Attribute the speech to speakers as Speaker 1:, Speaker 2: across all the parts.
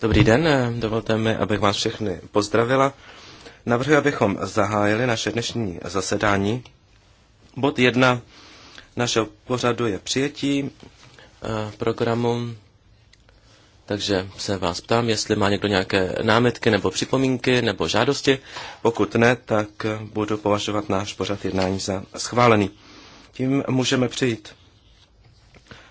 Speaker 1: Dobrý den, eh, dovolte mi, abych vás všechny pozdravila. Navrhuji, abychom zahájili naše dnešní zasedání. Bod 1 našeho pořadu je přijetí eh, programu, takže se vás ptám, jestli má někdo nějaké námitky nebo připomínky nebo žádosti. Pokud ne, tak eh, budu považovat náš pořad jednání za schválený. Tím můžeme přijít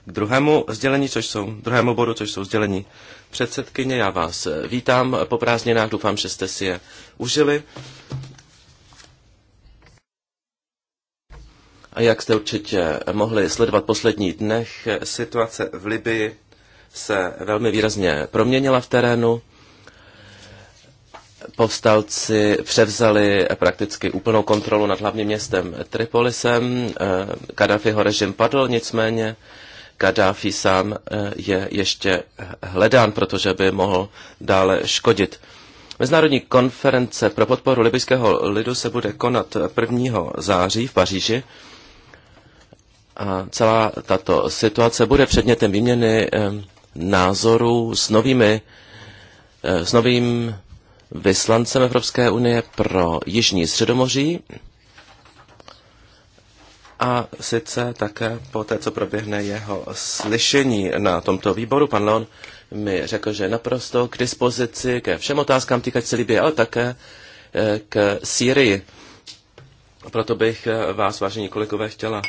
Speaker 1: k druhému sdělení, což jsou, druhému bodu, což jsou sdělení předsedkyně. Já vás eh, vítám eh, po prázdninách, doufám, že jste si je užili. A jak jste určitě eh, mohli sledovat poslední dnech, situace v Libii se velmi výrazně proměnila v terénu. Povstalci převzali prakticky úplnou kontrolu nad hlavním městem Tripolisem. Kadafiho režim padl, nicméně Kadáfi sám eh, je ještě eh, hledán, protože by mohl dále škodit. Mezinárodní konference pro podporu libyského lidu se bude konat 1. září v Paříži. A celá tato situace bude předmětem výměny eh, názorů s, novými, s novým vyslancem Evropské unie pro Jižní středomoří a sice také po té, co proběhne jeho slyšení na tomto výboru. Pan Leon mi řekl, že je naprosto k dispozici ke všem otázkám týkající se Libie, ale také eh, k Sýrii. Proto bych eh, vás, vážení kolegové, chtěla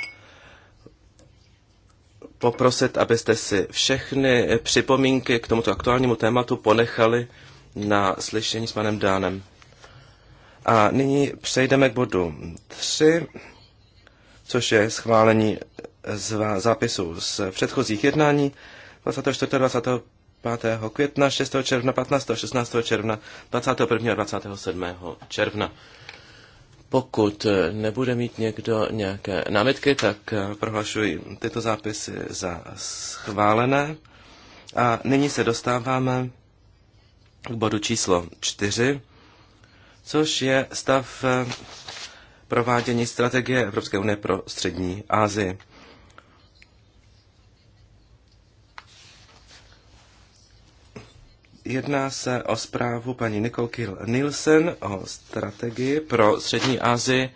Speaker 1: poprosit, abyste si všechny připomínky k tomuto aktuálnímu tématu ponechali na slyšení s panem Dánem. A nyní přejdeme k bodu 3 což je schválení z zápisu z předchozích jednání 24. 25. května, 6. června, 15. 16. června, 21. a 27. června. Pokud eh, nebude mít někdo nějaké námitky, tak eh, prohlašuji tyto zápisy za schválené. A nyní se dostáváme k bodu číslo 4, což je stav eh, provádění strategie Evropské unie pro střední Asii. Jedná se o zprávu paní Nicole Kill Nielsen o strategii pro střední Asii.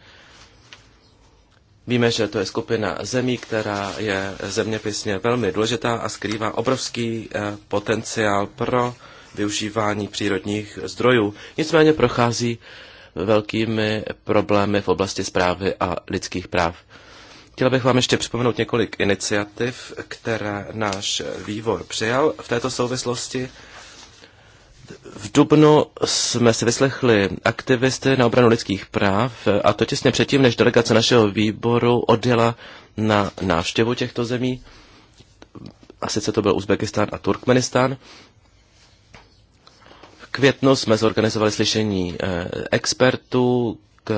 Speaker 1: Víme, že to je skupina zemí, která je zeměpisně velmi důležitá a skrývá obrovský eh, potenciál pro využívání přírodních zdrojů. Nicméně prochází velkými problémy v oblasti zprávy a lidských práv. Chtěl bych vám ještě připomenout několik iniciativ, které náš vývor přijal v této souvislosti. V Dubnu jsme si vyslechli aktivisty na obranu lidských práv a to těsně předtím, než delegace našeho výboru odjela na návštěvu těchto zemí. A sice to byl Uzbekistán a Turkmenistán květnu jsme zorganizovali slyšení eh, expertů k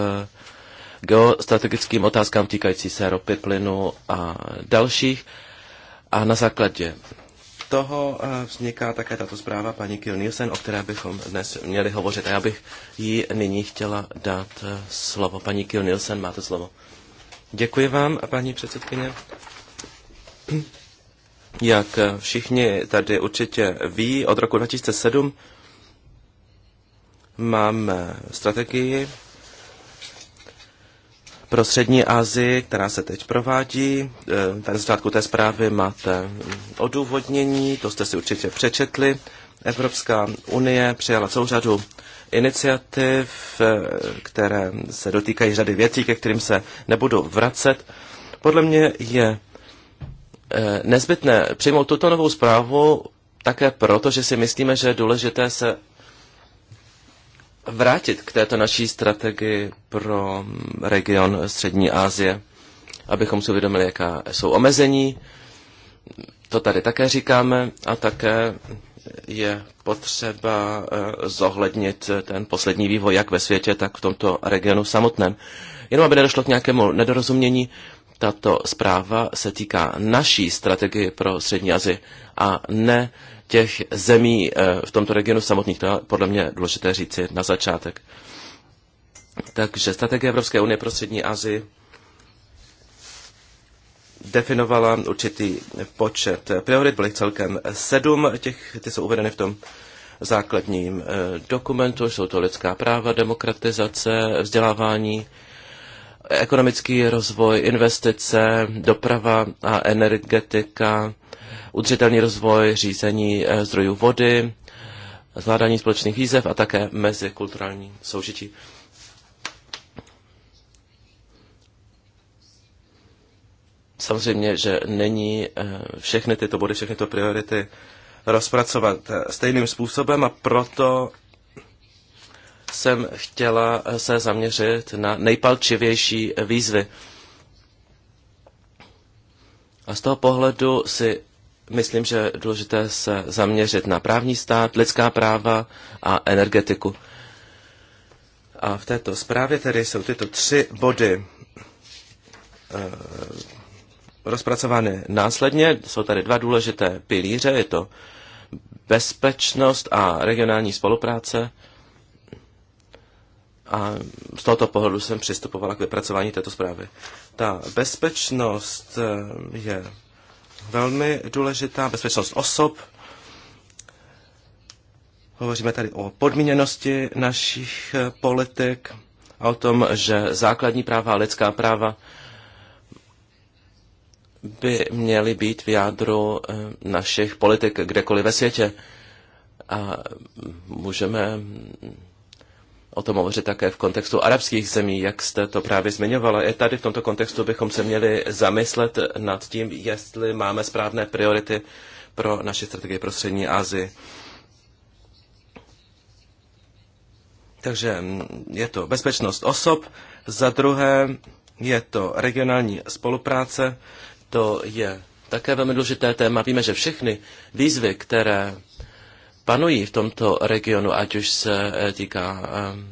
Speaker 1: geostrategickým otázkám týkající se ropy, plynu a dalších. A na základě toho eh, vzniká také tato zpráva paní Kill Nielsen, o které bychom dnes měli hovořit. A já bych jí nyní chtěla dát eh, slovo. Paní Kill Nielsen, máte slovo. Děkuji vám, paní předsedkyně. Jak všichni tady určitě ví, od roku 2007 Máme strategii pro Střední Asii, která se teď provádí. Eh, tady z začátku té zprávy máte odůvodnění, to jste si určitě přečetli. Evropská unie přijala celou řadu iniciativ, eh, které se dotýkají řady věcí, ke kterým se nebudu vracet. Podle mě je eh, nezbytné přijmout tuto novou zprávu také proto, že si myslíme, že je důležité se vrátit k této naší strategii pro region Střední Asie, abychom si uvědomili, jaká jsou omezení. To tady také říkáme a také je potřeba eh, zohlednit ten poslední vývoj, jak ve světě, tak v tomto regionu samotném. Jenom aby nedošlo k nějakému nedorozumění, tato zpráva se týká naší strategie pro Střední Azii a ne těch zemí eh, v tomto regionu samotných. To je podle mě důležité říci na začátek. Takže strategie Evropské unie pro střední Asii definovala určitý počet priorit, byly celkem sedm, těch, ty jsou uvedeny v tom základním eh, dokumentu, jsou to lidská práva, demokratizace, vzdělávání, ekonomický rozvoj, investice, doprava a energetika, udržitelný rozvoj, řízení eh, zdrojů vody, zvládání společných výzev a také mezikulturální soužití. Samozřejmě, že není eh, všechny tyto body, všechny tyto priority rozpracovat eh, stejným způsobem a proto jsem chtěla se zaměřit na nejpalčivější výzvy. A z toho pohledu si myslím, že je důležité se zaměřit na právní stát, lidská práva a energetiku. A v této zprávě tedy jsou tyto tři body e, rozpracovány následně. Jsou tady dva důležité pilíře, je to bezpečnost a regionální spolupráce. A z tohoto pohledu jsem přistupovala k vypracování této zprávy. Ta bezpečnost eh, je velmi důležitá, bezpečnost osob. Hovoříme tady o podmíněnosti našich eh, politik a o tom, že základní práva a lidská práva by měly být v jádru eh, našich politik kdekoliv ve světě. A můžeme o tom hovořit také v kontextu arabských zemí, jak jste to právě zmiňovala. I tady v tomto kontextu bychom se měli zamyslet nad tím, jestli máme správné priority pro naše strategii pro střední Asii. Takže je to bezpečnost osob, za druhé je to regionální spolupráce, to je také velmi důležité téma. Víme, že všechny výzvy, které panují v tomto regionu, ať už se eh, týká eh,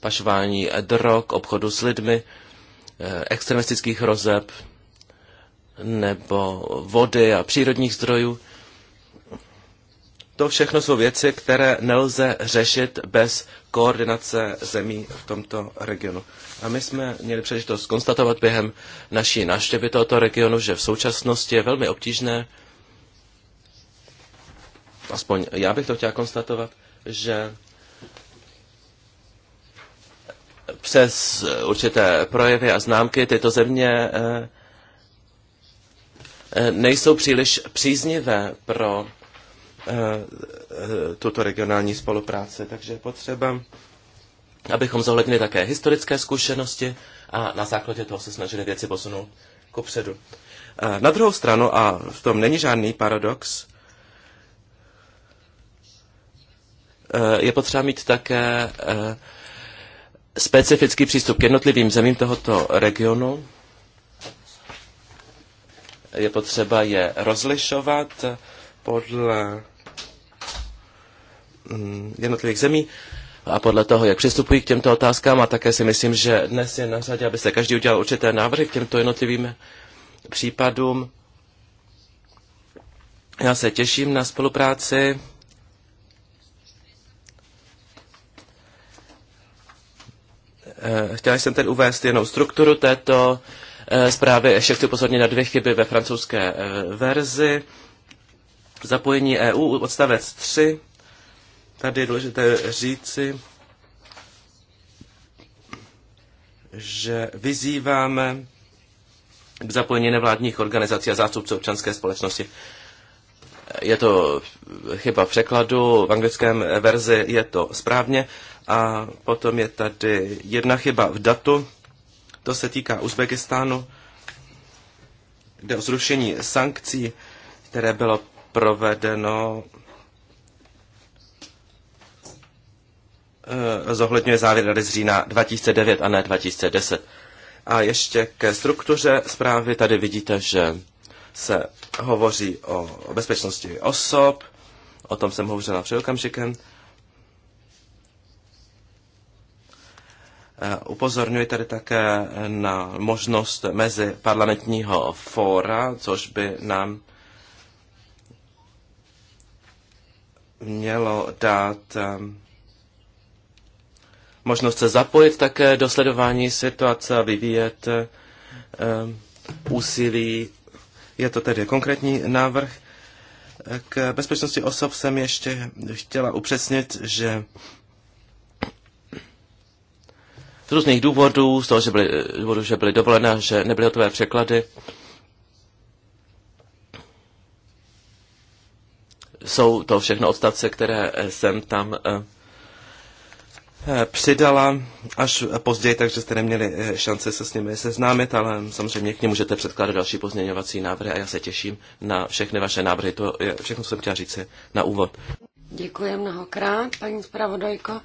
Speaker 1: pašování drog, obchodu s lidmi, eh, extremistických rozeb nebo vody a přírodních zdrojů. To všechno jsou věci, které nelze řešit bez koordinace zemí v tomto regionu. A my jsme měli příležitost konstatovat během naší návštěvy tohoto regionu, že v současnosti je velmi obtížné aspoň já bych to chtěl konstatovat, že přes určité projevy a známky tyto země eh, eh, nejsou příliš příznivé pro eh, tuto regionální spolupráci. Takže je potřeba, abychom zohlednili také historické zkušenosti a na základě toho se snažili věci posunout kupředu. Na druhou stranu, a v tom není žádný paradox, Eh, je potřeba mít také eh, specifický přístup k jednotlivým zemím tohoto regionu. Je potřeba je rozlišovat eh, podle mm, jednotlivých zemí a podle toho, jak přistupují k těmto otázkám. A také si myslím, že dnes je na řadě, aby se každý udělal určité návrhy k těmto jednotlivým případům. Já se těším na spolupráci Eh, chtěla jsem tedy uvést jenom strukturu této eh, zprávy. Ještě chci upozornit na dvě chyby ve francouzské eh, verzi. Zapojení EU, odstavec 3. Tady je důležité říci, že vyzýváme k zapojení nevládních organizací a zástupců občanské společnosti. Je to chyba překladu, v anglickém verzi je to správně. A potom je tady jedna chyba v datu, to se týká Uzbekistánu, kde o zrušení sankcí, které bylo provedeno eh, zohledňuje závěr Rady z října 2009 a ne 2010. A ještě ke struktuře zprávy tady vidíte, že se hovoří o bezpečnosti osob, o tom jsem hovořila před okamžikem, Eh, upozorňuji tady také na možnost mezi parlamentního fóra, což by nám mělo dát eh, možnost se zapojit také do sledování situace a vyvíjet eh, úsilí. Je to tedy konkrétní návrh. K bezpečnosti osob jsem ještě chtěla upřesnit, že z různých důvodů, z toho, že byly, eh, důvodů, že byly dovolené, že nebyly hotové překlady, jsou to všechno odstavce, které eh, jsem tam eh, přidala až později, takže jste neměli šance se s nimi seznámit, ale samozřejmě k ní můžete předkládat další pozměňovací návrhy a já se těším na všechny vaše návrhy. To je všechno, co jsem chtěla říct na úvod.
Speaker 2: Děkuji mnohokrát, paní zpravodajko.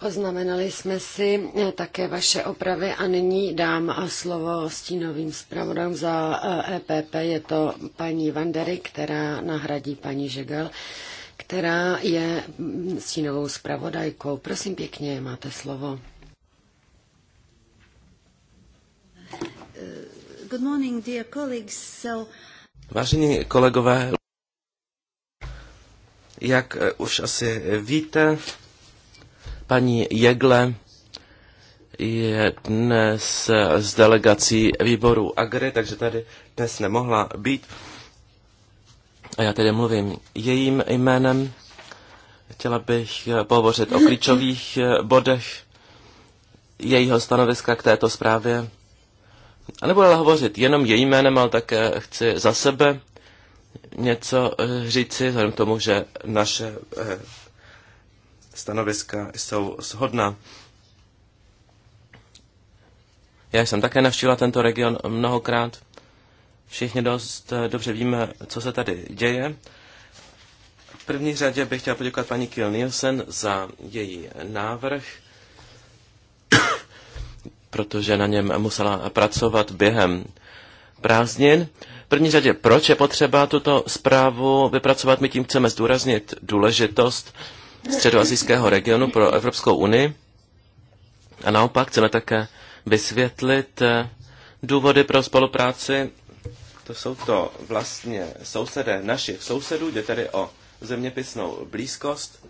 Speaker 2: Poznamenali jsme si eh, také vaše opravy a nyní dám a eh, slovo stínovým zpravodám za EPP. Eh, e je to paní Vandery, která nahradí paní Žegel, která je mm, stínovou zpravodajkou. Prosím pěkně, máte slovo.
Speaker 3: Good morning, dear colleagues. So...
Speaker 1: Vážení kolegové, jak už asi víte, Paní Jegle je dnes s delegací výboru Agri, takže tady dnes nemohla být. A já tedy mluvím jejím jménem. Chtěla bych pohovořit o klíčových bodech jejího stanoviska k této zprávě. A nebudu ale hovořit jenom jejím jménem, ale také chci za sebe něco říci, vzhledem k tomu, že naše eh, stanoviska jsou shodná. Já jsem také navštívila tento region mnohokrát. Všichni dost eh, dobře víme, co se tady děje. V první řadě bych chtěl poděkovat paní Kiel Nielsen za její návrh, protože na něm musela pracovat během prázdnin. V první řadě, proč je potřeba tuto zprávu vypracovat? My tím chceme zdůraznit důležitost středoazijského regionu pro Evropskou unii. A naopak chceme také vysvětlit eh, důvody pro spolupráci. To jsou to vlastně sousedé našich sousedů, jde tedy o zeměpisnou blízkost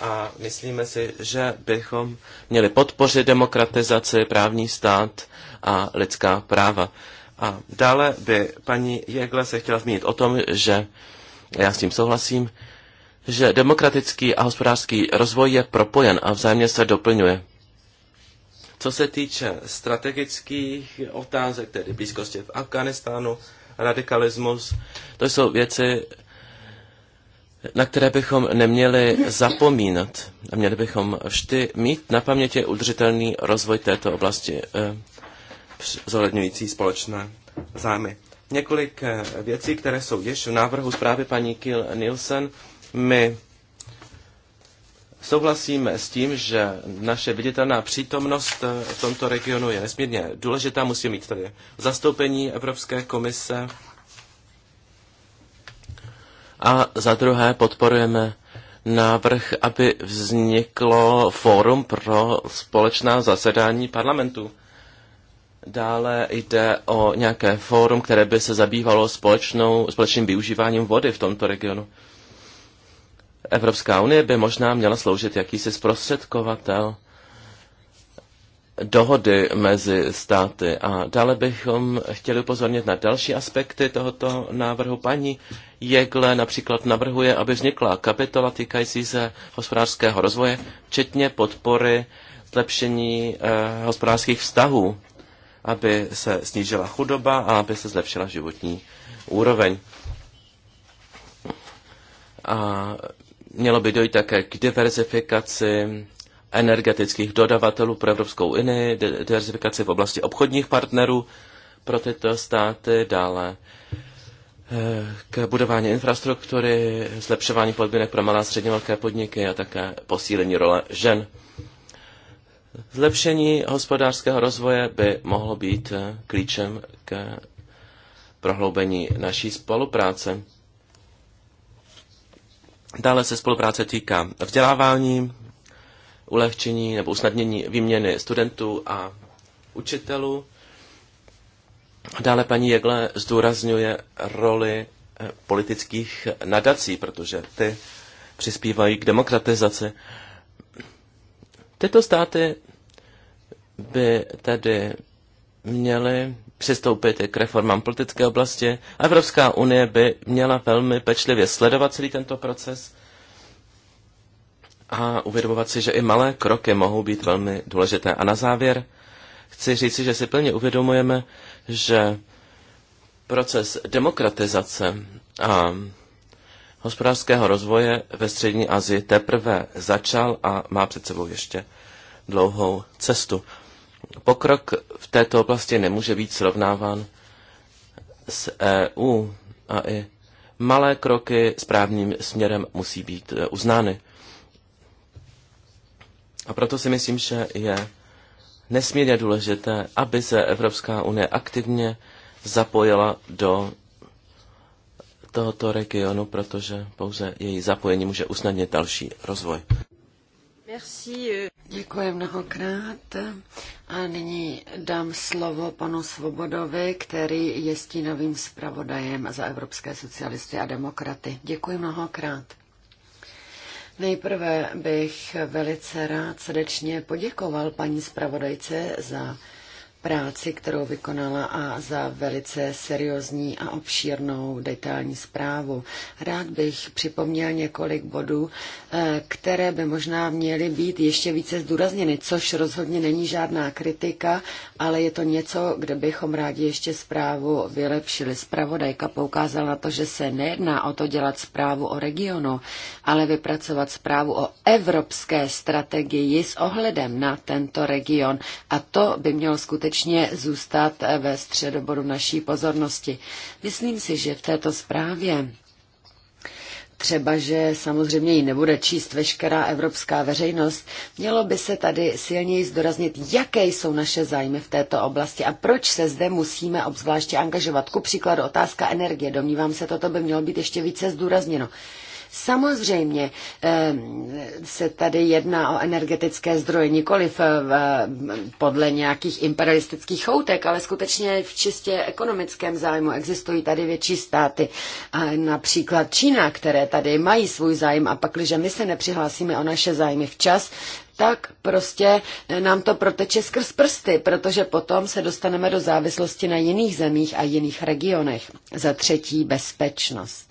Speaker 1: a myslíme si, že bychom měli podpořit demokratizaci, právní stát a lidská práva. A dále by paní Jegle se chtěla zmínit o tom, že já s tím souhlasím, že demokratický a hospodářský rozvoj je propojen a vzájemně se doplňuje. Co se týče strategických otázek, tedy blízkosti v Afganistánu, radikalismus, to jsou věci, na které bychom neměli zapomínat. A měli bychom vždy mít na paměti udržitelný rozvoj této oblasti, eh, zohledňující společné zájmy. Několik eh, věcí, které jsou již v návrhu zprávy paní Kiel Nielsen, eh, my souhlasíme s tím, že naše viditelná přítomnost v tomto regionu je nesmírně důležitá. Musí mít tady zastoupení Evropské komise. A za druhé podporujeme návrh, aby vzniklo fórum pro společná zasedání parlamentu. Dále jde o nějaké fórum, které by se zabývalo společnou, společným využíváním vody v tomto regionu. Evropská unie by možná měla sloužit jakýsi zprostředkovatel dohody mezi státy. A dále bychom chtěli upozornit na další aspekty tohoto návrhu. Paní Jegle například navrhuje, aby vznikla kapitola týkající se hospodářského rozvoje, včetně podpory zlepšení eh, hospodářských vztahů, aby se snížila chudoba a aby se zlepšila životní úroveň. A Mělo by dojít také k diverzifikaci energetických dodavatelů pro Evropskou unii, diverzifikaci v oblasti obchodních partnerů pro tyto státy, dále eh, k budování infrastruktury, zlepšování podmínek pro malé a středně velké podniky a také posílení role žen. Zlepšení hospodářského rozvoje by mohlo být eh, klíčem k prohloubení naší spolupráce. Dále se spolupráce týká vzdělávání, ulehčení nebo usnadnění výměny studentů a učitelů. Dále paní Jegle zdůrazňuje roli eh, politických nadací, protože ty přispívají k demokratizaci. Tyto státy by tedy měly přistoupit k reformám politické oblasti. Evropská unie by měla velmi pečlivě sledovat celý tento proces a uvědomovat si, že i malé kroky mohou být velmi důležité. A na závěr chci říci, že si plně uvědomujeme, že proces demokratizace a hospodářského rozvoje ve střední Asii teprve začal a má před sebou ještě dlouhou cestu. Pokrok v této oblasti nemůže být srovnáván s EU a i malé kroky správným směrem musí být eh, uznány. A proto si myslím, že je nesmírně důležité, aby se Evropská unie aktivně zapojila do tohoto regionu, protože pouze její zapojení může usnadnit další rozvoj.
Speaker 2: Merci. Euh. Děkuji mnohokrát. A nyní dám slovo panu Svobodovi, který je stínovým zpravodajem za Evropské socialisty a demokraty. Děkuji mnohokrát. Nejprve bych velice rád srdečně poděkoval paní zpravodajce za práci, kterou vykonala a za velice seriózní a obšírnou detailní zprávu. Rád bych připomněl několik bodů, eh, které by možná měly být ještě více zdůrazněny, což rozhodně není žádná kritika, ale je to něco, kde bychom rádi ještě zprávu vylepšili. Spravodajka poukázala na to, že se nejedná o to dělat zprávu o regionu, ale vypracovat zprávu o evropské strategii s ohledem na tento region. A to by mělo skutečně skutečně zůstat ve středoboru naší pozornosti. Myslím si, že v této zprávě Třeba, že samozřejmě ji nebude číst veškerá evropská veřejnost, mělo by se tady silněji zdoraznit, jaké jsou naše zájmy v této oblasti a proč se zde musíme obzvláště angažovat. Ku příkladu otázka energie. Domnívám se, toto by mělo být ještě více zdůrazněno. Samozřejmě ehm, se tady jedná o energetické zdroje, nikoliv podle nějakých imperialistických choutek, ale skutečně v čistě ekonomickém zájmu existují tady větší státy, například Čína, které tady mají svůj zájem a pak, když my se nepřihlásíme o naše zájmy včas, tak prostě eh, nám to proteče skrz prsty, protože potom se dostaneme do závislosti na jiných zemích a jiných regionech. Za třetí bezpečnost.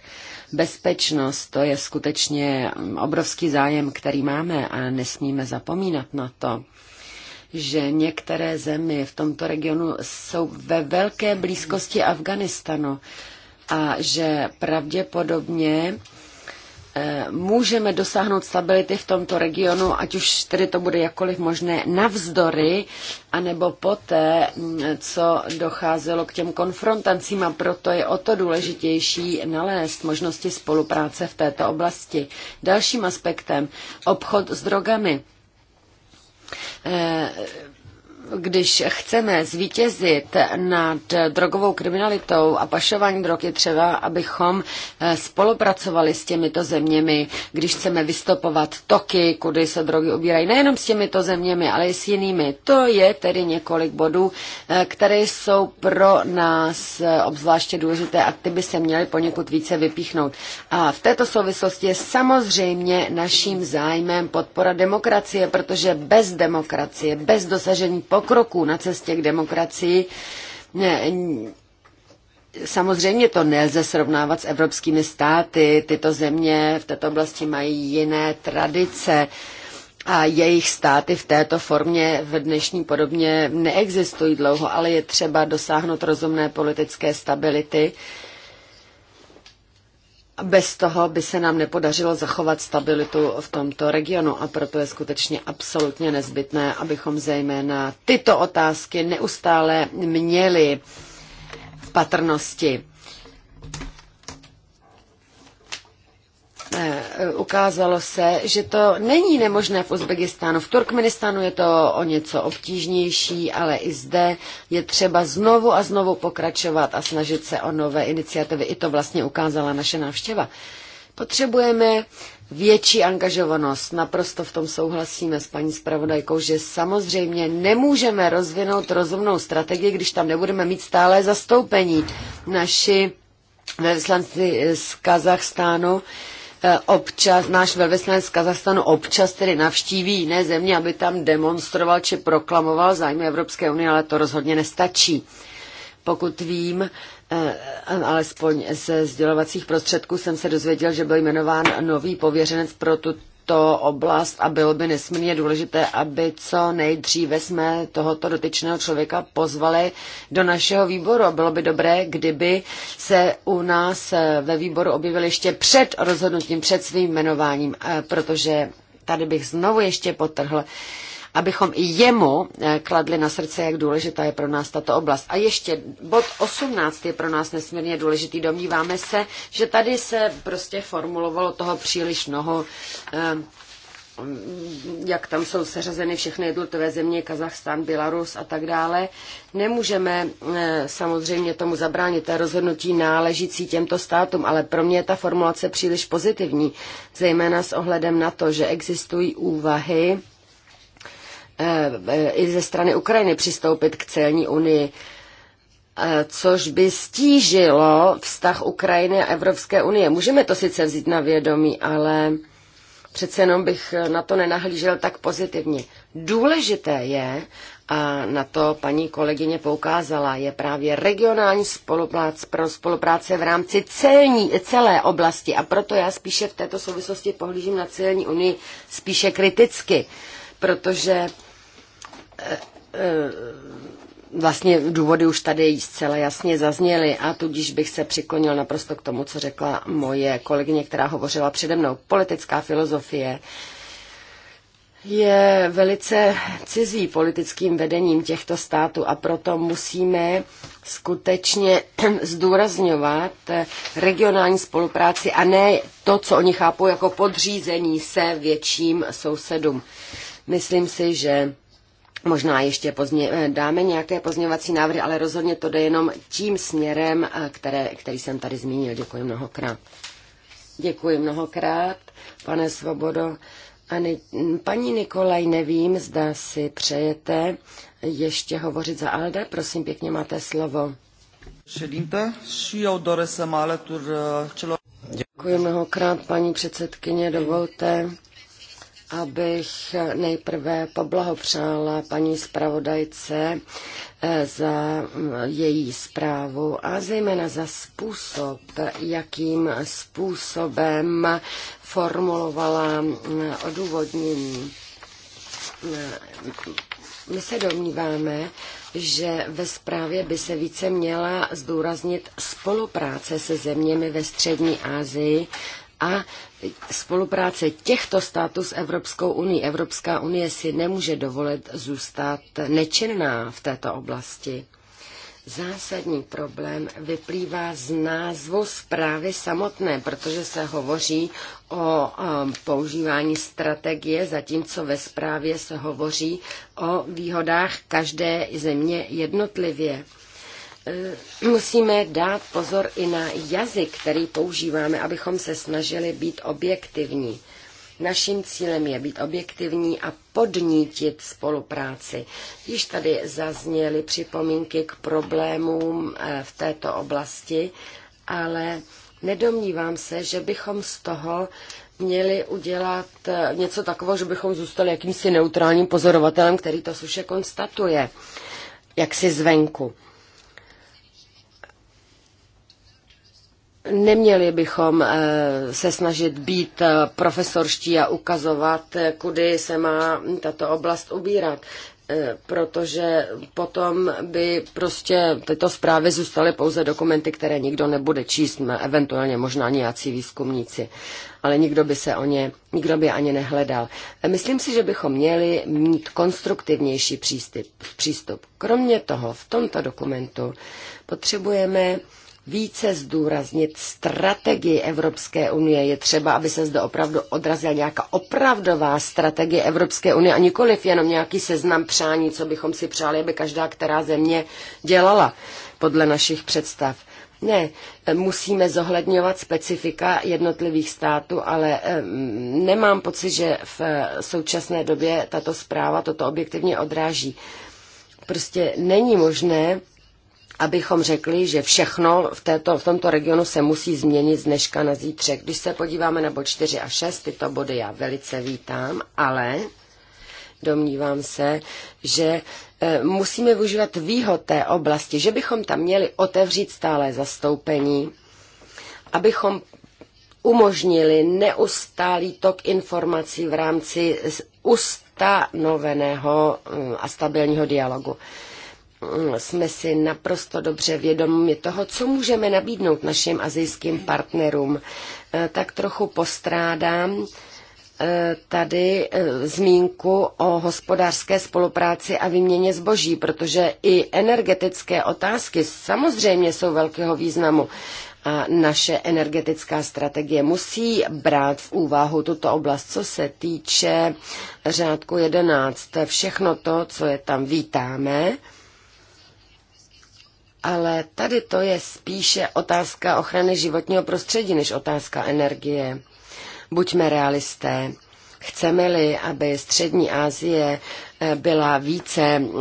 Speaker 2: Bezpečnost, to je skutečně obrovský zájem, který máme a nesmíme zapomínat na to že některé země v tomto regionu jsou ve velké blízkosti Afganistanu a že pravděpodobně Eh, můžeme dosáhnout stability v tomto regionu, ať už tedy to bude jakkoliv možné, navzdory, anebo poté, hm, co docházelo k těm konfrontacím a proto je o to důležitější nalézt možnosti spolupráce v této oblasti. Dalším aspektem obchod s drogami. Eh, když chceme zvítězit nad drogovou kriminalitou a pašování drog, je třeba, abychom eh, spolupracovali s těmito zeměmi, když chceme vystopovat toky, kudy se drogy ubírají, nejenom s těmito zeměmi, ale i s jinými. To je tedy několik bodů, eh, které jsou pro nás eh, obzvláště důležité a ty by se měly poněkud více vypíchnout. A v této souvislosti je samozřejmě naším zájmem podpora demokracie, protože bez demokracie, bez dosažení pokroků na cestě k demokracii. Samozřejmě to nelze srovnávat s evropskými státy. Tyto země v této oblasti mají jiné tradice a jejich státy v této formě v dnešní podobně neexistují dlouho, ale je třeba dosáhnout rozumné politické stability bez toho by se nám nepodařilo zachovat stabilitu v tomto regionu a proto je skutečně absolutně nezbytné, abychom zejména tyto otázky neustále měli v patrnosti. Eh, ukázalo se, že to není nemožné v Uzbekistánu. V Turkmenistánu je to o něco obtížnější, ale i zde je třeba znovu a znovu pokračovat a snažit se o nové iniciativy. I to vlastně ukázala naše návštěva. Potřebujeme větší angažovanost. Naprosto v tom souhlasíme s paní zpravodajkou, že samozřejmě nemůžeme rozvinout rozumnou strategii, když tam nebudeme mít stále zastoupení. Naši ve z Kazachstánu Eh, občas, náš velvyslanec z Kazachstanu občas tedy navštíví jiné země, aby tam demonstroval či proklamoval zájmy Evropské unie, ale to rozhodně nestačí. Pokud vím, eh, alespoň ze sdělovacích prostředků jsem se dozvěděl, že byl jmenován nový pověřenec pro tu tuto oblast a bylo by nesmírně důležité, aby co nejdříve jsme tohoto dotyčného člověka pozvali do našeho výboru. Bylo by dobré, kdyby se u nás eh, ve výboru objevil ještě před rozhodnutím, před svým jmenováním, eh, protože tady bych znovu ještě potrhl, abychom i jemu eh, kladli na srdce, jak důležitá je pro nás tato oblast. A ještě bod 18 je pro nás nesmírně důležitý. Domníváme se, že tady se prostě formulovalo toho příliš mnoho eh, jak tam jsou seřazeny všechny jednotlivé země, Kazachstán, Bělarus a tak dále. Nemůžeme eh, samozřejmě tomu zabránit, to rozhodnutí náležící těmto státům, ale pro mě je ta formulace příliš pozitivní, zejména s ohledem na to, že existují úvahy, Eh, i ze strany Ukrajiny přistoupit k celní unii, eh, což by stížilo vztah Ukrajiny a Evropské unie. Můžeme to sice vzít na vědomí, ale přece jenom bych na to nenahlížel tak pozitivně. Důležité je, a na to paní kolegyně poukázala, je právě regionální spolupráce pro spolupráce v rámci celní, celé oblasti a proto já spíše v této souvislosti pohlížím na celní unii spíše kriticky. Uh, protože e, e, vlastně důvody už tady zcela jasně zazněly a tudíž bych se přiklonil naprosto k tomu, co řekla moje kolegyně, která hovořila přede mnou. Politická filozofie je velice cizí politickým vedením těchto států a proto musíme skutečně zdůrazňovat regionální spolupráci a ne to, co oni chápou jako podřízení se větším sousedům. Myslím si, že Možná ještě pozdě, eh, dáme nějaké pozměňovací návrhy, ale rozhodně to jde jenom tím směrem, eh, které, který jsem tady zmínil. Děkuji mnohokrát. Děkuji mnohokrát, pane Svobodo. ne, paní Nikolaj, nevím, zda si přejete ještě hovořit za Alde. Prosím, pěkně máte slovo.
Speaker 3: Eh, Děkuji
Speaker 2: mnohokrát, paní předsedkyně, dovolte abych nejprve poblahopřála paní zpravodajce eh, za mm, její zprávu a zejména za způsob, jakým způsobem formulovala mm, odůvodnění. Eh, my se domníváme, že ve zprávě by se více měla zdůraznit spolupráce se zeměmi ve Střední Asii a spolupráce těchto států s Evropskou unii. Evropská unie si nemůže dovolit zůstat nečinná v této oblasti. Zásadní problém vyplývá z názvu zprávy samotné, protože se hovoří o používání strategie, zatímco ve zprávě se hovoří o výhodách každé země jednotlivě. Eh, musíme dát pozor i na jazyk, který používáme, abychom se snažili být objektivní. Naším cílem je být objektivní a podnítit spolupráci. Již tady zazněly připomínky k problémům eh, v této oblasti, ale nedomnívám se, že bychom z toho měli udělat eh, něco takového, že bychom zůstali jakýmsi neutrálním pozorovatelem, který to suše konstatuje, jak si zvenku. Neměli bychom eh, se snažit být eh, profesorští a ukazovat, eh, kudy se má tato oblast ubírat protože potom by prostě tyto zprávy zůstaly pouze dokumenty, které nikdo nebude číst, eventuálně možná nějací výzkumníci, ale nikdo by se o ně, nikdo by ani nehledal. Myslím si, že bychom měli mít konstruktivnější přístup. přístup. Kromě toho v tomto dokumentu potřebujeme více zdůraznit strategii Evropské unie. Je třeba, aby se zde opravdu odrazila nějaká opravdová strategie Evropské unie a nikoliv jenom nějaký seznam přání, co bychom si přáli, aby každá která země dělala podle našich představ. Ne, musíme zohledňovat specifika jednotlivých států, ale nemám pocit, že v současné době tato zpráva toto objektivně odráží. Prostě není možné abychom řekli, že všechno v, této, v tomto regionu se musí změnit z dneška na zítřek. Když se podíváme na bod 4 a 6, tyto body já velice vítám, ale domnívám se, že e, musíme využívat výhod té oblasti, že bychom tam měli otevřít stále zastoupení, abychom umožnili neustálý tok informací v rámci ustanoveného e, a stabilního dialogu. Mm, jsme si naprosto dobře vědomi toho, co můžeme nabídnout našim azijským partnerům. E, tak trochu postrádám e, tady e, zmínku o hospodářské spolupráci a výměně zboží, protože i energetické otázky samozřejmě jsou velkého významu. A naše energetická strategie musí brát v úvahu tuto oblast, co se týče řádku 11. Všechno to, co je tam vítáme, ale tady to je spíše otázka ochrany životního prostředí než otázka energie. Buďme realisté. Chceme-li, aby Střední Asie eh, byla více mm,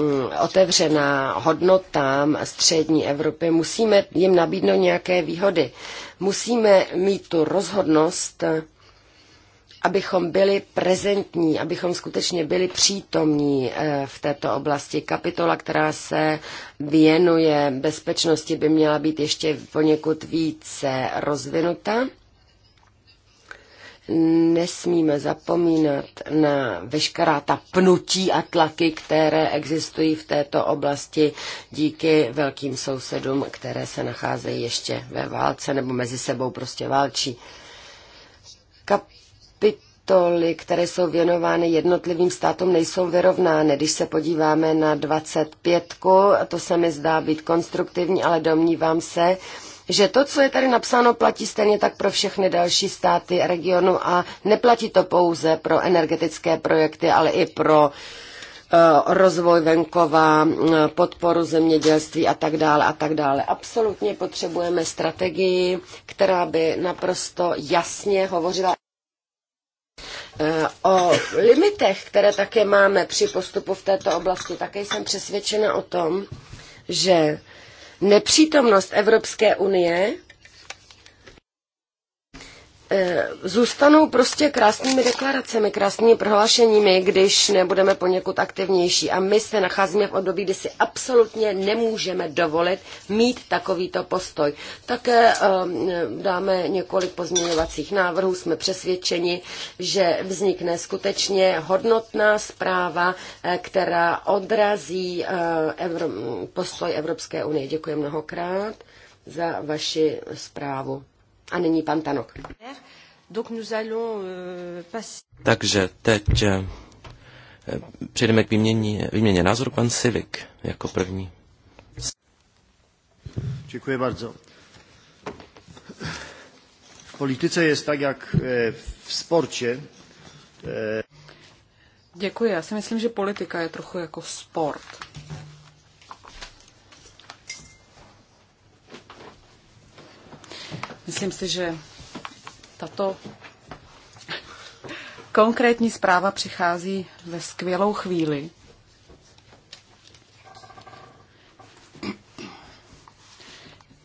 Speaker 2: otevřená hodnotám Střední Evropy, musíme jim nabídnout nějaké výhody. Musíme mít tu rozhodnost abychom byli prezentní, abychom skutečně byli přítomní eh, v této oblasti. Kapitola, která se věnuje bezpečnosti, by měla být ještě poněkud více rozvinuta. Nesmíme zapomínat na veškerá ta pnutí a tlaky, které existují v této oblasti díky velkým sousedům, které se nacházejí ještě ve válce nebo mezi sebou prostě válčí. Kap- kapitoly, které jsou věnovány jednotlivým státům, nejsou vyrovnány. Když se podíváme na 25, to se mi zdá být konstruktivní, ale domnívám se, že to, co je tady napsáno, platí stejně tak pro všechny další státy regionu a neplatí to pouze pro energetické projekty, ale i pro eh, rozvoj venkova, eh, podporu zemědělství a tak dále a tak dále. Absolutně potřebujeme strategii, která by naprosto jasně hovořila o limitech, které také máme při postupu v této oblasti, také jsem přesvědčena o tom, že nepřítomnost Evropské unie E, zůstanou prostě krásnými deklaracemi, krásnými prohlášeními, když nebudeme poněkud aktivnější. A my se nacházíme v období, kdy si absolutně nemůžeme dovolit mít takovýto postoj. Také e, dáme několik pozměňovacích návrhů. Jsme přesvědčeni, že vznikne skutečně hodnotná zpráva, e, která odrazí postoj Evropské unie. Děkuji mnohokrát za vaši zprávu. A nyní pan Tanok. Euh,
Speaker 1: Takže teď eh, přejdeme k výměně, výměně názoru. Pan Sivik jako první.
Speaker 3: Děkuji bardzo. V politice je tak, jak eh, v sportě. Eh, Děkuji. Já si myslím, že politika je trochu jako sport. Myslím si, že tato konkrétní zpráva přichází ve skvělou chvíli.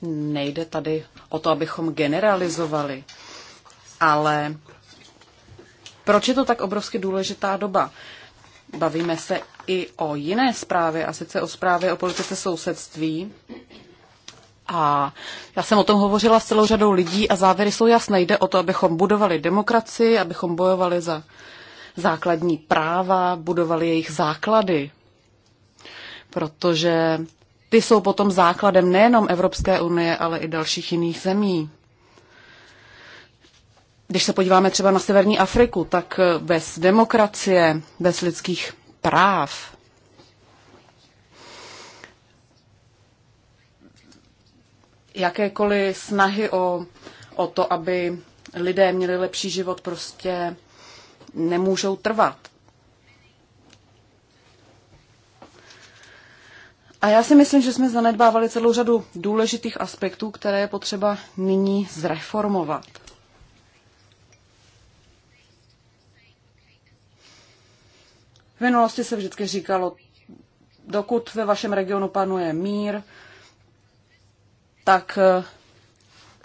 Speaker 3: Nejde tady o to, abychom generalizovali, ale proč je to tak obrovsky důležitá doba? Bavíme se i o jiné zprávě, a sice o zprávě o politice sousedství, a já jsem o tom hovořila s celou řadou lidí a závěry jsou jasné. Jde o to, abychom budovali demokracii, abychom bojovali za základní práva, budovali jejich základy. Protože ty jsou potom základem nejenom Evropské unie, ale i dalších jiných zemí. Když se podíváme třeba na severní Afriku, tak bez demokracie, bez lidských práv jakékoliv snahy o, o to, aby lidé měli lepší život, prostě nemůžou trvat. A já si myslím, že jsme zanedbávali celou řadu důležitých aspektů, které je potřeba nyní zreformovat. V minulosti se vždycky říkalo, dokud ve vašem regionu panuje mír, tak eh,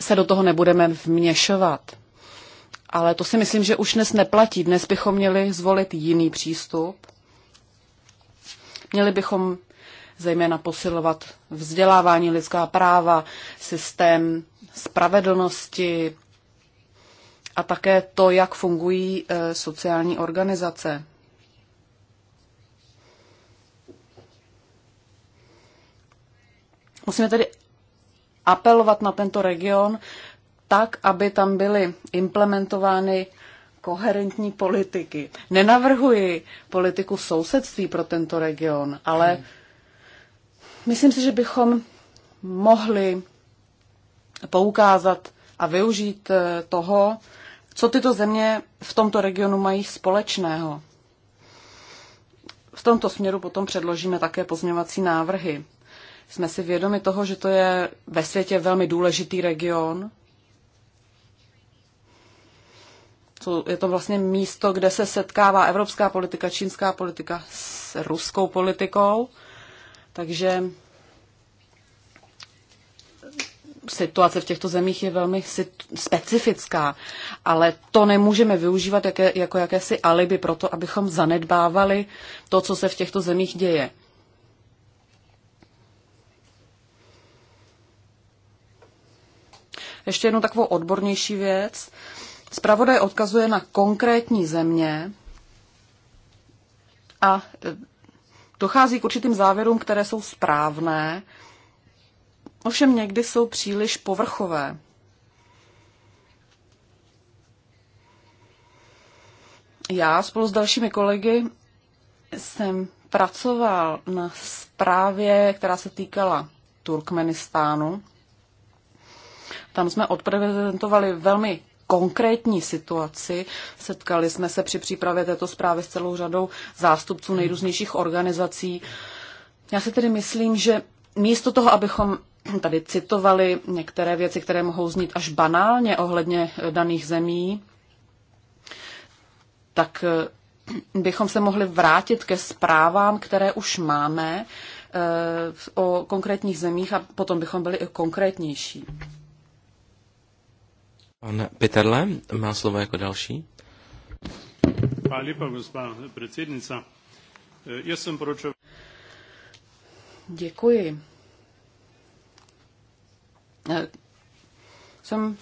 Speaker 3: se do toho nebudeme vměšovat. Ale to si myslím, že už dnes neplatí. Dnes bychom měli zvolit jiný přístup. Měli bychom zejména posilovat vzdělávání lidská práva, systém spravedlnosti a také to, jak fungují eh, sociální organizace. Musíme tedy apelovat na tento region tak, aby tam byly implementovány koherentní politiky. Nenavrhuji politiku sousedství pro tento region, ale hmm. myslím si, že bychom mohli poukázat a využít eh, toho, co tyto země v tomto regionu mají společného. V tomto směru potom předložíme také pozměňovací návrhy. Jsme si vědomi toho, že to je ve světě velmi důležitý region. Je to vlastně místo, kde se setkává evropská politika, čínská politika s ruskou politikou. Takže situace v těchto zemích je velmi specifická, ale to nemůžeme využívat jako jakési alibi pro to, abychom zanedbávali to, co se v těchto zemích děje. ještě jednu takovou odbornější věc. Spravodaj odkazuje na konkrétní země a e, dochází k určitým závěrům, které jsou správné, ovšem někdy jsou příliš povrchové. Já spolu s dalšími kolegy jsem pracoval na zprávě, která se týkala Turkmenistánu. Tam jsme odprezentovali velmi konkrétní situaci. Setkali jsme se při přípravě této zprávy s celou řadou zástupců nejrůznějších organizací. Já si tedy myslím, že místo toho, abychom tady citovali některé věci, které mohou znít až banálně ohledně daných zemí, tak eh, bychom se mohli vrátit ke zprávám, které už máme eh, o konkrétních zemích a potom bychom byli i konkrétnější.
Speaker 1: Pan Peterle má slovo jako další.
Speaker 3: Hvala lepa, gospa predsednica. Jaz jsem poročal... Děkuji. Jsem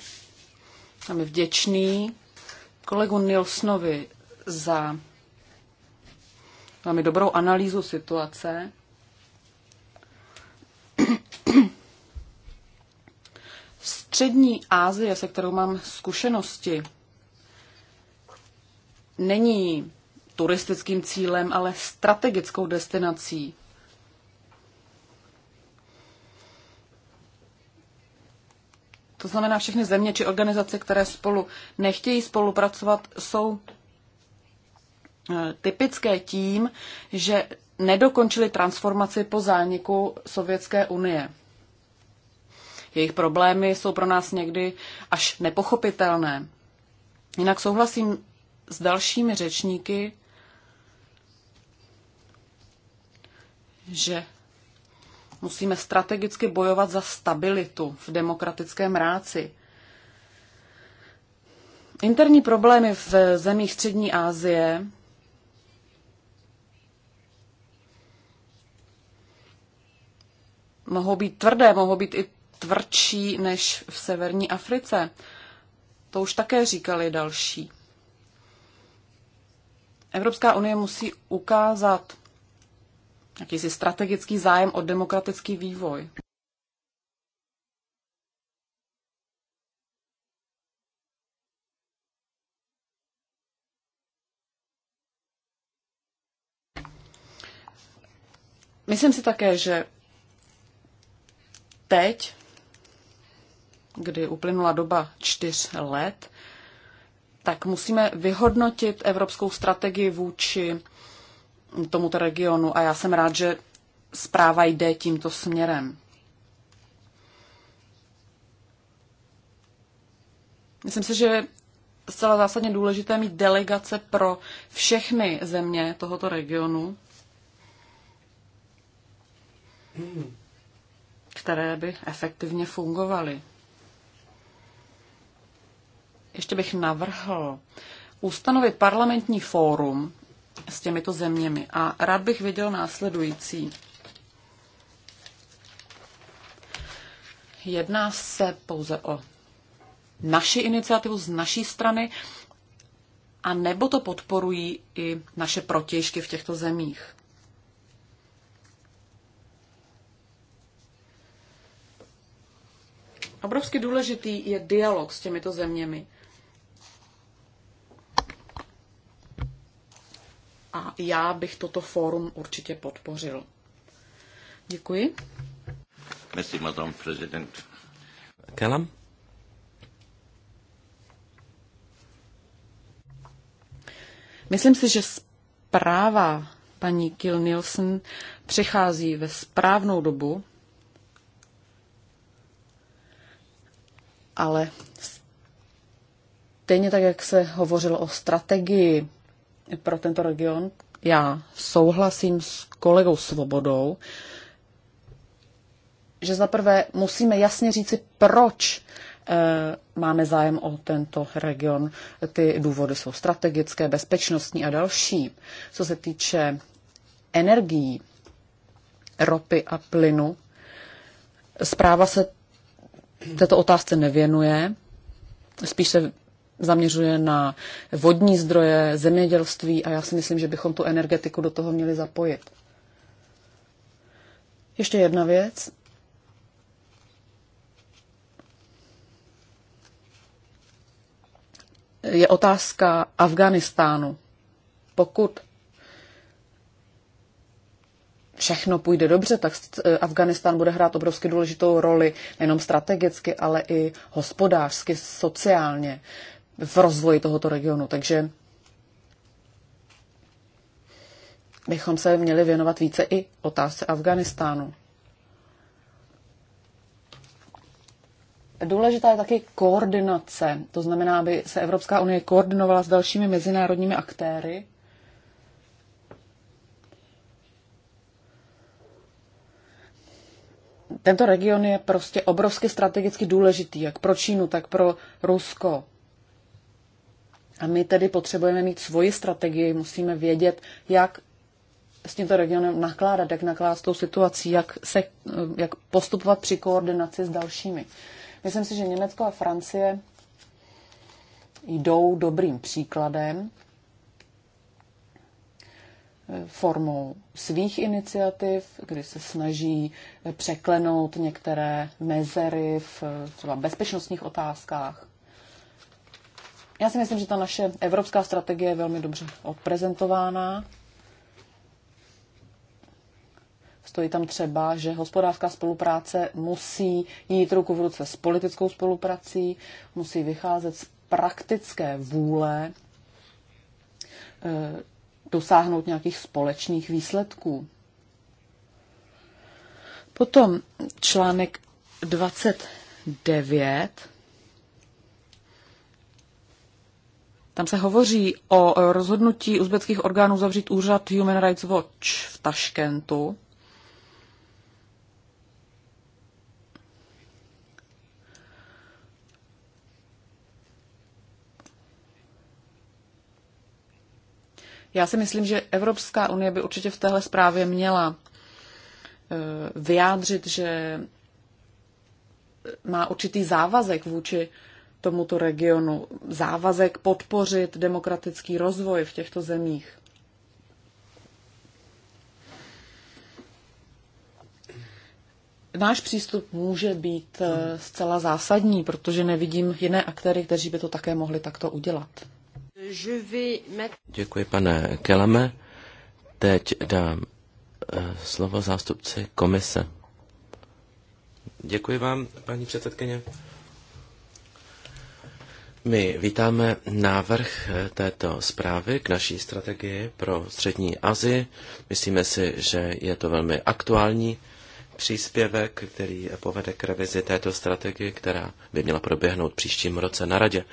Speaker 3: velmi vděčný kolegu Nilsnovi za velmi dobrou analýzu situace. Střední Ázie, se kterou mám zkušenosti, není turistickým cílem, ale strategickou destinací. To znamená, všechny země či organizace, které spolu nechtějí spolupracovat, jsou eh, typické tím, že nedokončili transformaci po zániku Sovětské unie. Jejich problémy jsou pro nás někdy až nepochopitelné. Jinak souhlasím s dalšími řečníky, že musíme strategicky bojovat za stabilitu v demokratickém ráci. Interní problémy v zemích Střední Asie mohou být tvrdé, mohou být i tvrdší než v severní Africe. To už také říkali další. Evropská unie musí ukázat jakýsi strategický zájem o demokratický vývoj. Myslím si také, že teď kdy uplynula doba čtyř let, tak musíme vyhodnotit evropskou strategii vůči tomuto regionu a já jsem rád, že zpráva jde tímto směrem. Myslím si, že je zcela zásadně důležité mít delegace pro všechny země tohoto regionu, které by efektivně fungovaly ještě bych navrhl ustanovit parlamentní fórum s těmito zeměmi a rád bych viděl následující. Jedná se pouze o naši iniciativu z naší strany, a nebo to podporují i naše protěžky v těchto zemích. Obrovsky důležitý je dialog s těmito zeměmi. a já bych toto fórum určitě podpořil. Děkuji.
Speaker 1: Merci, madame prezident. Kelam?
Speaker 3: Myslím si, že zpráva paní Kill Nielsen přichází ve správnou dobu, ale stejně tak, jak se hovořilo o strategii pro tento region. Já souhlasím s kolegou Svobodou, že zaprvé musíme jasně říci, proč eh, máme zájem o tento region. Ty důvody jsou strategické, bezpečnostní a další. Co se týče energií, ropy a plynu, zpráva se této otázce nevěnuje. Spíš se zaměřuje na vodní zdroje, zemědělství a já si myslím, že bychom tu energetiku do toho měli zapojit. Ještě jedna věc. Je otázka Afganistánu. Pokud všechno půjde dobře, tak Afganistán bude hrát obrovsky důležitou roli nejenom strategicky, ale i hospodářsky, sociálně v rozvoji tohoto regionu. Takže bychom se měli věnovat více i otázce Afganistánu. Důležitá je taky koordinace, to znamená, aby se Evropská unie koordinovala s dalšími mezinárodními aktéry. Tento region je prostě obrovsky strategicky důležitý, jak pro Čínu, tak pro Rusko. A my tedy potřebujeme mít svoji strategii, musíme vědět, jak s tímto regionem nakládat, jak nakládat s tou situací, jak, se, jak postupovat při koordinaci s dalšími. Myslím si, že Německo a Francie jdou dobrým příkladem formou svých iniciativ, kdy se snaží překlenout některé mezery v třeba bezpečnostních otázkách. Já si myslím, že ta naše evropská strategie je velmi dobře odprezentována. Stojí tam třeba, že hospodářská spolupráce musí jít ruku v ruce s politickou spoluprací, musí vycházet z praktické vůle eh, dosáhnout nějakých společných výsledků. Potom článek 29 Tam se hovoří o rozhodnutí uzbeckých orgánů zavřít úřad Human Rights Watch v Taškentu. Já si myslím, že Evropská unie by určitě v téhle zprávě měla e, vyjádřit, že má určitý závazek vůči tomuto regionu závazek podpořit demokratický rozvoj v těchto zemích. Náš přístup může být eh, zcela zásadní, protože nevidím jiné aktéry, kteří by to také mohli takto udělat.
Speaker 1: Děkuji, pane Kelame. Teď dám eh, slovo zástupci komise. Děkuji vám, paní předsedkyně. My vítáme návrh eh, této zprávy k naší strategii pro střední Asii. Myslíme si, že je to velmi aktuální příspěvek, který povede k revizi této strategie, která by měla proběhnout příštím roce na radě.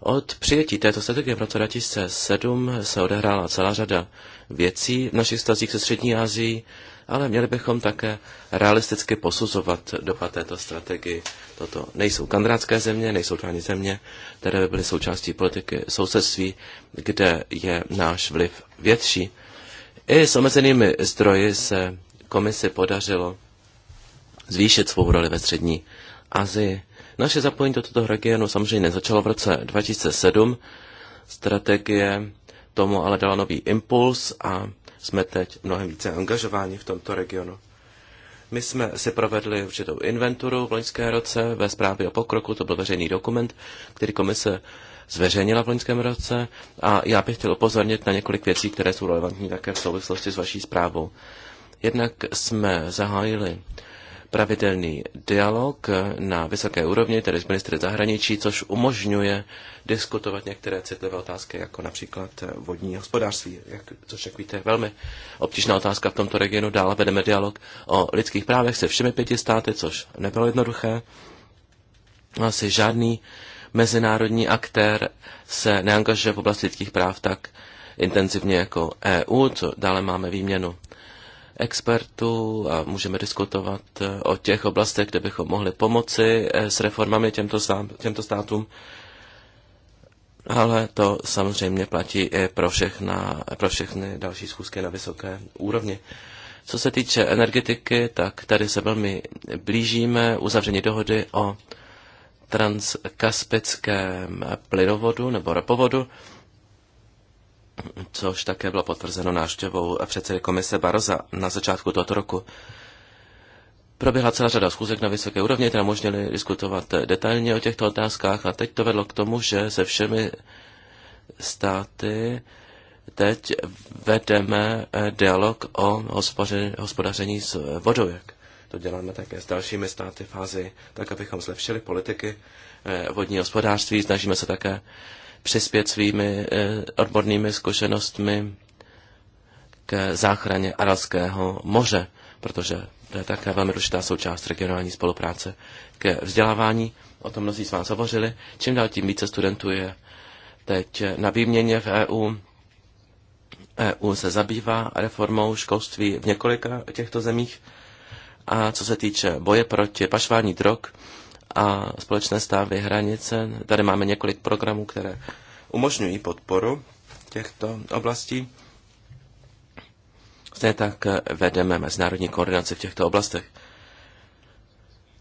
Speaker 1: Od přijetí této strategie v roce 2007 se odehrála celá řada věcí v našich stazích se Střední Asií ale měli bychom také realisticky posuzovat dopad této strategii. Toto nejsou kandrátské země, nejsou to ani země, které by byly součástí politiky sousedství, kde je náš vliv větší. I s omezenými zdroji se komisi podařilo zvýšit svou roli ve střední Asii. Naše zapojení do tohoto regionu samozřejmě nezačalo v roce 2007. Strategie tomu ale dala nový impuls a jsme teď mnohem více angažováni v tomto regionu. My jsme si provedli určitou inventuru v loňském roce ve zprávě o pokroku, to byl veřejný dokument, který komise zveřejnila v loňském roce a já bych chtěl upozornit na několik věcí, které jsou relevantní také v souvislosti s vaší zprávou. Jednak jsme zahájili pravidelný dialog na vysoké úrovni, tedy s ministry zahraničí, což umožňuje diskutovat některé citlivé otázky, jako například eh, vodní hospodářství, jak, což, jak víte, velmi obtížná otázka v tomto regionu. Dále vedeme dialog o lidských právech se všemi pěti státy, což nebylo jednoduché. Asi žádný mezinárodní aktér se neangažuje v oblasti lidských práv tak intenzivně jako EU, co dále máme výměnu expertů a můžeme diskutovat eh, o těch oblastech, kde bychom mohli pomoci eh, s reformami těmto, stát, těmto státům. Ale to samozřejmě platí i pro, všechna, pro všechny další schůzky na vysoké úrovni. Co se týče energetiky, tak tady se velmi blížíme uzavření dohody o transkaspickém plynovodu nebo ropovodu což také bylo potvrzeno návštěvou předsedy komise Baroza na začátku tohoto roku. Proběhla celá řada schůzek na vysoké úrovni, které umožnily diskutovat detailně o těchto otázkách a teď to vedlo k tomu, že se všemi státy teď vedeme eh, dialog o hospodaření s vodou, jak to děláme také s dalšími státy v tak abychom zlepšili politiky eh, vodní hospodářství. Snažíme se také přispět svými eh, odbornými zkušenostmi k záchraně Aralského moře, protože to je také velmi důležitá součást regionální spolupráce ke vzdělávání. O tom mnozí z vás hovořili. Čím dál tím více studentů je teď na výměně v EU. EU se zabývá reformou školství v několika těchto zemích. A co se týče boje proti pašvání drog, a společné stávy hranice. Tady máme několik programů, které umožňují podporu těchto oblastí. Stejně tak vedeme mezinárodní koordinaci v těchto oblastech.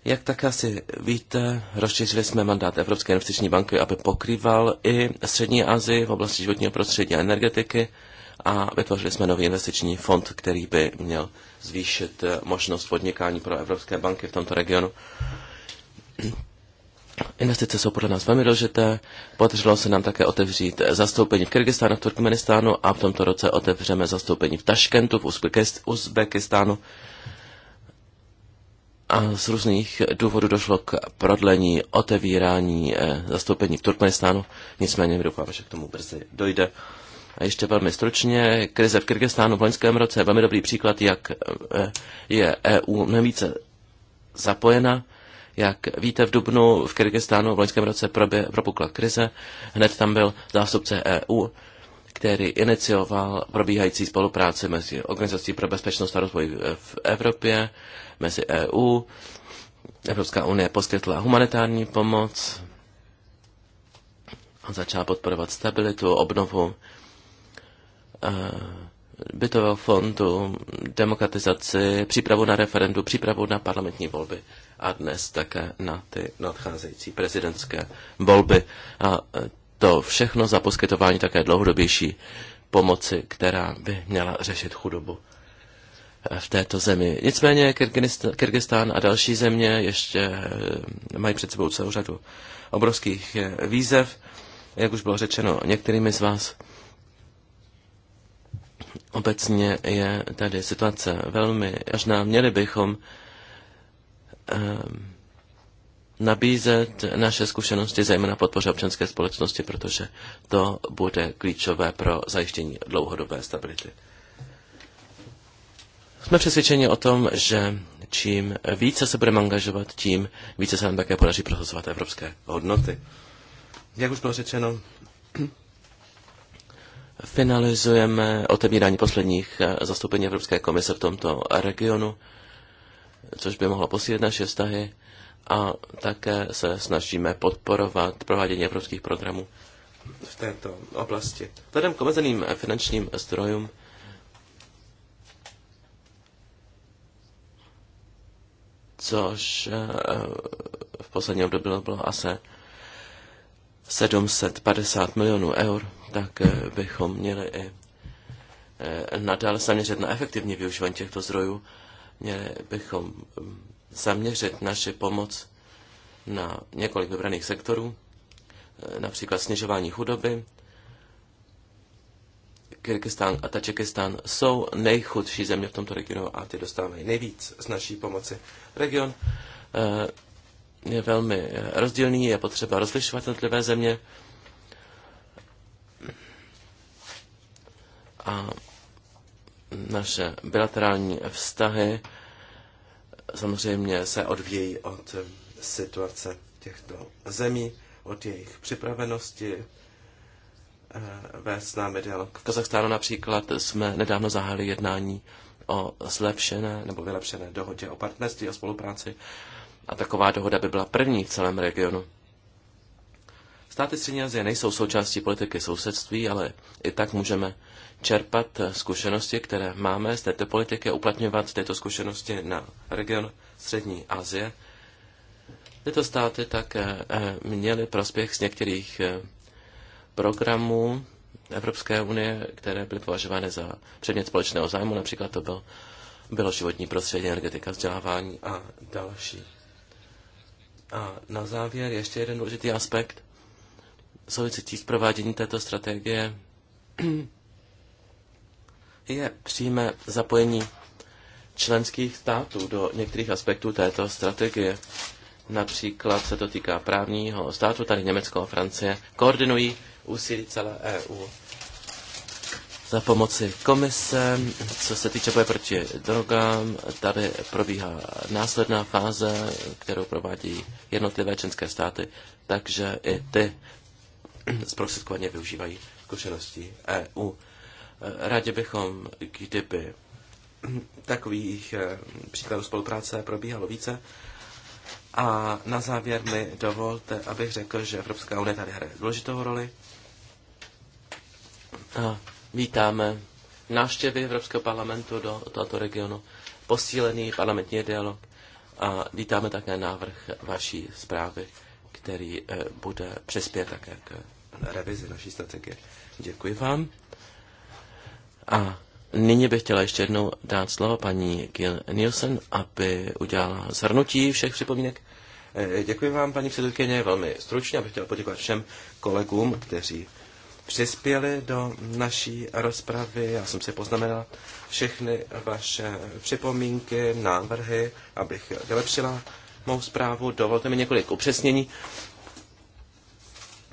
Speaker 1: Jak tak asi víte, rozšířili jsme mandát Evropské investiční banky, aby pokrýval i Střední Asii v oblasti životního prostředí a energetiky a vytvořili jsme nový investiční fond, který by měl zvýšit možnost podnikání pro Evropské banky v tomto regionu. Investice jsou podle nás velmi důležité. Podařilo se nám také otevřít zastoupení v Kyrgyzstánu, v Turkmenistánu a v tomto roce otevřeme zastoupení v Taškentu, v Uzbekistánu. A z různých důvodů došlo k prodlení otevírání eh, zastoupení v Turkmenistánu. Nicméně doufám, že k tomu brzy dojde. A ještě velmi stručně, krize v Kyrgyzstánu v loňském roce je velmi dobrý příklad, jak eh, je EU nejvíce zapojena jak víte, v Dubnu v Kyrgyzstánu v loňském roce probě, propukla krize. Hned tam byl zástupce EU, který inicioval probíhající spolupráci mezi Organizací pro bezpečnost a rozvoj v Evropě, mezi EU. Evropská unie poskytla humanitární pomoc a začala podporovat stabilitu, obnovu eh, bytového fondu, demokratizaci, přípravu na referendu, přípravu na parlamentní volby a dnes také na ty nadcházející prezidentské volby. A e, to všechno za poskytování také dlouhodobější pomoci, která by měla řešit chudobu e, v této zemi. Nicméně Kyrgyzstán a další země ještě e, mají před sebou celou řadu obrovských výzev, jak už bylo řečeno některými z vás. Obecně je tady situace velmi vážná. Měli bychom Ehm, nabízet naše zkušenosti, zejména podpoře občanské společnosti, protože to bude klíčové pro zajištění dlouhodobé stability. Jsme přesvědčeni o tom, že čím více se budeme angažovat, tím více se nám také podaří prosazovat evropské hodnoty. Jak už bylo řečeno, finalizujeme otevírání posledních eh, zastoupení Evropské komise v tomto regionu což by mohlo posílit naše vztahy a také se snažíme podporovat provádění evropských programů v této oblasti. Vzhledem k omezeným finančním zdrojům což eh, v posledním období bylo asi 750 milionů eur, tak eh, bychom měli i eh, nadále zaměřit na efektivní využívání těchto zdrojů Měli bychom um, zaměřit naši pomoc na několik vybraných sektorů, eh, například snižování chudoby. Kyrgyzstán a Tačekistán jsou nejchudší země v tomto regionu a ty dostávají nejvíc z naší pomoci. Region eh, je velmi eh, rozdílný, je potřeba rozlišovat jednotlivé země. A naše bilaterální vztahy samozřejmě se odvíjí od situace těchto zemí, od jejich připravenosti eh, vést s námi dialog. V Kazachstánu například jsme nedávno zahájili jednání o zlepšené nebo vylepšené dohodě o partnerství a spolupráci. A taková dohoda by byla první v celém regionu. Státy Střední Azie nejsou součástí politiky sousedství, ale i tak můžeme čerpat zkušenosti, které máme z této politiky a uplatňovat tyto zkušenosti na region Střední Asie. Tyto státy tak eh, měly prospěch z některých eh, programů Evropské unie, které byly považovány za předmět společného zájmu, například to byl, bylo životní prostředí, energetika, vzdělávání a další. A na závěr ještě jeden důležitý aspekt souvisící s provádění této strategie je přímé zapojení členských států do některých aspektů této strategie. Například se to týká právního státu, tady Německo a Francie koordinují úsilí celé EU za pomoci komise. Co se týče boje proti drogám, tady probíhá následná fáze, kterou provádí jednotlivé členské státy, takže i ty zprostředkovaně využívají zkušeností EU. Eh, rádi bychom, kdyby takových eh, příkladů spolupráce probíhalo více. A na závěr mi dovolte, abych řekl, že Evropská unie tady hraje důležitou roli. A vítáme návštěvy Evropského parlamentu do tohoto regionu, posílený parlamentní dialog a vítáme také návrh vaší zprávy, který eh, bude přispět také k revizi naší strategie. Děkuji vám. A nyní bych chtěla ještě jednou dát slovo paní Gil Nielsen, aby udělala zhrnutí všech připomínek. Eh, děkuji vám, paní předsedkyně, velmi stručně. Abych chtěl poděkovat všem kolegům, kteří přispěli do naší rozpravy. Já jsem si poznamenal všechny vaše připomínky, návrhy, abych vylepšila mou zprávu. Dovolte mi několik upřesnění.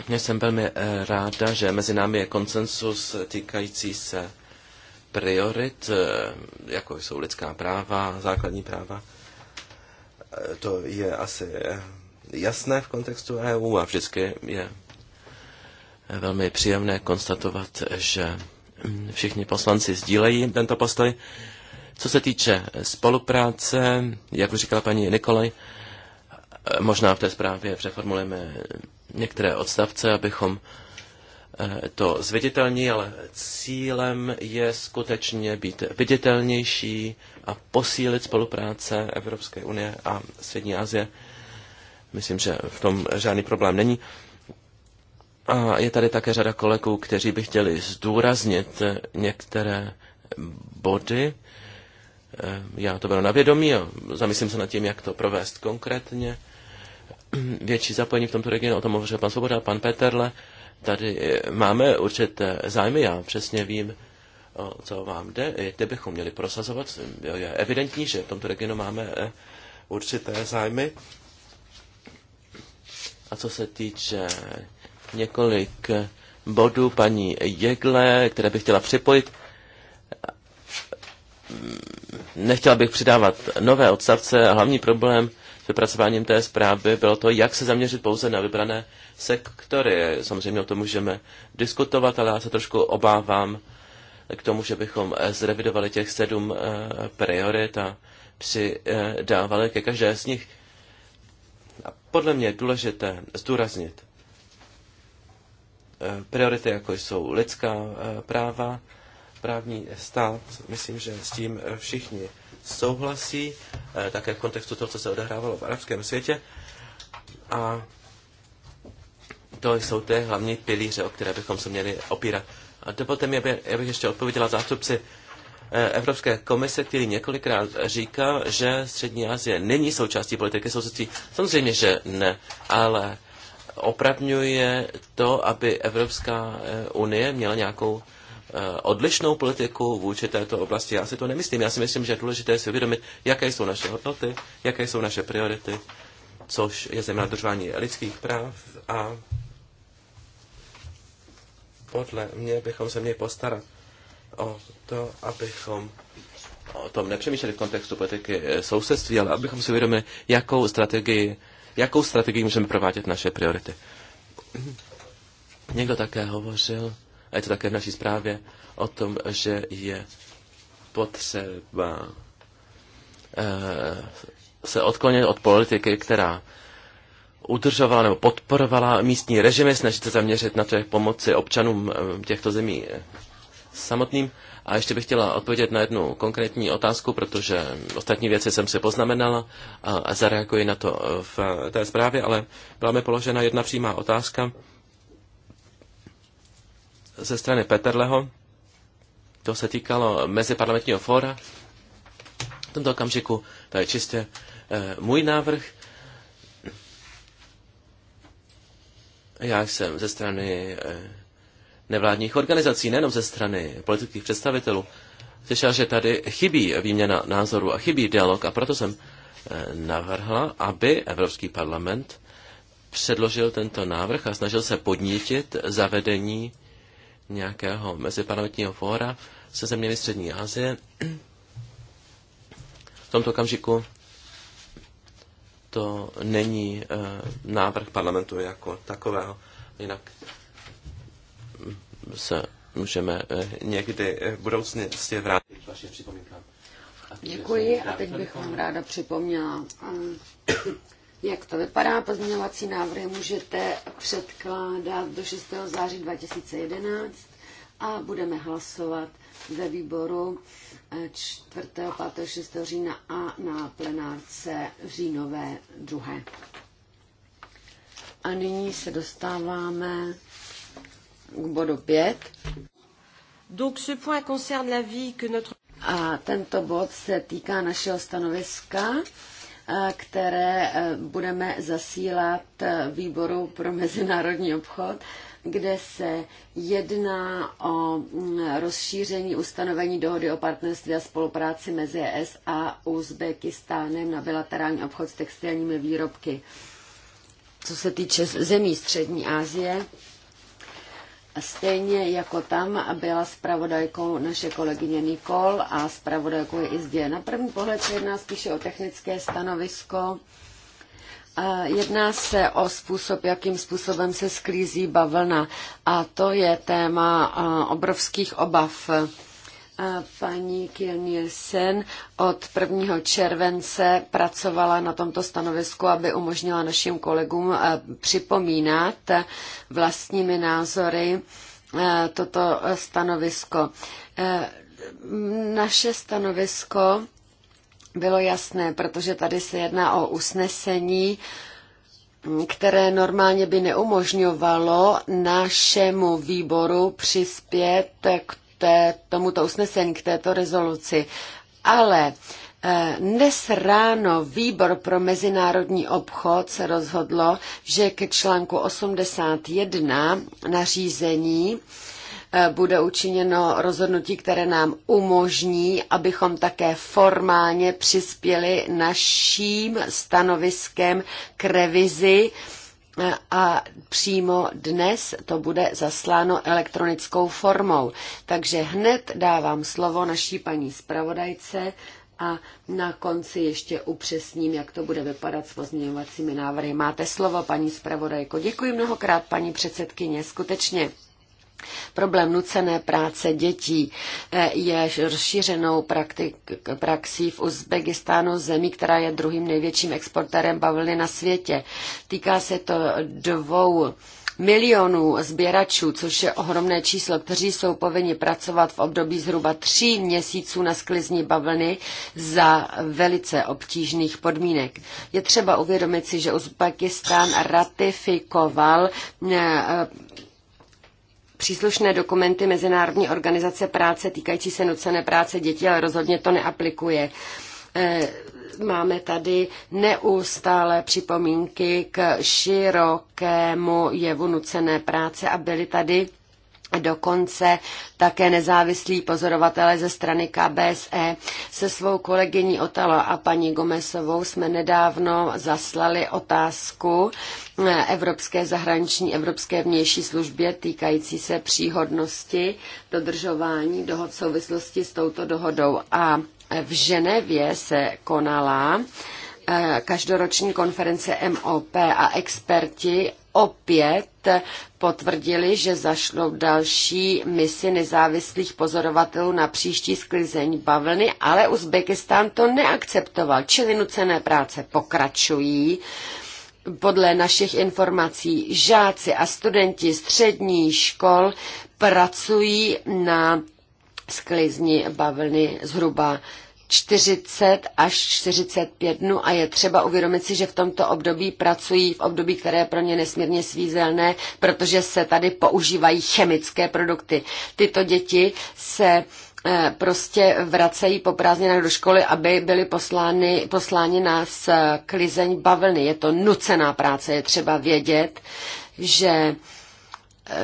Speaker 1: Já jsem velmi eh, ráda, že mezi námi je konsensus týkající se priorit, eh, jako jsou lidská práva, základní práva. Eh, to je asi jasné v kontextu EU a vždycky je velmi příjemné konstatovat, že všichni poslanci sdílejí tento postoj. Co se týče spolupráce, jak už říkala paní Nikolaj, eh, možná v té zprávě přeformulujeme některé odstavce, abychom Eh, to zviditelní, ale cílem je skutečně být viditelnější a posílit spolupráce Evropské unie a Střední Asie. Myslím, že v tom žádný problém není. A je tady také řada kolegů, kteří by chtěli zdůraznit některé body. Eh, já to beru na vědomí a zamyslím se nad tím, jak to provést konkrétně. Větší zapojení v tomto regionu, o tom hovořil pan Svoboda, pan Peterle tady eh, máme určité zájmy, já přesně vím, o co vám jde, kde bychom měli prosazovat. Je evidentní, že v tomto regionu máme eh, určité zájmy. A co se týče několik bodů paní Jegle, které bych chtěla připojit, eh, nechtěla bych přidávat nové odstavce. Hlavní problém vypracováním té zprávy bylo to, jak se zaměřit pouze na vybrané sektory. Samozřejmě o tom můžeme diskutovat, ale já se trošku obávám k tomu, že bychom eh, zrevidovali těch sedm eh, priorit a přidávali ke každé z nich. A podle mě je důležité zdůraznit eh, priority, jako jsou lidská práva, právní stát. Myslím, že s tím všichni souhlasí, eh, také v kontextu toho, co se odehrávalo v arabském světě. A to jsou ty hlavní pilíře, o které bychom se měli opírat. A dovolte mi, bych ještě odpověděla zástupci eh, Evropské komise, který několikrát říkal, že Střední Asie není součástí politiky sousedství. Samozřejmě, že ne, ale opravňuje to, aby Evropská eh, unie měla nějakou Eh, odlišnou politiku vůči této oblasti. Já si to nemyslím. Já si myslím, že je důležité si uvědomit, jaké jsou naše hodnoty, jaké jsou naše priority, což je zejména dodržování lidských práv a podle mě bychom se měli postarat o to, abychom o tom nepřemýšleli v kontextu politiky eh, sousedství, ale abychom si uvědomili, jakou strategii, jakou strategii můžeme provádět naše priority. Někdo také hovořil a je to také v naší zprávě, o tom, že je potřeba eh, se odklonit od politiky, která udržovala nebo podporovala místní režimy, snažit se zaměřit na to, jak pomoci občanům eh, těchto zemí eh, samotným. A ještě bych chtěla odpovědět na jednu konkrétní otázku, protože ostatní věci jsem si poznamenala a zareaguji na to v té zprávě, ale byla mi položena jedna přímá otázka ze strany Peterleho. To se týkalo Meziparlamentního fóra. V tomto okamžiku to je čistě eh, můj návrh. Já jsem ze strany eh, nevládních organizací, nejenom ze strany politických představitelů, slyšel, že tady chybí výměna názoru a chybí dialog a proto jsem eh, navrhla, aby Evropský parlament předložil tento návrh a snažil se podnítit zavedení nějakého meziparlamentního fóra se zeměmi Střední Asie. V tomto okamžiku to není e, návrh parlamentu jako takového. Jinak se můžeme e, někdy eh, v budoucnosti vrátit k vašim připomínkám.
Speaker 2: Děkuji a teď bychom ráda připomněla jak to vypadá. Pozměňovací návrhy můžete předkládat do 6. září 2011 a budeme hlasovat ve výboru 4. 5. 6. října a na plenárce říjnové druhé. A nyní se dostáváme k bodu 5. Donc ce point concerne que notre... A tento bod se týká našeho stanoviska Eh, které eh, budeme zasílat eh, výboru pro mezinárodní obchod, kde se jedná o mm, rozšíření ustanovení dohody o partnerství a spolupráci mezi ES a Uzbekistánem na bilaterální obchod s textilními výrobky. Co se týče zemí Střední Asie, Stejně jako tam byla spravodajkou naše kolegyně Nikol a spravodajkou je i zde. Na první pohled se jedná spíše o technické stanovisko. Jedná se o způsob, jakým způsobem se sklízí bavlna a to je téma obrovských obav Paní Kiel Nielsen od 1. července pracovala na tomto stanovisku, aby umožnila našim kolegům eh, připomínat vlastními názory eh, toto stanovisko. Eh, naše stanovisko bylo jasné, protože tady se jedná o usnesení, které normálně by neumožňovalo našemu výboru přispět k té, tomuto usnesení, k této rezoluci, ale eh, dnes ráno výbor pro mezinárodní obchod se rozhodlo, že ke článku 81 nařízení eh, bude učiněno rozhodnutí, které nám umožní, abychom také formálně přispěli naším stanoviskem k revizi a přímo dnes to bude zasláno elektronickou formou. Takže hned dávám slovo naší paní zpravodajce a na konci ještě upřesním, jak to bude vypadat s pozměňovacími návrhy. Máte slovo, paní zpravodajko. Děkuji mnohokrát, paní předsedkyně. Skutečně Problém nucené práce dětí eh, je rozšířenou praktik, praxí v Uzbekistánu, zemí, která je druhým největším exportérem bavlny na světě. Týká se to dvou milionů sběračů, což je ohromné číslo, kteří jsou povinni pracovat v období zhruba tří měsíců na sklizni bavlny za velice obtížných podmínek. Je třeba uvědomit si, že Uzbekistán ratifikoval eh, příslušné dokumenty Mezinárodní organizace práce týkající se nucené práce dětí, ale rozhodně to neaplikuje eh, máme tady neustále připomínky k širokému jevu nucené práce a byly tady Dokonce také nezávislí pozorovatelé ze strany KBSE se svou kolegyní Otalo a paní Gomesovou jsme nedávno zaslali otázku Evropské zahraniční, Evropské vnější službě týkající se příhodnosti dodržování dohod v souvislosti s touto dohodou. A v Ženevě se konala eh, každoroční konference MOP a experti opět potvrdili, že zašlou další misi nezávislých pozorovatelů na příští sklizeň bavlny, ale Uzbekistán to neakceptoval, čili nucené práce pokračují. Podle našich informací žáci a studenti střední škol pracují na sklizni bavlny zhruba 40 až 45 dnů a je třeba uvědomit si, že v tomto období pracují v období, které je pro ně nesmírně svízelné, protože se tady používají chemické produkty. Tyto děti se eh, prostě vracejí po prázdninách do školy, aby byly poslány, poslány na sklizeň eh, bavlny. Je to nucená práce, je třeba vědět, že eh,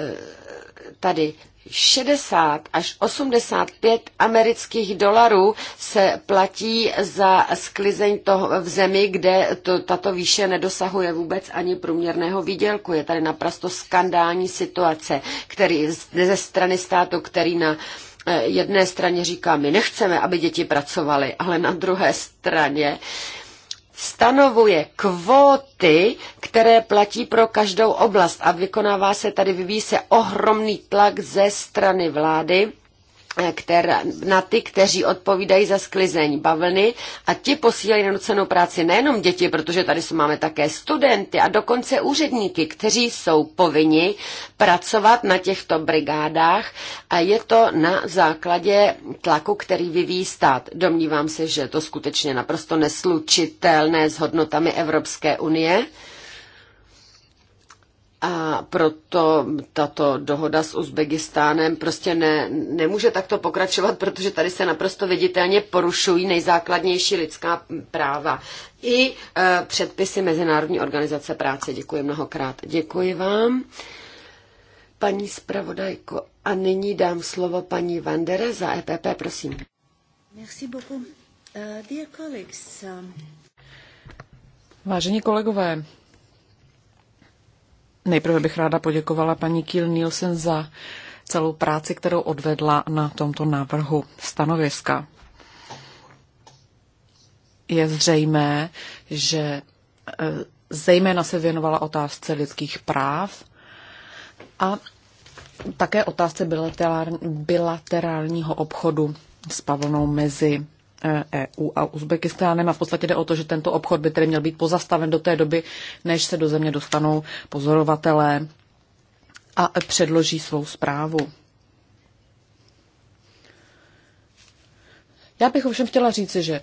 Speaker 2: tady 60 až 85 amerických dolarů se platí za sklizeň toho v zemi, kde to, tato výše nedosahuje vůbec ani průměrného výdělku. Je tady naprosto skandální situace, který ze strany státu, který na eh, jedné straně říká, my nechceme, aby děti pracovaly, ale na druhé straně stanovuje kvóty, které platí pro každou oblast a vykonává se tady, vyvíjí se ohromný tlak ze strany vlády která, na ty, kteří odpovídají za sklizeň bavlny a ti posílají na nucenou práci nejenom děti, protože tady jsou, máme také studenty a dokonce úředníky, kteří jsou povinni pracovat na těchto brigádách a je to na základě tlaku, který vyvíjí stát. Domnívám se, že je to skutečně naprosto neslučitelné s hodnotami Evropské unie. A proto tato dohoda s Uzbekistánem prostě ne, nemůže takto pokračovat, protože tady se naprosto viditelně porušují nejzákladnější lidská práva i e, předpisy Mezinárodní organizace práce. Děkuji mnohokrát. Děkuji vám, paní zpravodajko. A nyní dám slovo paní Vandere
Speaker 3: za EPP, prosím. Merci beaucoup. Uh, dear colleagues, um... Vážení kolegové, Nejprve bych ráda poděkovala paní Kiel Nielsen za celou práci, kterou odvedla na tomto návrhu stanoviska. Je zřejmé, že eh, zejména se věnovala otázce lidských práv a také otázce bilaterálního obchodu s pavlnou mezi EU e a Uzbekistánem a v podstatě jde o to, že tento obchod by tedy měl být pozastaven do té doby, než se do země dostanou pozorovatelé a předloží svou zprávu. Já bych ovšem chtěla říci, že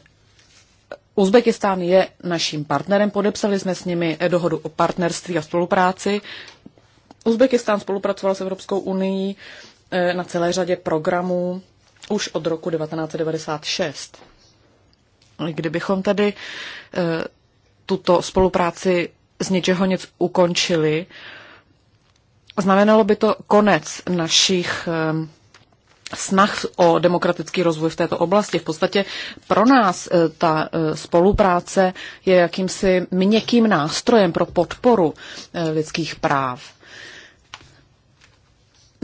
Speaker 3: Uzbekistán je naším partnerem, podepsali jsme s nimi dohodu o partnerství a spolupráci. Uzbekistán spolupracoval s Evropskou unii e, na celé řadě programů už od roku 1996. Kdybychom tedy eh, tuto spolupráci z něčeho nic ukončili, znamenalo by to konec našich eh, snah o demokratický rozvoj v této oblasti. V podstatě pro nás eh, ta spolupráce je jakýmsi měkkým nástrojem pro podporu lidských práv.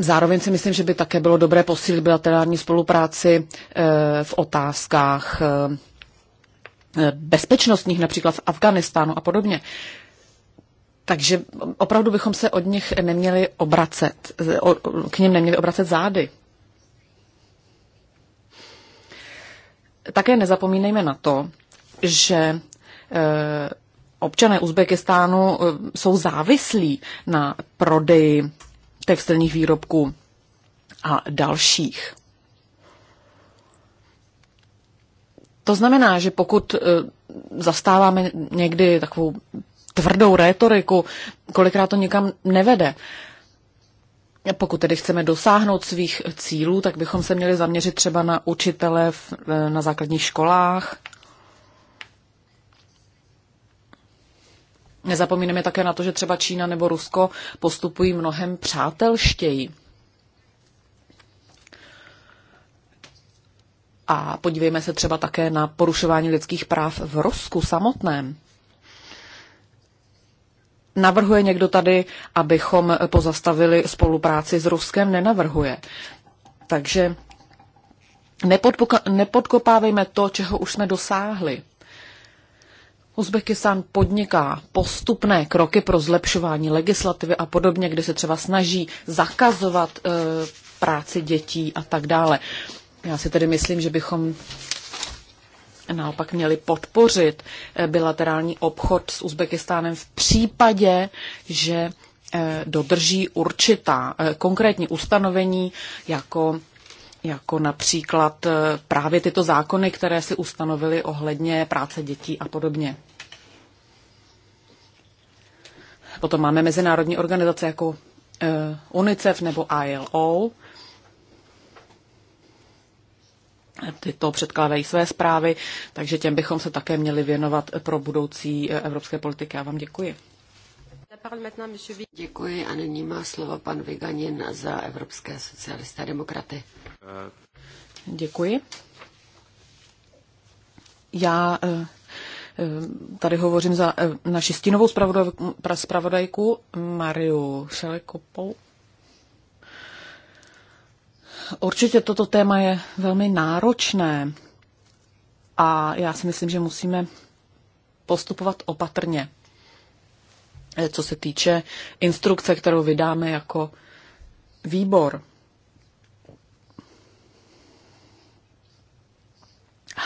Speaker 3: Zároveň si myslím, že by také bylo dobré posílit bilaterální spolupráci eh, v otázkách eh, bezpečnostních, například v Afganistánu a podobně. Takže opravdu bychom se od nich neměli obracet, eh, k ním neměli obracet zády. Také nezapomínejme na to, že občané Uzbekistánu jsou závislí na prodeji textilních výrobků a dalších. To znamená, že pokud e, zastáváme někdy takovou tvrdou rétoriku, kolikrát to nikam nevede. Pokud tedy chceme dosáhnout svých cílů, tak bychom se měli zaměřit třeba na učitele e, na základních školách, Nezapomínáme také na to, že třeba Čína nebo Rusko postupují mnohem přátelštěji. A podívejme se třeba také na porušování lidských práv v Rusku samotném. Navrhuje někdo tady, abychom pozastavili spolupráci s Ruskem? Nenavrhuje. Takže nepodpokl- nepodkopávejme to, čeho už jsme dosáhli. Uzbekistán podniká postupné kroky pro zlepšování legislativy a podobně, kde se třeba snaží zakazovat e, práci dětí a tak dále. Já si tedy myslím, že bychom naopak měli podpořit eh, bilaterální obchod s Uzbekistánem v případě, že eh, dodrží určitá konkrétní ustanovení, jako, jako například právě tyto zákony, které si ustanovili ohledně práce dětí a podobně. Potom máme mezinárodní organizace jako eh, UNICEF nebo ILO. Tyto předkládají své zprávy, takže těm bychom se také měli věnovat pro budoucí eh, evropské politiky. Já vám děkuji.
Speaker 2: Děkuji a nyní má slovo pan Viganin za Evropské socialisté a demokraty.
Speaker 3: Eh. Děkuji. Já Ehm, tady hovořím za eh, naši stínovou zpravodajku Mariu Šelekopou. Určitě toto téma je velmi náročné a já si myslím, že musíme postupovat opatrně, eh, co se týče instrukce, kterou vydáme jako výbor.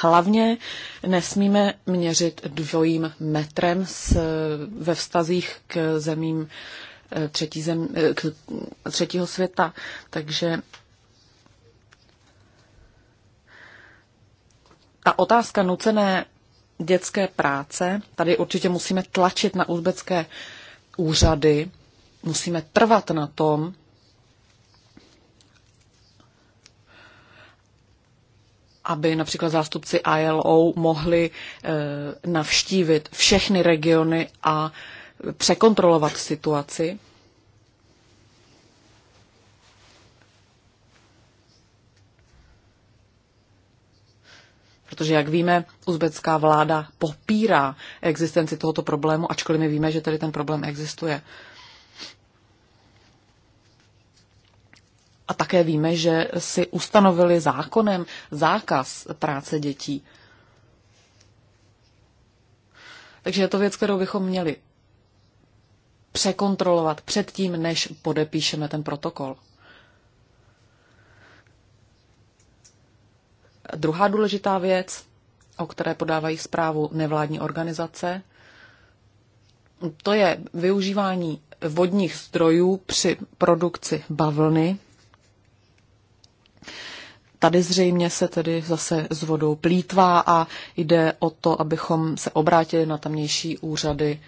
Speaker 3: hlavně nesmíme měřit dvojím metrem s, ve vztazích k zemím eh, třetí zem, eh, k třetího světa. Takže ta otázka nucené dětské práce, tady určitě musíme tlačit na uzbecké úřady, musíme trvat na tom, aby například zástupci ILO mohli eh, navštívit všechny regiony a překontrolovat situaci. Protože, jak víme, uzbecká vláda popírá existenci tohoto problému, ačkoliv my víme, že tady ten problém existuje. Uh, A také víme, že si ustanovili zákonem zákaz práce dětí. Takže je to věc, kterou bychom měli překontrolovat předtím, než podepíšeme ten protokol. Druhá důležitá věc, o které podávají zprávu nevládní organizace, to je využívání vodních zdrojů při produkci bavlny. Tady zřejmě se tedy zase s vodou plítvá a jde o to, abychom se obrátili na tamnější úřady,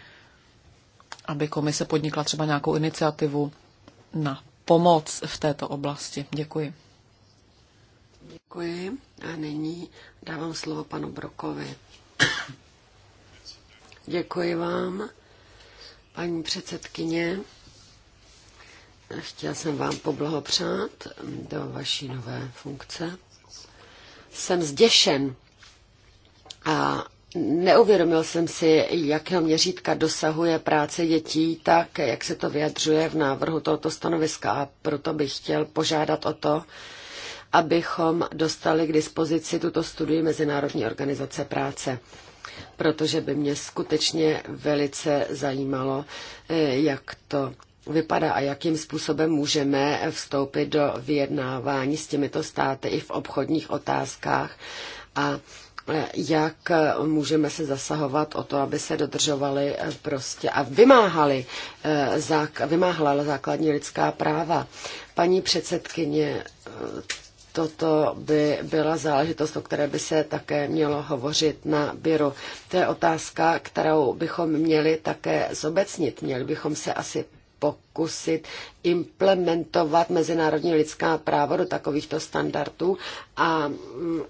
Speaker 3: aby komise podnikla třeba nějakou iniciativu na pomoc v této oblasti. Děkuji.
Speaker 2: Děkuji a nyní dávám slovo panu Brokovi. Děkuji vám, paní předsedkyně. Chtěla jsem vám poblahopřát do vaší nové funkce. Jsem zděšen a neuvědomil jsem si, jakého měřítka dosahuje práce dětí, tak jak se to vyjadřuje v návrhu tohoto stanoviska. A proto bych chtěl požádat o to, abychom dostali k dispozici tuto studii Mezinárodní organizace práce protože by mě skutečně velice zajímalo, eh, jak to vypadá a jakým způsobem můžeme vstoupit do vyjednávání s těmito státy i v obchodních otázkách a e, jak můžeme se zasahovat o to, aby se dodržovaly e, prostě a vymáhali, e, vymáhala základní lidská práva. Paní předsedkyně, toto by byla záležitost, o které by se také mělo hovořit na byru. To je otázka, kterou bychom měli také zobecnit. Měli bychom se asi pokusit implementovat mezinárodní lidská práva do takovýchto standardů a mm,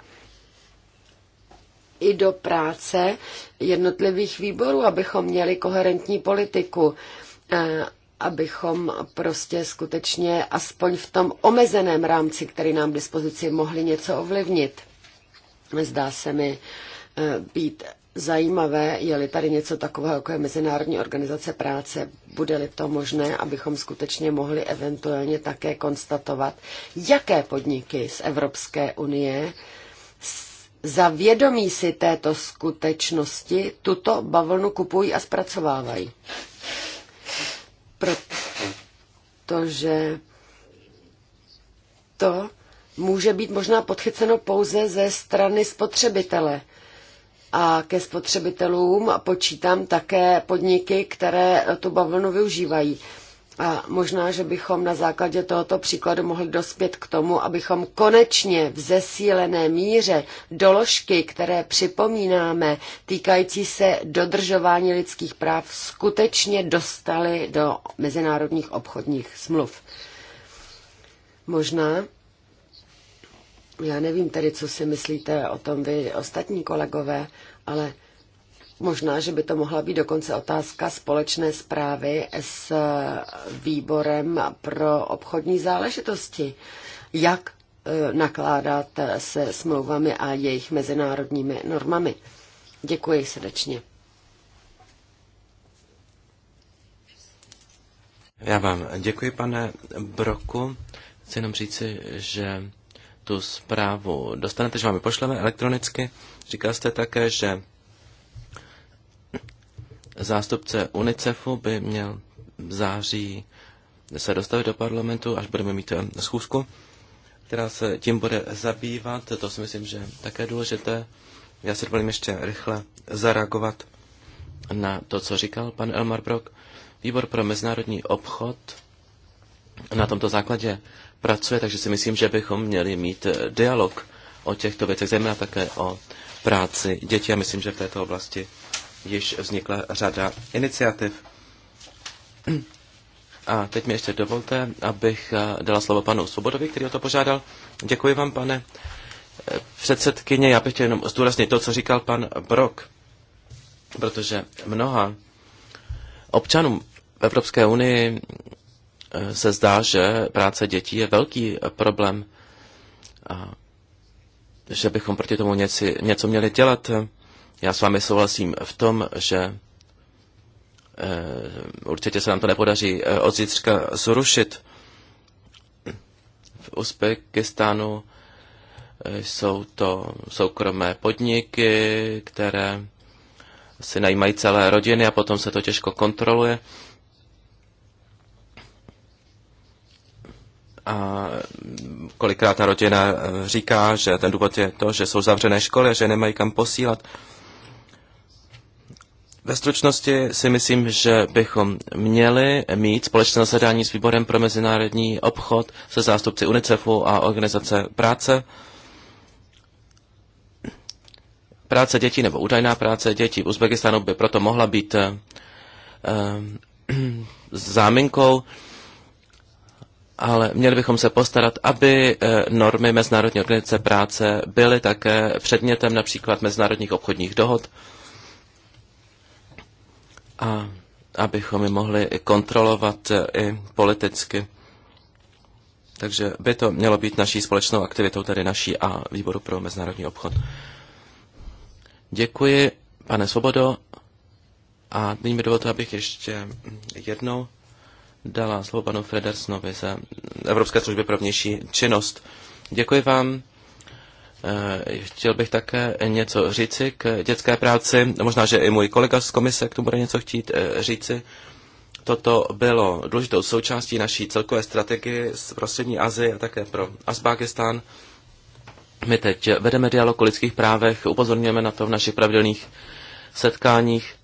Speaker 2: i do práce jednotlivých výborů, abychom měli koherentní politiku, eh, abychom prostě skutečně aspoň v tom omezeném rámci, který nám k dispozici, mohli něco ovlivnit. Zdá se mi eh, být zajímavé, je-li tady něco takového, jako je Mezinárodní organizace práce, bude-li to možné, abychom skutečně mohli eventuálně také konstatovat, jaké podniky z Evropské unie za vědomí si této skutečnosti tuto bavlnu kupují a zpracovávají. Protože to může být možná podchyceno pouze ze strany spotřebitele a ke spotřebitelům počítám také podniky, které tu bavlnu využívají. A možná, že bychom na základě tohoto příkladu mohli dospět k tomu, abychom konečně v zesílené míře doložky, které připomínáme, týkající se dodržování lidských práv, skutečně dostali do mezinárodních obchodních smluv. Možná, já nevím tedy, co si myslíte o tom vy ostatní kolegové, ale možná, že by to mohla být dokonce otázka společné zprávy s výborem pro obchodní záležitosti. Jak e, nakládat se smlouvami a jejich mezinárodními normami. Děkuji srdečně.
Speaker 1: Já vám děkuji, pane Broku. Chci jenom říci, že tu zprávu dostanete, že vám ji pošleme elektronicky. Říkal jste také, že zástupce UNICEFu by měl v září se dostavit do parlamentu, až budeme mít eh, schůzku, která se tím bude zabývat. To si myslím, že také je důležité. Já si dovolím ještě rychle zareagovat na to, co říkal pan Elmar Brock. Výbor pro mezinárodní obchod na tomto základě pracuje, takže si myslím, že bychom měli mít eh, dialog o těchto věcech, zejména také o práci dětí. A myslím, že v této oblasti již vznikla řada iniciativ. A teď mi ještě dovolte, abych eh, dala slovo panu Svobodovi, který o to požádal. Děkuji vám, pane eh, předsedkyně. Já bych chtěl jenom zdůraznit to, co říkal pan Brok, protože mnoha občanům v Evropské unii se zdá, že práce dětí je velký problém a že bychom proti tomu něco, něco měli dělat. Já s vámi souhlasím v tom, že eh, určitě se nám to nepodaří eh, od zítřka zrušit. V Uzbekistánu eh, jsou to soukromé podniky, které si najímají celé rodiny a potom se to těžko kontroluje. A kolikrát ta rodina eh, říká, že ten důvod je to, že jsou zavřené školy, že nemají kam posílat. Ve stručnosti si myslím, že bychom měli mít společné zasedání s výborem pro mezinárodní obchod se zástupci UNICEFu a organizace práce. Práce dětí nebo údajná práce dětí v Uzbekistánu by proto mohla být eh, záminkou ale měli bychom se postarat, aby eh, normy Mezinárodní organizace práce byly také předmětem například mezinárodních obchodních dohod a abychom je mohli kontrolovat eh, i politicky. Takže by to mělo být naší společnou aktivitou, tedy naší a výboru pro mezinárodní obchod. Děkuji, pane Svobodo. A nyní mi dovolte, abych ještě jednou dala slovo panu Fredersnovi za Evropské služby pro vnější činnost. Děkuji vám. Eh, chtěl bych také něco říci k dětské práci. Možná, že i můj kolega z komise k tomu bude něco chtít eh, říci. Toto bylo důležitou součástí naší celkové strategie pro Střední Azii a také pro Azbákistán. My teď vedeme dialog o lidských právech, upozorňujeme na to v našich pravidelných setkáních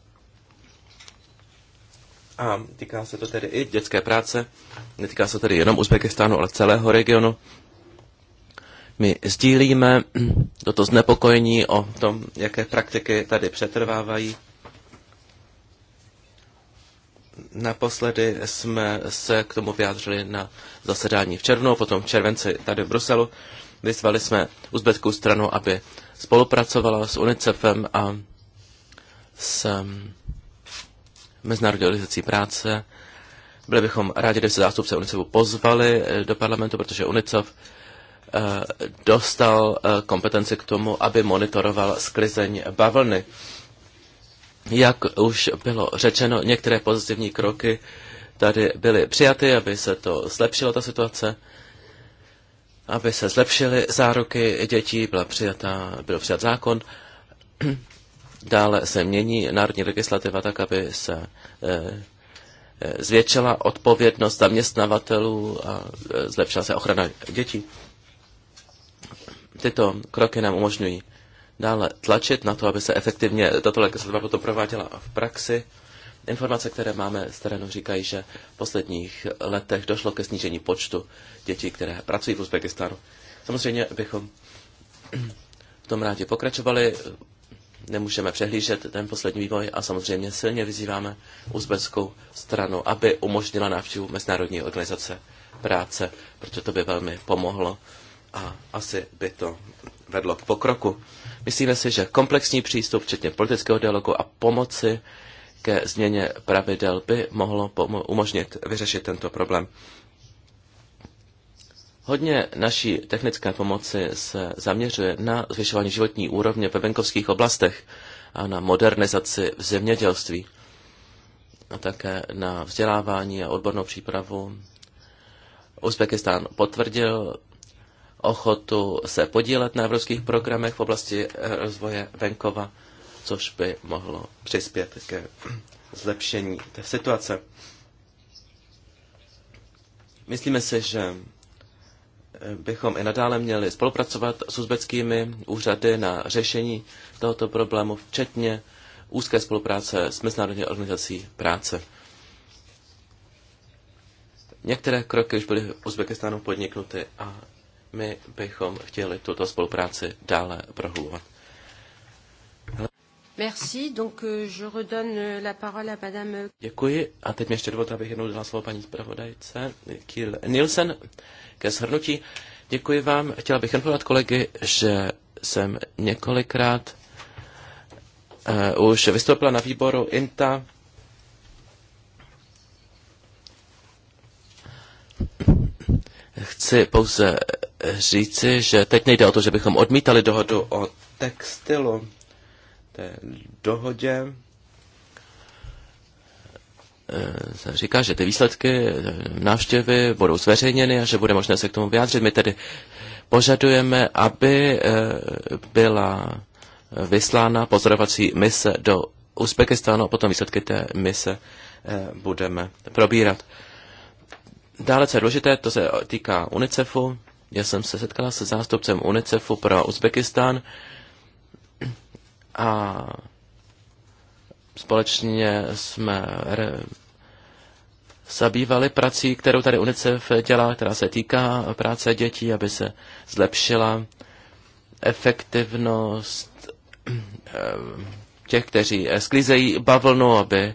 Speaker 1: a týká se to tedy i dětské práce, netýká se tedy jenom Uzbekistánu, ale celého regionu. My sdílíme toto znepokojení o tom, jaké praktiky tady přetrvávají. Naposledy jsme se k tomu vyjádřili na zasedání v červnu, potom v červenci tady v Bruselu. Vyzvali jsme uzbeckou stranu, aby spolupracovala s UNICEFem a s Mezinárodní organizací práce. Byli bychom rádi, kdyby se zástupce UNICEFu pozvali eh, do parlamentu, protože UNICEF eh, dostal eh, kompetenci k tomu, aby monitoroval sklizeň bavlny. Jak už bylo řečeno, některé pozitivní kroky tady byly přijaty, aby se to zlepšilo, ta situace, aby se zlepšily záruky dětí, byla přijata, byl přijat zákon. Dále se mění národní legislativa tak, aby se eh, eh, zvětšila odpovědnost zaměstnavatelů a eh, zlepšila se ochrana dětí. Tyto kroky nám umožňují dále tlačit na to, aby se efektivně tato legislativa potom prováděla v praxi. Informace, které máme z terénu, říkají, že v posledních letech došlo ke snížení počtu dětí, které pracují v Uzbekistánu. Samozřejmě bychom v tom rádi pokračovali nemůžeme přehlížet ten poslední vývoj a samozřejmě silně vyzýváme uzbeckou stranu, aby umožnila návštěvu Mezinárodní organizace práce, protože to by velmi pomohlo a asi by to vedlo k pokroku. Myslíme si, že komplexní přístup, včetně politického dialogu a pomoci ke změně pravidel by mohlo umožnit vyřešit tento problém. Hodně naší technické pomoci se zaměřuje na zvyšování životní úrovně ve venkovských oblastech a na modernizaci v zemědělství a také na vzdělávání a odbornou přípravu. Uzbekistán potvrdil ochotu se podílet na evropských programech v oblasti rozvoje venkova, což by mohlo přispět ke zlepšení té situace. Myslíme si, že bychom i nadále měli spolupracovat s uzbeckými úřady na řešení tohoto problému, včetně úzké spolupráce s Mezinárodní organizací práce. Některé kroky už byly v Uzbekistánu podniknuty a my bychom chtěli tuto spolupráci dále prohlubovat.
Speaker 2: Merci, donc euh, je redonne euh, la parole à madame...
Speaker 1: Děkuji a teď mě ještě dovolte, abych jednou dala slovo paní zpravodajce Kiel Nielsen ke shrnutí. Děkuji vám. Chtěla bych informovat kolegy, že jsem několikrát uh, už vystoupila na výboru INTA. Chci pouze říci, že teď nejde o to, že bychom odmítali dohodu o textilu, té dohodě Eh, se říká, že ty výsledky eh, návštěvy budou zveřejněny a že bude možné se k tomu vyjádřit. My tedy požadujeme, aby eh, byla vyslána pozorovací mise do Uzbekistánu a potom výsledky té mise budeme probírat. Dále, co je důležité, to se týká UNICEFu. Já jsem se setkala se zástupcem UNICEFu pro Uzbekistán a společně jsme zabývali prací, kterou tady UNICEF dělá, která se týká práce dětí, aby se zlepšila efektivnost eh, těch, kteří sklízejí bavlnu, aby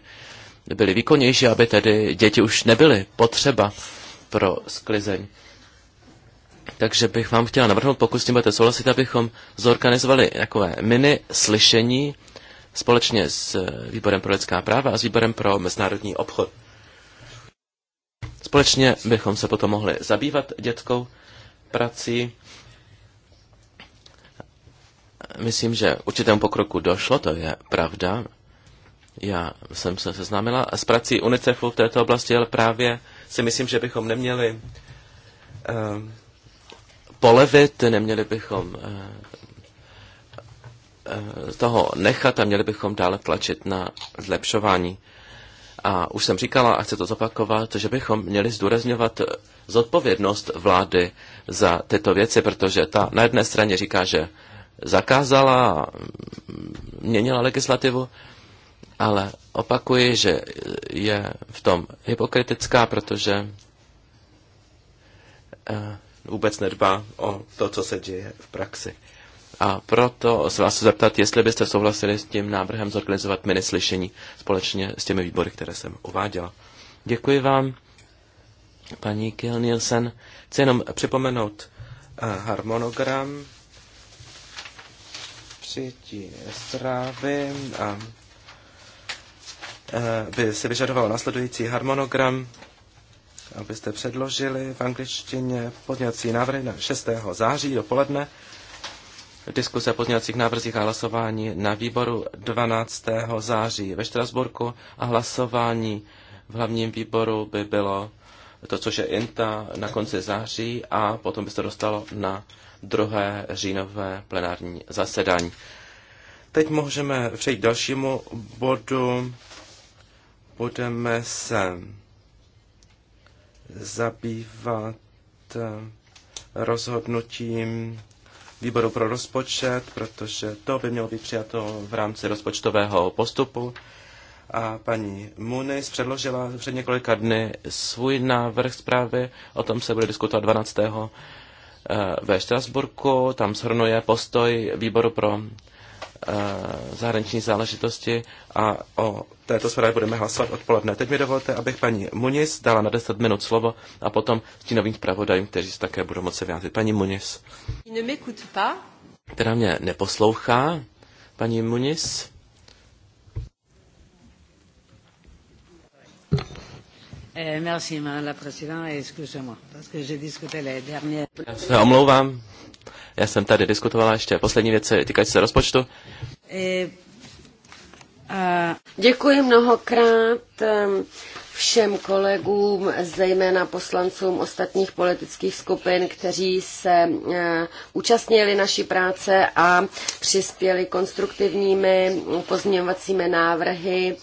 Speaker 1: byli výkonnější, aby tedy děti už nebyly potřeba pro sklizeň. Takže bych vám chtěla navrhnout, pokud s tím budete souhlasit, abychom zorganizovali takové mini slyšení společně s Výborem pro lidská práva a s Výborem pro mezinárodní obchod. Společně bychom se potom mohli zabývat dětskou prací. Myslím, že určitému pokroku došlo, to je pravda. Já jsem se seznámila s prací UNICEFu v této oblasti, ale právě si myslím, že bychom neměli um, polevit, neměli bychom uh, uh, toho nechat a měli bychom dále tlačit na zlepšování a už jsem říkala, a chci to zopakovat, že bychom měli zdůrazňovat zodpovědnost vlády za tyto věci, protože ta na jedné straně říká, že zakázala, měnila legislativu, ale opakuji, že je v tom hypokritická, protože eh, vůbec nedbá o to, co se děje v praxi. A proto se vás zeptat, jestli byste souhlasili s tím návrhem zorganizovat minislyšení společně s těmi výbory, které jsem uváděla. Děkuji vám, paní Kiel Nielsen. Chci jenom připomenout eh, harmonogram přijetí zprávy a eh, by se vyžadoval následující harmonogram, abyste předložili v angličtině podněcí návrhy na 6. září dopoledne diskuse o pozměňovacích návrzích a hlasování na výboru 12. září ve Štrasburku a hlasování v hlavním výboru by bylo to, což je INTA na konci září a potom by se dostalo na druhé říjnové plenární zasedání. Teď můžeme přejít k dalšímu bodu. Budeme se zabývat rozhodnutím výboru pro rozpočet, protože to by mělo být přijato v rámci rozpočtového postupu. A paní Muniz předložila před několika dny svůj návrh zprávy, o tom se bude diskutovat 12. Eh, ve Štrasburku, tam shrnuje postoj výboru pro Eh, zahraniční záležitosti a o této zprávě budeme hlasovat odpoledne. Teď mi dovolte, abych paní Muniz dala na 10 minut slovo a potom stínovým zpravodajům, kteří se také budou moci vyjádřit. Paní Muniz. Která mě neposlouchá. Paní Muniz.
Speaker 2: Eh, merci, madame la présidente, excusez-moi, parce que j'ai discuté les dernières... Já se
Speaker 1: omlouvám, já jsem tady diskutovala ještě poslední věci týkající se rozpočtu.
Speaker 2: Eh, Děkuji mnohokrát ehm, všem kolegům, zejména poslancům ostatních politických skupin, kteří se eh, účastnili naší práce a přispěli konstruktivními pozměňovacími návrhy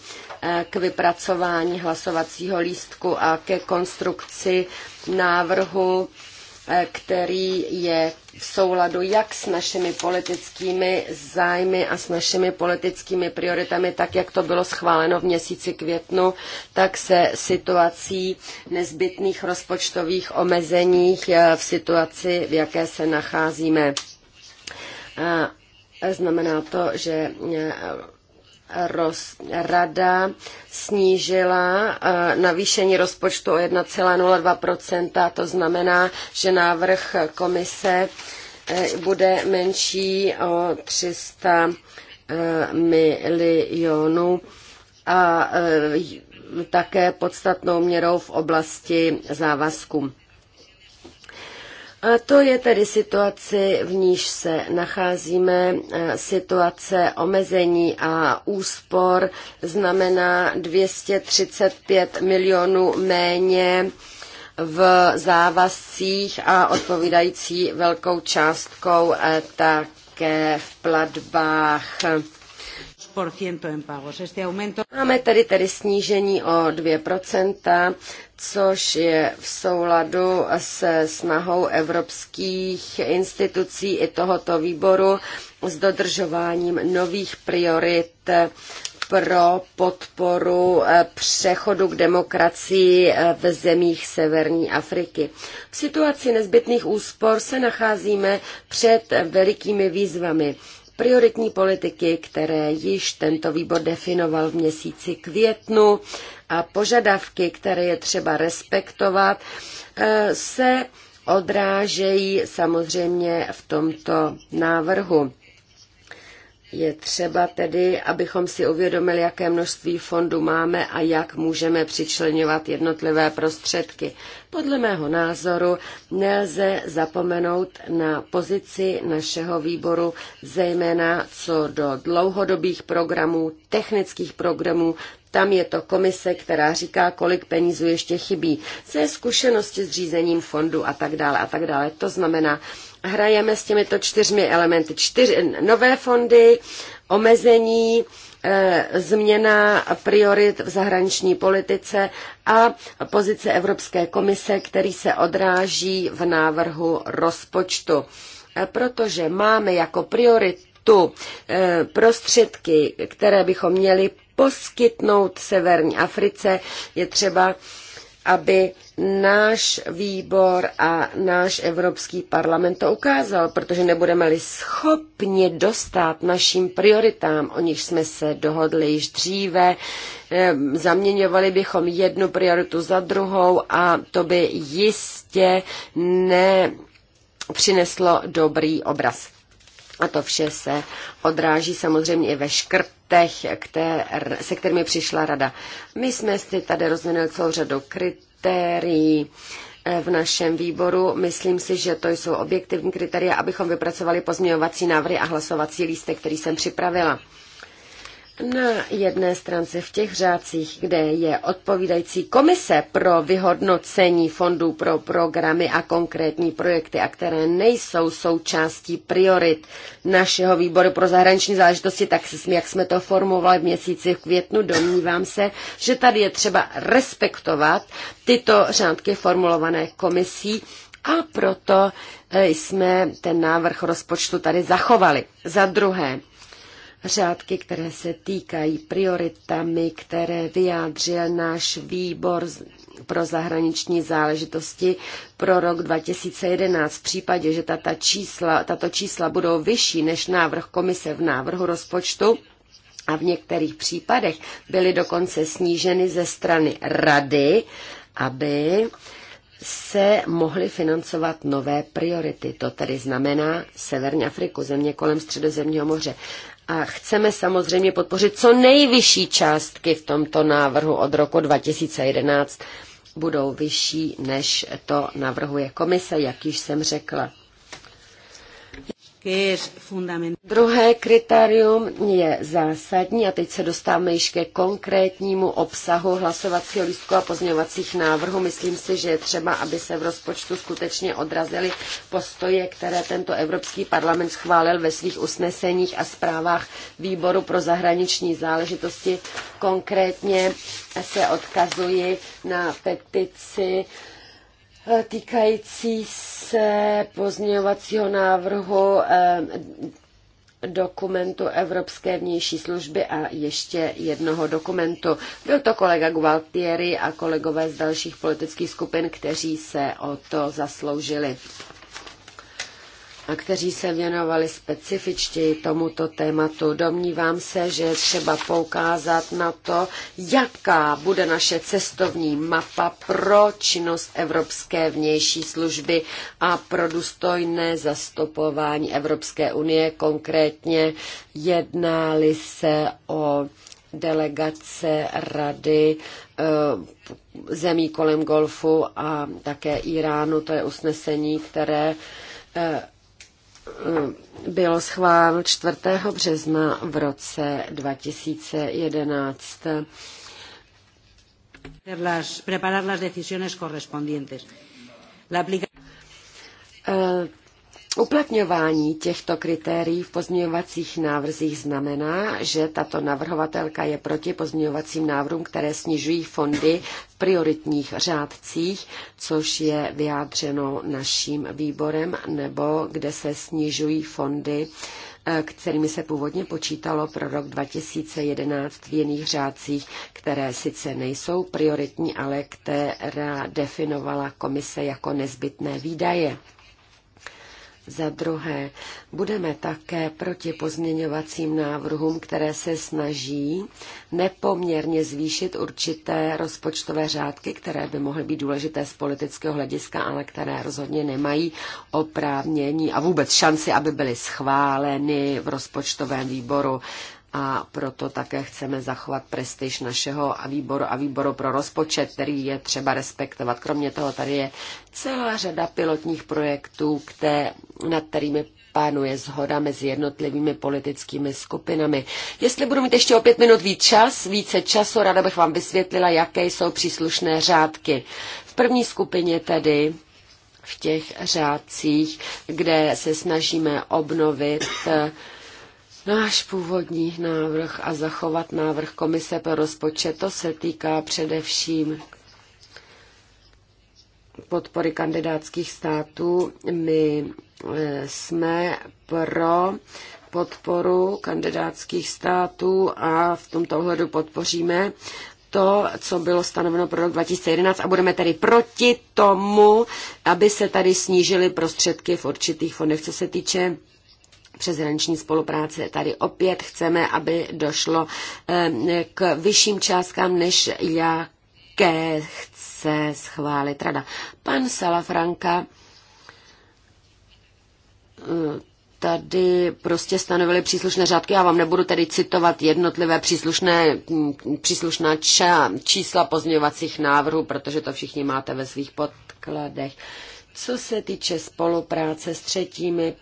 Speaker 2: k vypracování hlasovacího lístku a ke konstrukci návrhu, eh, který je v souladu jak s našimi politickými zájmy a s našimi politickými prioritami, tak jak to bylo schváleno v měsíci květnu, tak se situací nezbytných rozpočtových omezeních eh, v situaci, v jaké se nacházíme. Eh, znamená to, že roz, rada snížila eh, navýšení rozpočtu o 1,02%, to znamená, že návrh komise eh, bude menší o 300 eh, milionů a také podstatnou měrou v oblasti závazků. A to je tedy situace, v níž se nacházíme. Situace omezení a úspor znamená 235 milionů méně v závazcích a odpovídající velkou částkou eh, také v platbách Máme tady tedy snížení o 2%, což je v souladu se snahou evropských institucí i tohoto výboru s dodržováním nových priorit pro podporu eh, přechodu k demokracii eh, v zemích severní Afriky. V situaci nezbytných úspor se nacházíme před velikými výzvami prioritní politiky, které již tento výbor definoval v měsíci květnu a požadavky, které je třeba respektovat, eh, se odrážejí samozřejmě v tomto návrhu. Je třeba tedy, abychom si uvědomili, jaké množství fondů máme a jak můžeme přičlenovat jednotlivé prostředky. Podle mého názoru nelze zapomenout na pozici našeho výboru, zejména co do dlouhodobých programů, technických programů, tam je to komise, která říká, kolik penízů ještě chybí, ze zkušenosti s řízením fondu a tak dále a tak dále. To znamená, hrajeme s těmito čtyřmi elementy. Čtyři nové fondy, omezení, eh, změna priorit v zahraniční politice a pozice Evropské komise, který se odráží v návrhu rozpočtu. Eh, protože máme jako prioritu eh, prostředky, které bychom měli poskytnout Severní Africe, je třeba aby náš výbor a náš Evropský parlament to ukázal, protože nebudeme-li schopni dostat našim prioritám, o nich jsme se dohodli již dříve, zaměňovali bychom jednu prioritu za druhou a to by jistě nepřineslo dobrý obraz. A to vše se odráží samozřejmě i ve škrtech, kter, se kterými přišla rada. My jsme si tady rozvinuli celou řadu kritérií eh, v našem výboru. Myslím si, že to jsou objektivní kritéria, abychom vypracovali pozměňovací návrhy a hlasovací lístek, který jsem připravila na jedné stránce v těch řádcích, kde je odpovídající komise pro vyhodnocení fondů pro programy a konkrétní projekty, a které nejsou součástí priorit našeho výboru pro zahraniční záležitosti, tak jak jsme to formovali v měsíci v květnu, domnívám se, že tady je třeba respektovat tyto řádky formulované komisí a proto eh, jsme ten návrh rozpočtu tady zachovali. Za druhé, řádky, které se týkají prioritami, které vyjádřil náš výbor pro zahraniční záležitosti pro rok 2011. V případě, že tato čísla, tato čísla budou vyšší než návrh komise v návrhu rozpočtu, a v některých případech byly dokonce sníženy ze strany rady, aby se mohly financovat nové priority. To tedy znamená Severní Afriku, země kolem Středozemního moře. A chceme samozřejmě podpořit co nejvyšší částky v tomto návrhu od roku 2011 budou vyšší, než to navrhuje komise, jak již jsem řekla. Druhé kritérium je zásadní a teď se dostáváme již ke konkrétnímu obsahu hlasovacího lístku a pozměňovacích návrhů. Myslím si, že je třeba, aby se v rozpočtu skutečně odrazily postoje, které tento Evropský parlament schválil ve svých usneseních a zprávách výboru pro zahraniční záležitosti. Konkrétně se odkazuji na petici Eh, týkající se pozměňovacího návrhu eh, dokumentu Evropské vnější služby a ještě jednoho dokumentu. Byl to kolega Gualtieri a kolegové z dalších politických skupin, kteří se o to zasloužili kteří se věnovali specifičtěji tomuto tématu. Domnívám se, že je třeba poukázat na to, jaká bude naše cestovní mapa pro činnost Evropské vnější služby a pro důstojné zastupování Evropské unie, konkrétně jednáli se o delegace rady eh, zemí kolem Golfu a také Iránu. To je usnesení, které eh, Eh, bylo schváleno 4. března v roce 2011. Preparar las decisiones correspondientes. La eh, Uplatňování těchto kritérií v pozměňovacích návrzích znamená, že tato navrhovatelka je proti pozměňovacím návrhům, které snižují fondy v prioritních řádcích, což je vyjádřeno naším výborem, nebo kde se snižují fondy eh, kterými se původně počítalo pro rok 2011 v jiných řádcích, které sice nejsou prioritní, ale která definovala komise jako nezbytné výdaje. Za druhé, budeme také proti pozměňovacím návrhům, které se snaží nepoměrně zvýšit určité rozpočtové řádky, které by mohly být důležité z politického hlediska, ale které rozhodně nemají oprávnění a vůbec šanci, aby byly schváleny v rozpočtovém výboru a proto také chceme zachovat prestiž našeho a výboru a výboru pro rozpočet, který je třeba respektovat. Kromě toho tady je celá řada pilotních projektů, které, nad kterými pánuje zhoda mezi jednotlivými politickými skupinami. Jestli budu mít ještě o pět minut víc čas, více času, ráda bych vám vysvětlila, jaké jsou příslušné řádky. V první skupině tedy v těch řádcích, kde se snažíme obnovit eh, náš původní návrh a zachovat návrh Komise pro rozpočet. To se týká především podpory kandidátských států. My eh, jsme pro podporu kandidátských států a v tomto ohledu podpoříme to, co bylo stanoveno pro rok 2011 a budeme tedy proti tomu, aby se tady snížily prostředky v určitých fondech. Co se týče přeshraniční spolupráce. Tady opět chceme, aby došlo eh, k vyšším částkám, než jaké chce schválit rada. Pan Salafranka eh, tady prostě stanovili příslušné řádky. Já vám nebudu tedy citovat jednotlivé příslušné, hm, příslušná ča, čísla pozměňovacích návrhů, protože to všichni máte ve svých podkladech. Co se týče spolupráce s třetími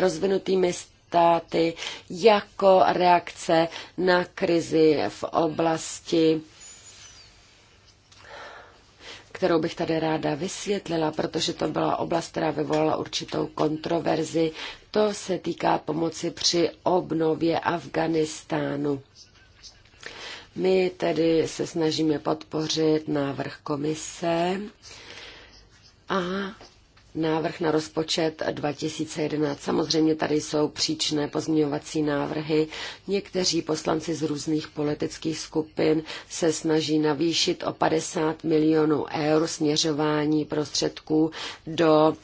Speaker 2: rozvinutými státy jako reakce na krizi v oblasti kterou bych tady ráda vysvětlila, protože to byla oblast, která vyvolala určitou kontroverzi. To se týká pomoci při obnově Afganistánu. My tedy se snažíme podpořit návrh komise a návrh na rozpočet 2011. Samozřejmě tady jsou příčné pozměňovací návrhy. Někteří poslanci z různých politických skupin se snaží navýšit o 50 milionů eur směřování prostředků do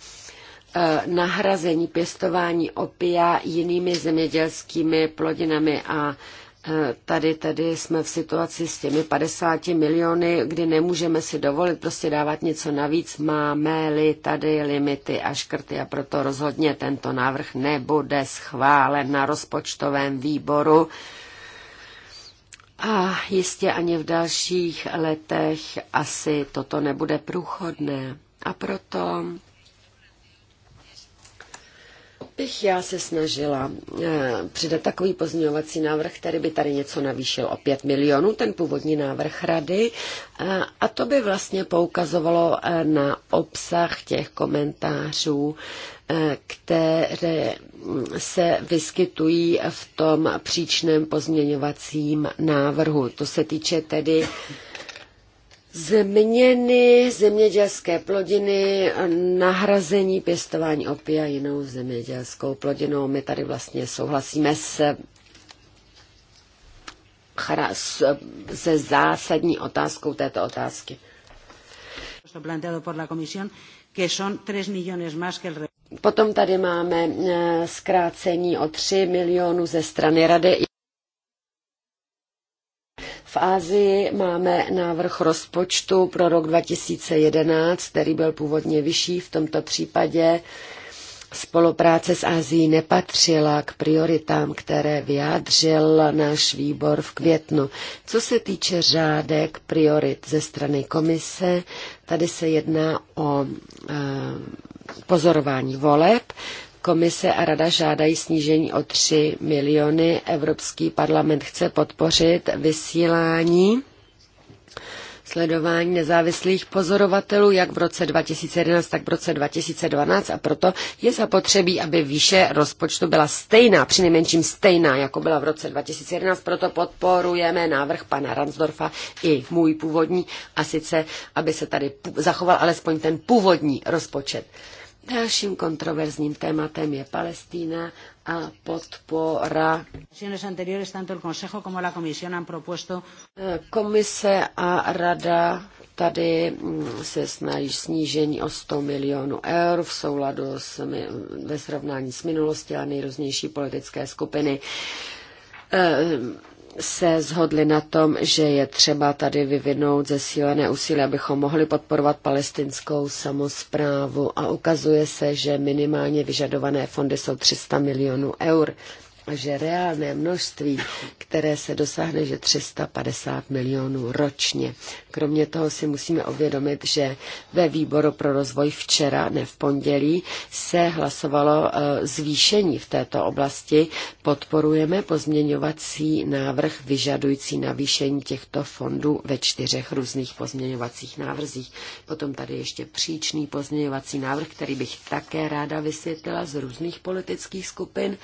Speaker 2: eh, nahrazení pěstování opia jinými zemědělskými plodinami a E, tady, tady jsme v situaci s těmi 50 miliony, kdy nemůžeme si dovolit prostě dávat něco navíc. Máme-li tady limity a škrty a proto rozhodně tento návrh nebude schválen na rozpočtovém výboru. A jistě ani v dalších letech asi toto nebude průchodné. A proto bych já se snažila eh, přidat takový pozměňovací návrh, který by tady něco navýšil o 5 milionů, ten původní návrh rady, eh, a to by vlastně poukazovalo eh, na obsah těch komentářů, které mm, se vyskytují v tom příčném pozměňovacím návrhu. To se týče tedy změny zemědělské plodiny, nahrazení pěstování opia jinou zemědělskou plodinou. My tady vlastně souhlasíme s se zásadní otázkou této otázky. Potom tady máme eh, zkrácení o 3 milionů ze strany Rady. V Ázii máme návrh rozpočtu pro rok 2011, který byl původně vyšší. V tomto případě spolupráce s Ázií nepatřila k prioritám, které vyjádřil náš výbor v květnu. Co se týče řádek priorit ze strany komise, tady se jedná o e, pozorování voleb. Komise a rada žádají snížení o 3 miliony. Evropský parlament chce podpořit vysílání sledování nezávislých pozorovatelů jak v roce 2011, tak v roce 2012 a proto je zapotřebí, aby výše rozpočtu byla stejná, přinejmenším stejná, jako byla v roce 2011, proto podporujeme návrh pana Ransdorfa i můj původní a sice, aby se tady zachoval alespoň ten původní rozpočet. Dalším kontroverzním tématem je Palestína a podpora. Komise a rada tady mm, se snaží snížení o 100 milionů eur v souladu s, ve srovnání s minulostí a nejrůznější politické skupiny eh, se zhodli na tom, že je třeba tady vyvinout zesílené úsilí, abychom mohli podporovat palestinskou samozprávu a ukazuje se, že minimálně vyžadované fondy jsou 300 milionů eur že reálné množství, které se dosáhne, že 350 milionů ročně. Kromě toho si musíme uvědomit, že ve výboru pro rozvoj včera, ne v pondělí, se hlasovalo e, zvýšení v této oblasti. Podporujeme pozměňovací návrh vyžadující navýšení těchto fondů ve čtyřech různých pozměňovacích návrzích. Potom tady ještě příčný pozměňovací návrh, který bych také ráda vysvětlila z různých politických skupin.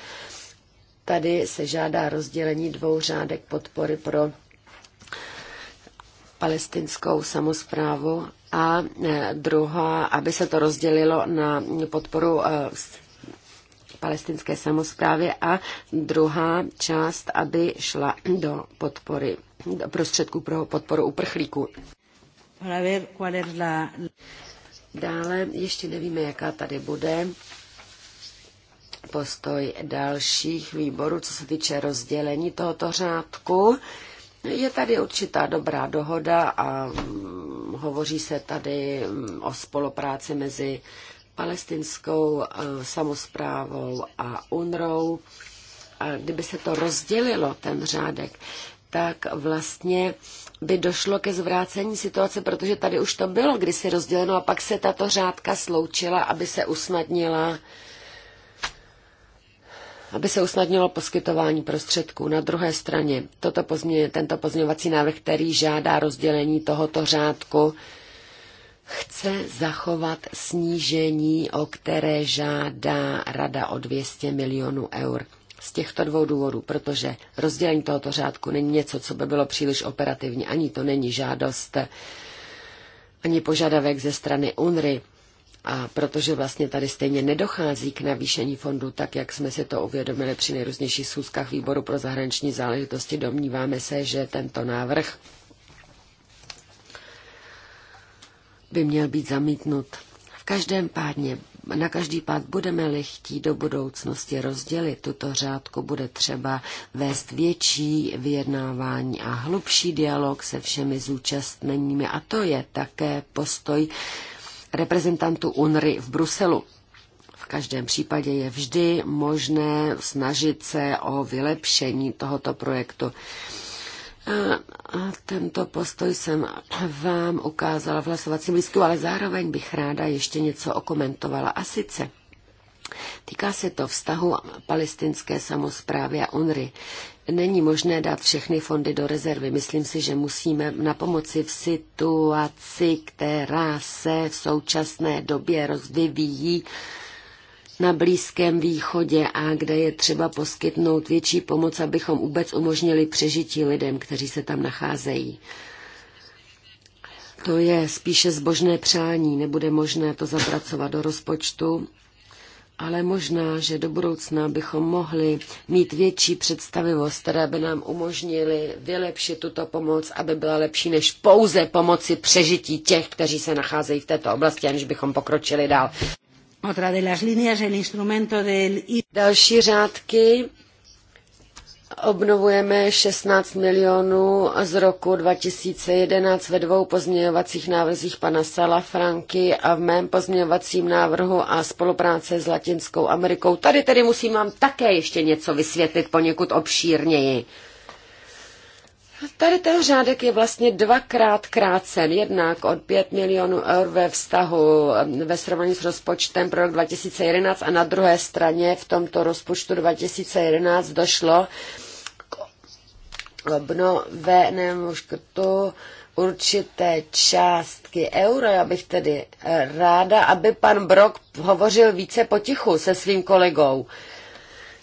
Speaker 2: Tady se žádá rozdělení dvou řádek podpory pro palestinskou samozprávu a e, druhá, aby se to rozdělilo na podporu e, palestinské samozprávy a druhá část, aby šla do podpory do prostředků pro podporu uprchlíků. Dále ještě nevíme, jaká tady bude postoj dalších výborů, co se týče rozdělení tohoto řádku. Je tady určitá dobrá dohoda a mm, hovoří se tady mm, o spolupráci mezi palestinskou e, samozprávou a UNRou. A kdyby se to rozdělilo, ten řádek, tak vlastně by došlo ke zvrácení situace, protože tady už to bylo kdysi rozděleno a pak se tato řádka sloučila, aby se usnadnila aby se usnadnilo poskytování prostředků. Na druhé straně toto pozmě, tento pozměňovací návrh, který žádá rozdělení tohoto řádku, chce zachovat snížení, o které žádá Rada o 200 milionů eur. Z těchto dvou důvodů, protože rozdělení tohoto řádku není něco, co by bylo příliš operativní, ani to není žádost, ani požadavek ze strany UNRY, a protože vlastně tady stejně nedochází k navýšení fondu, tak jak jsme si to uvědomili při nejrůznějších schůzkách výboru pro zahraniční záležitosti, domníváme se, že tento návrh by měl být zamítnut. V každém pádně, na každý pád budeme-li chtít do budoucnosti rozdělit tuto řádku, bude třeba vést větší vyjednávání a hlubší dialog se všemi zúčastněními. A to je také postoj, reprezentantů UNRY v Bruselu. V každém případě je vždy možné snažit se o vylepšení tohoto projektu. A tento postoj jsem vám ukázala v hlasovacím lístku, ale zároveň bych ráda ještě něco okomentovala. A sice Týká se to vztahu palestinské samozprávy a UNRY. Není možné dát všechny fondy do rezervy. Myslím si, že musíme na pomoci v situaci, která se v současné době rozvíjí na Blízkém východě a kde je třeba poskytnout větší pomoc, abychom vůbec umožnili přežití lidem, kteří se tam nacházejí. To je spíše zbožné přání, nebude možné to zapracovat do rozpočtu ale možná, že do budoucna bychom mohli mít větší představivost, které by nám umožnily vylepšit tuto pomoc, aby byla lepší než pouze pomoci přežití těch, kteří se nacházejí v této oblasti, aniž bychom pokročili dál. Otra de las líneas, el instrumento del... Další řádky Obnovujeme 16 milionů z roku 2011 ve dvou pozměňovacích návrzích pana Sala Franky a v mém pozměňovacím návrhu a spolupráce s Latinskou Amerikou. Tady tedy musím vám také ještě něco vysvětlit poněkud obšírněji. Tady ten řádek je vlastně dvakrát krácen, jednak od 5 milionů eur ve vztahu eh, ve srovnání s rozpočtem pro rok 2011 a na druhé straně v tomto rozpočtu 2011 došlo k obnovenému škrtu určité částky euro. Já bych tedy eh, ráda, aby pan Brok hovořil více potichu se svým kolegou.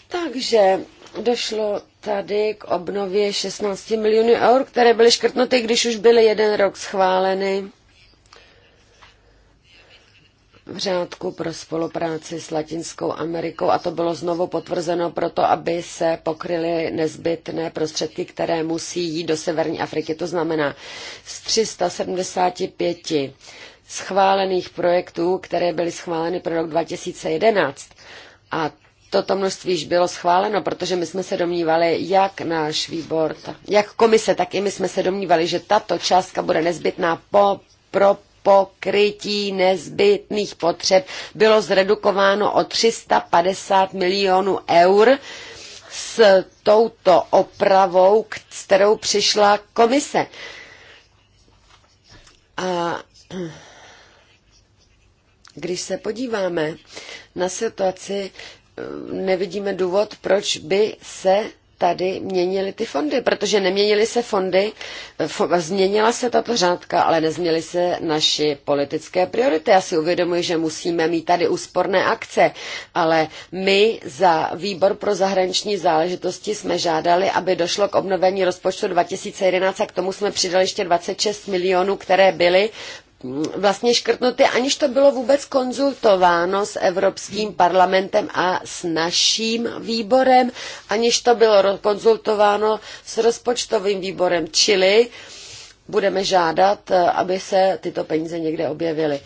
Speaker 2: Takže došlo tady k obnově 16 milionů eur, které byly škrtnuty, když už byly jeden rok schváleny v řádku pro spolupráci s Latinskou Amerikou a to bylo znovu potvrzeno proto, aby se pokryly nezbytné prostředky, které musí jít do Severní Afriky. To znamená z 375 schválených projektů, které byly schváleny pro rok 2011 a toto množství již bylo schváleno, protože my jsme se domnívali, jak náš výbor, jak komise, tak i my jsme se domnívali, že tato částka bude nezbytná po, pro pokrytí nezbytných potřeb bylo zredukováno o 350 milionů eur s touto opravou, s kterou přišla komise. A když se podíváme na situaci, nevidíme důvod, proč by se tady měnily ty fondy, protože neměnily se fondy, změnila se tato řádka, ale nezměnily se naši politické priority. Já si uvědomuji, že musíme mít tady úsporné akce, ale my za výbor pro zahraniční záležitosti jsme žádali, aby došlo k obnovení rozpočtu 2011 a k tomu jsme přidali ještě 26 milionů, které byly vlastně škrtnuty, aniž to bylo vůbec konzultováno s Evropským parlamentem a s naším výborem, aniž to bylo konzultováno s rozpočtovým výborem, čili budeme žádat, eh, aby se tyto peníze někde objevily.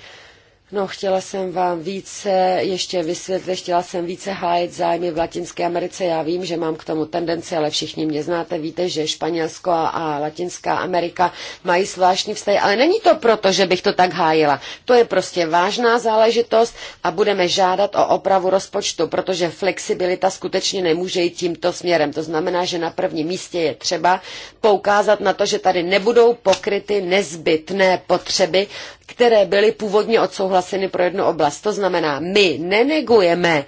Speaker 2: No, chtěla jsem vám více ještě vysvětlit, chtěla jsem více hájit zájmy v Latinské Americe. Já vím, že mám k tomu tendenci, ale všichni mě znáte, víte, že Španělsko a Latinská Amerika mají zvláštní vztahy, ale není to proto, že bych to tak hájila. To je prostě vážná záležitost a budeme žádat o opravu rozpočtu, protože flexibilita skutečně nemůže jít tímto směrem. To znamená, že na prvním místě je třeba poukázat na to, že tady nebudou pokryty nezbytné potřeby které byly původně odsouhlaseny pro jednu oblast. To znamená, my nenegujeme,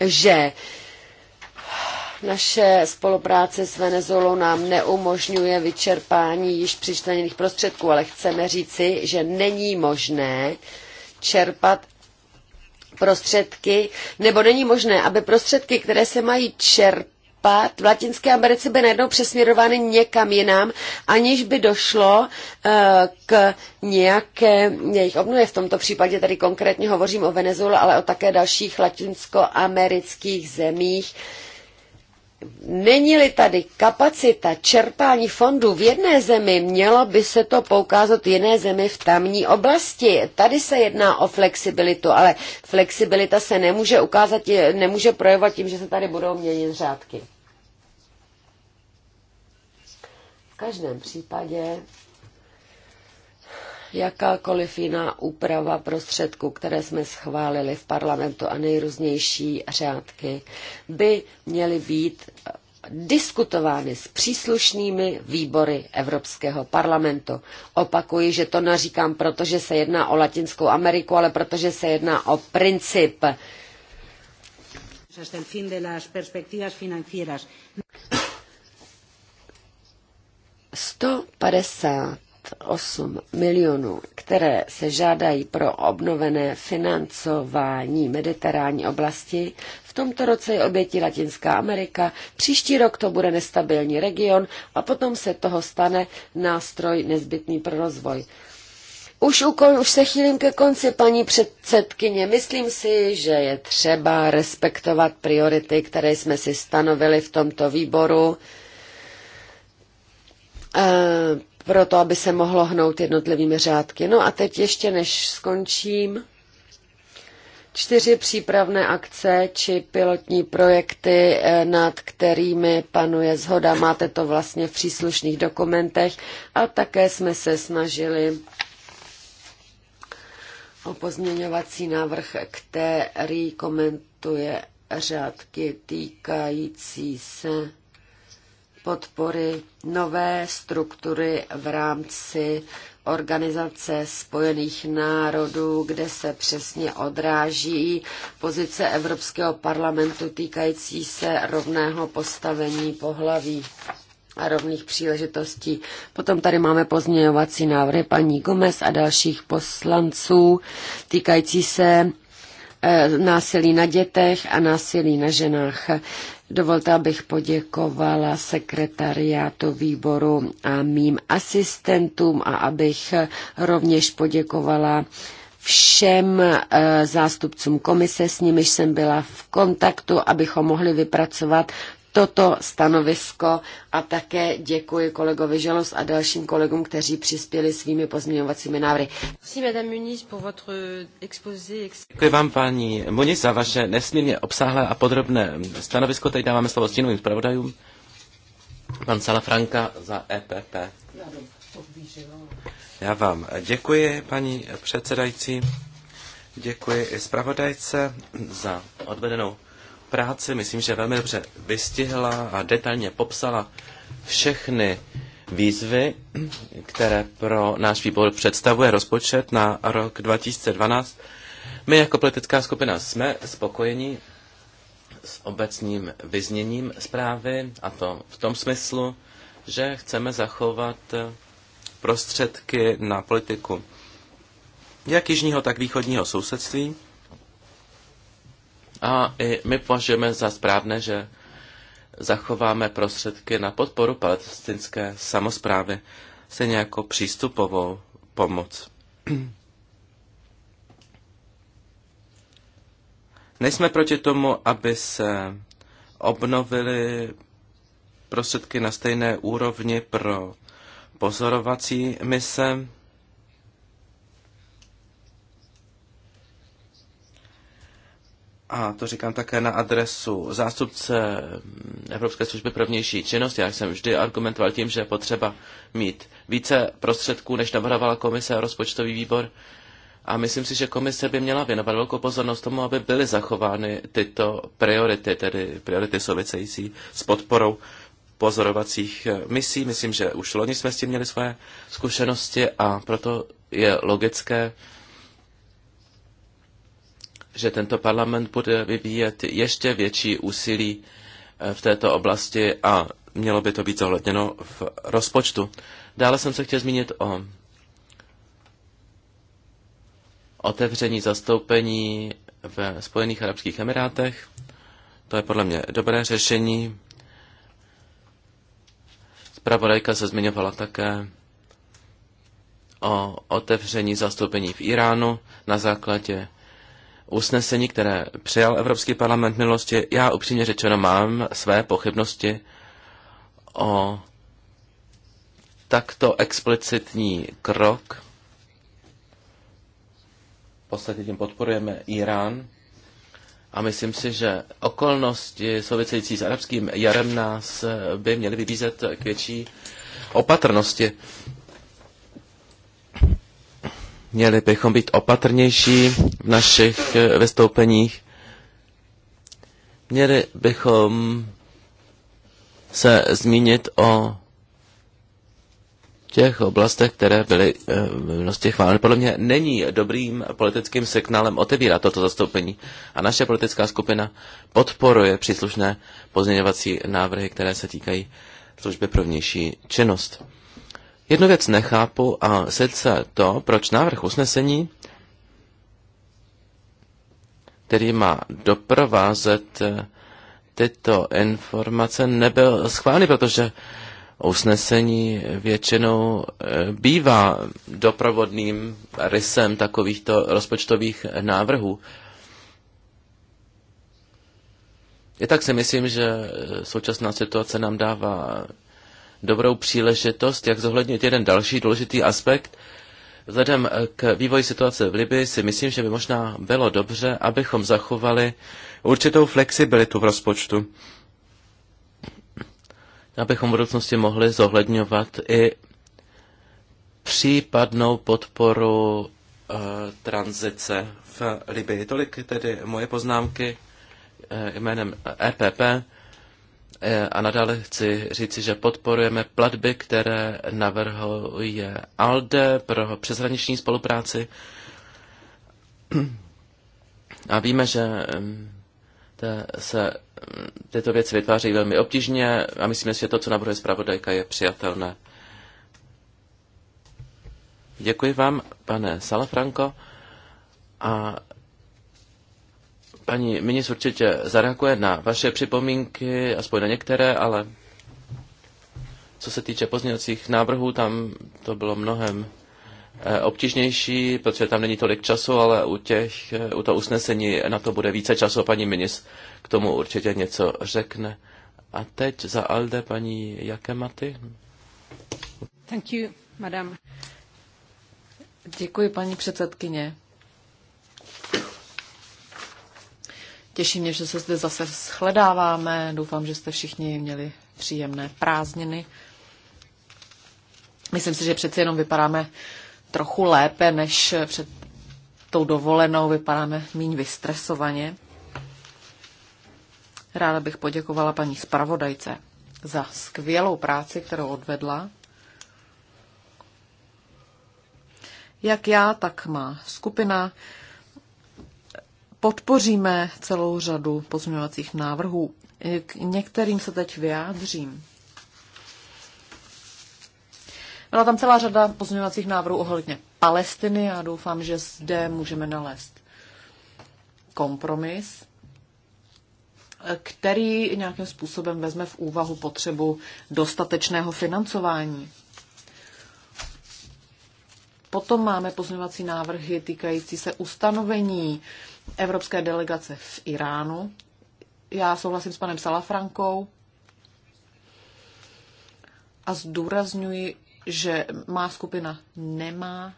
Speaker 2: že naše spolupráce s Venezuelou nám neumožňuje vyčerpání již přičleněných prostředků, ale chceme říci, že není možné čerpat prostředky, nebo není možné, aby prostředky, které se mají čerpat, dopad v Latinské Americe by najednou přesměrovány někam jinam, aniž by došlo eh, k nějaké jejich obnově. V tomto případě tady konkrétně hovořím o Venezuele, ale o také dalších latinskoamerických zemích. Není-li tady kapacita čerpání fondů v jedné zemi, mělo by se to poukázat jiné zemi v tamní oblasti. Tady se jedná o flexibilitu, ale flexibilita se nemůže ukázat, nemůže projevovat tím, že se tady budou měnit řádky. každém případě jakákoliv jiná úprava prostředků, které jsme schválili v parlamentu a nejrůznější řádky, by měly být diskutovány s příslušnými výbory Evropského parlamentu. Opakuji, že to neříkám, protože se jedná o Latinskou Ameriku, ale protože se jedná o princip. 158 milionů, které se žádají pro obnovené financování mediterální oblasti, v tomto roce je obětí Latinská Amerika, příští rok to bude nestabilní region a potom se toho stane nástroj nezbytný pro rozvoj. Už, ukol, už se chýlím ke konci, paní předsedkyně. Myslím si, že je třeba respektovat priority, které jsme si stanovili v tomto výboru Eh, pro to, aby se mohlo hnout jednotlivými řádky. No a teď ještě než skončím, čtyři přípravné akce či pilotní projekty, eh, nad kterými panuje zhoda. Máte to vlastně v příslušných dokumentech a také jsme se snažili o pozměňovací návrh, který komentuje řádky týkající se podpory nové struktury v rámci Organizace spojených národů, kde se přesně odráží pozice Evropského parlamentu týkající se rovného postavení pohlaví a rovných příležitostí. Potom tady máme pozměňovací návrhy paní Gomez a dalších poslanců týkající se eh, násilí na dětech a násilí na ženách. Dovolte, abych poděkovala sekretariátu výboru a mým asistentům a abych rovněž poděkovala všem eh, zástupcům komise, s nimiž jsem byla v kontaktu, abychom mohli vypracovat toto stanovisko a také děkuji kolegovi Želos a dalším kolegům, kteří přispěli svými pozměňovacími návrhy. Euh,
Speaker 1: děkuji vám, paní Muniz, za vaše nesmírně obsáhlé a podrobné stanovisko. Teď dáváme slovo stínovým zpravodajům. Pan Salafranka za EPP. Já vám děkuji, paní předsedající. Děkuji i zpravodajce za odvedenou práci, myslím, že velmi dobře vystihla a detailně popsala všechny výzvy, které pro náš výbor představuje rozpočet na rok 2012. My jako politická skupina jsme spokojeni s obecním vyzněním zprávy, a to v tom smyslu, že chceme zachovat prostředky na politiku jak jižního, tak východního sousedství. A i my považujeme za správné, že zachováme prostředky na podporu palestinské samozprávy, se nějakou přístupovou pomoc. Nejsme proti tomu, aby se obnovily prostředky na stejné úrovni pro pozorovací mise. a to říkám také na adresu zástupce Evropské služby pro vnější činnost. Já jsem vždy argumentoval tím, že je potřeba mít více prostředků, než navrhovala komise a rozpočtový výbor. A myslím si, že komise by měla věnovat velkou pozornost tomu, aby byly zachovány tyto priority, tedy priority související s podporou pozorovacích misí. Myslím, že už loni jsme s tím měli svoje zkušenosti a proto je logické, že tento parlament bude vyvíjet ještě větší úsilí eh, v této oblasti a mělo by to být zohledněno v rozpočtu. Dále jsem se chtěl zmínit o otevření zastoupení ve Spojených Arabských Emirátech. To je podle mě dobré řešení. Zpravodajka se zmiňovala také o otevření zastoupení v Iránu na základě usnesení, které přijal Evropský parlament minulosti, já upřímně řečeno mám své pochybnosti o takto explicitní krok. V podstatě tím podporujeme Irán a myslím si, že okolnosti související s arabským jarem nás by měly vybízet k větší opatrnosti. Měli bychom být opatrnější v našich eh, vystoupeních. Měli bychom se zmínit o těch oblastech, které byly eh, v minulosti chváleny. Podle mě není dobrým politickým signálem otevírat toto zastoupení a naše politická skupina podporuje příslušné pozměňovací návrhy, které se týkají služby pro vnější činnost. Jednu věc nechápu a sice to, proč návrh usnesení, který má doprovázet eh, tyto informace, nebyl schválen, protože usnesení většinou eh, bývá doprovodným rysem takovýchto rozpočtových návrhů. I tak si myslím, že eh, současná situace nám dává dobrou příležitost, jak zohlednit jeden další důležitý aspekt. Vzhledem k vývoji situace v Libii si myslím, že by možná bylo dobře, abychom zachovali určitou flexibilitu v rozpočtu. Abychom v budoucnosti mohli zohledňovat i případnou podporu e, tranzice v Libii. Tolik tedy moje poznámky eh, e, jménem EPP. Eh, a nadále chci říci, že podporujeme platby, které navrhuje ALDE pro přeshraniční spolupráci. A víme, že se tyto věci vytváří velmi obtížně a myslím, že to, co navrhuje zpravodajka, je přijatelné. Děkuji vám, pane Salafranco. A Paní ministr určitě zareaguje na vaše připomínky, aspoň na některé, ale co se týče pozměňovacích návrhů, tam to bylo mnohem eh, obtížnější, protože tam není tolik času, ale u, těch, eh, u toho usnesení na to bude více času. Paní ministr k tomu určitě něco řekne. A teď za Alde paní Jakematy.
Speaker 3: Thank you, madam. Děkuji, paní předsedkyně. Těší mě, že se zde zase shledáváme. Doufám, že jste všichni měli příjemné prázdniny. Myslím si, že přeci jenom vypadáme trochu lépe než před tou dovolenou. Vypadáme míň vystresovaně. Ráda bych poděkovala paní zpravodajce za skvělou práci, kterou odvedla. Jak já, tak má skupina podpoříme celou řadu pozměňovacích návrhů. K některým se teď vyjádřím. Byla tam celá řada pozměňovacích návrhů ohledně Palestiny a doufám, že zde můžeme nalézt kompromis, který nějakým způsobem vezme v úvahu potřebu dostatečného financování. Potom máme pozměňovací návrhy týkající se ustanovení evropské delegace v Iránu. Já souhlasím s panem Salafrankou a zdůrazňuji, že má skupina nemá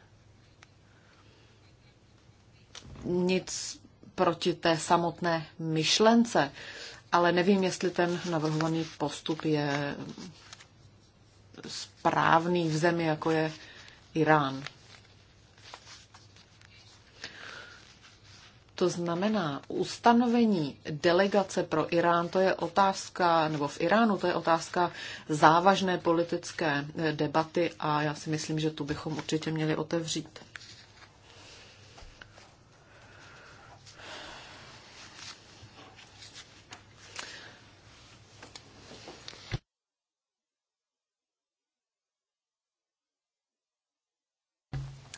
Speaker 3: nic proti té samotné myšlence, ale nevím, jestli ten navrhovaný postup je správný v zemi, jako je Irán. To znamená, ustanovení delegace pro Irán, to je otázka, nebo v Iránu, to je otázka závažné politické eh, debaty a já si myslím, že tu bychom určitě měli otevřít.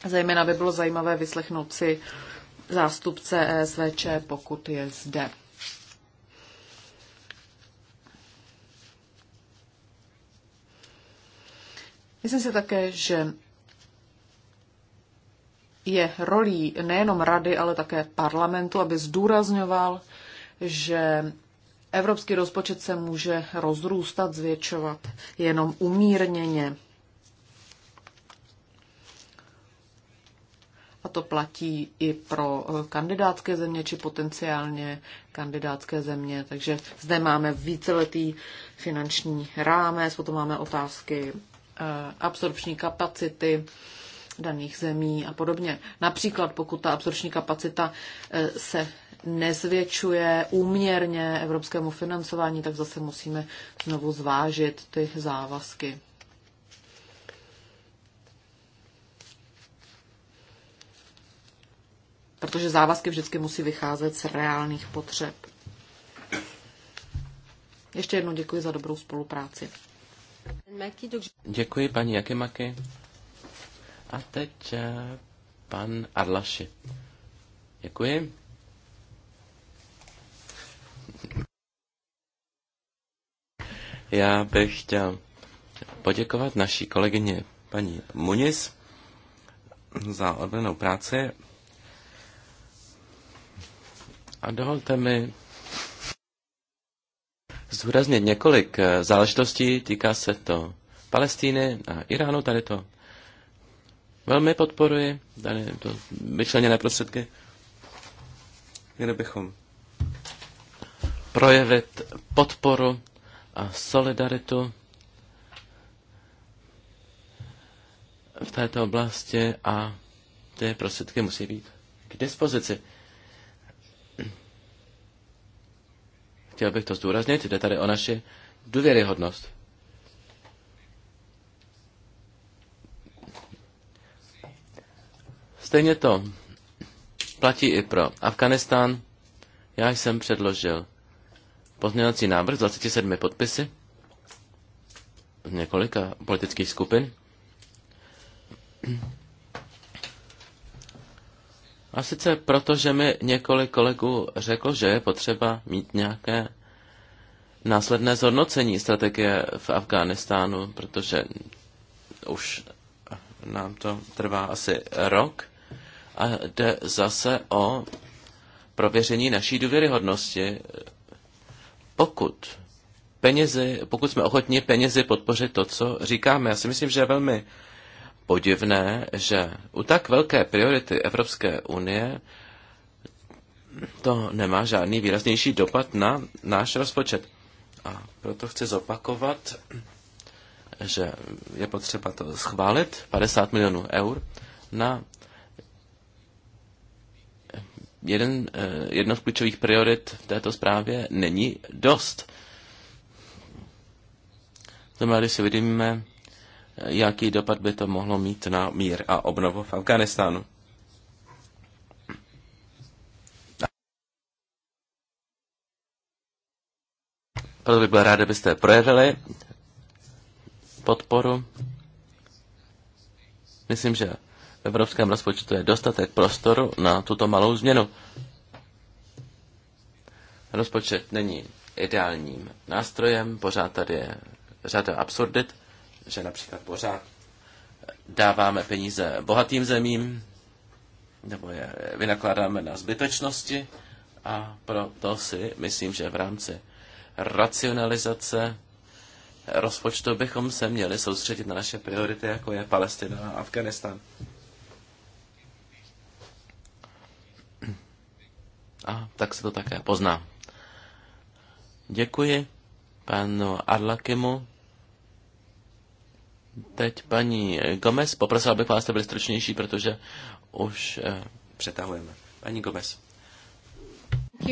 Speaker 3: Zejména by bylo zajímavé vyslechnout si zástupce ESVČ, pokud je zde. Myslím si také, že je rolí nejenom rady, ale také parlamentu, aby zdůrazňoval, že evropský rozpočet se může rozrůstat, zvětšovat jenom umírněně. a to platí i pro eh, kandidátské země či potenciálně kandidátské země. Takže zde máme víceletý finanční rámec, potom máme otázky eh, absorpční kapacity daných zemí a podobně. Například pokud ta absorpční kapacita eh, se nezvětšuje úměrně evropskému financování, tak zase musíme znovu zvážit ty závazky. protože závazky vždycky musí vycházet z reálných potřeb. Ještě jednou děkuji za dobrou spolupráci.
Speaker 1: Děkuji paní Jakemaky. A teď eh, pan Arlaši. Děkuji. Já bych chtěl poděkovat naší kolegyně paní Muniz za odvedenou práci a dovolte mi zdůraznit několik eh, záležitostí. Týká se to Palestíny a Iránu. Tady to velmi podporuji. Tady to myšleněné prostředky. Měli bychom projevit podporu a solidaritu v této oblasti a ty prostředky musí být k dispozici. Chtěl bych to zdůraznit, jde tady o naši důvěryhodnost. Stejně to platí i pro Afganistán. Já jsem předložil pozměňovací návrh 27 podpisy z několika politických skupin. A sice proto, že mi několik kolegů řeklo, že je potřeba mít nějaké následné zhodnocení strategie v Afghánistánu, protože už nám to trvá asi rok a jde zase o prověření naší důvěryhodnosti. Pokud penězi, pokud jsme ochotni penězi podpořit to, co říkáme, já si myslím, že je velmi podivné, že u tak velké priority Evropské unie to nemá žádný výraznější dopad na náš rozpočet. A proto chci zopakovat, že je potřeba to schválit, 50 milionů eur, na jeden, eh, jedno z klíčových priorit v této zprávě není dost. To když si vidíme jaký dopad by to mohlo mít na mír a obnovu v Afganistánu. Proto bych byl rád, abyste projevili podporu. Myslím, že v evropském rozpočtu je dostatek prostoru na tuto malou změnu. Rozpočet není ideálním nástrojem, pořád tady je řada absurdit že například pořád dáváme peníze bohatým zemím, nebo je vynakládáme na zbytečnosti a proto si myslím, že v rámci racionalizace rozpočtu bychom se měli soustředit na naše priority, jako je Palestina a Afganistan. A tak se to také pozná. Děkuji panu Arlakemu. Teď paní Gomez, poprosila bych vás, byli stručnější, protože už eh, přetahujeme. Paní Gomez.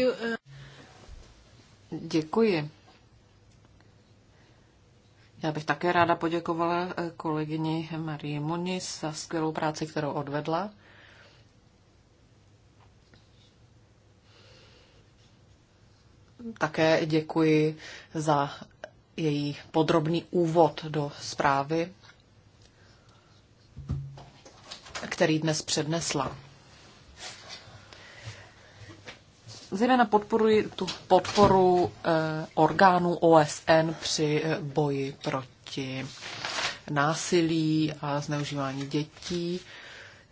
Speaker 3: Eh. Děkuji. Já bych také ráda poděkovala eh, kolegyni Marie Muniz za skvělou práci, kterou odvedla. Také děkuji za její podrobný úvod do zprávy, který dnes přednesla. Zejména podporuji tu podporu eh, orgánů OSN při eh, boji proti násilí a zneužívání dětí.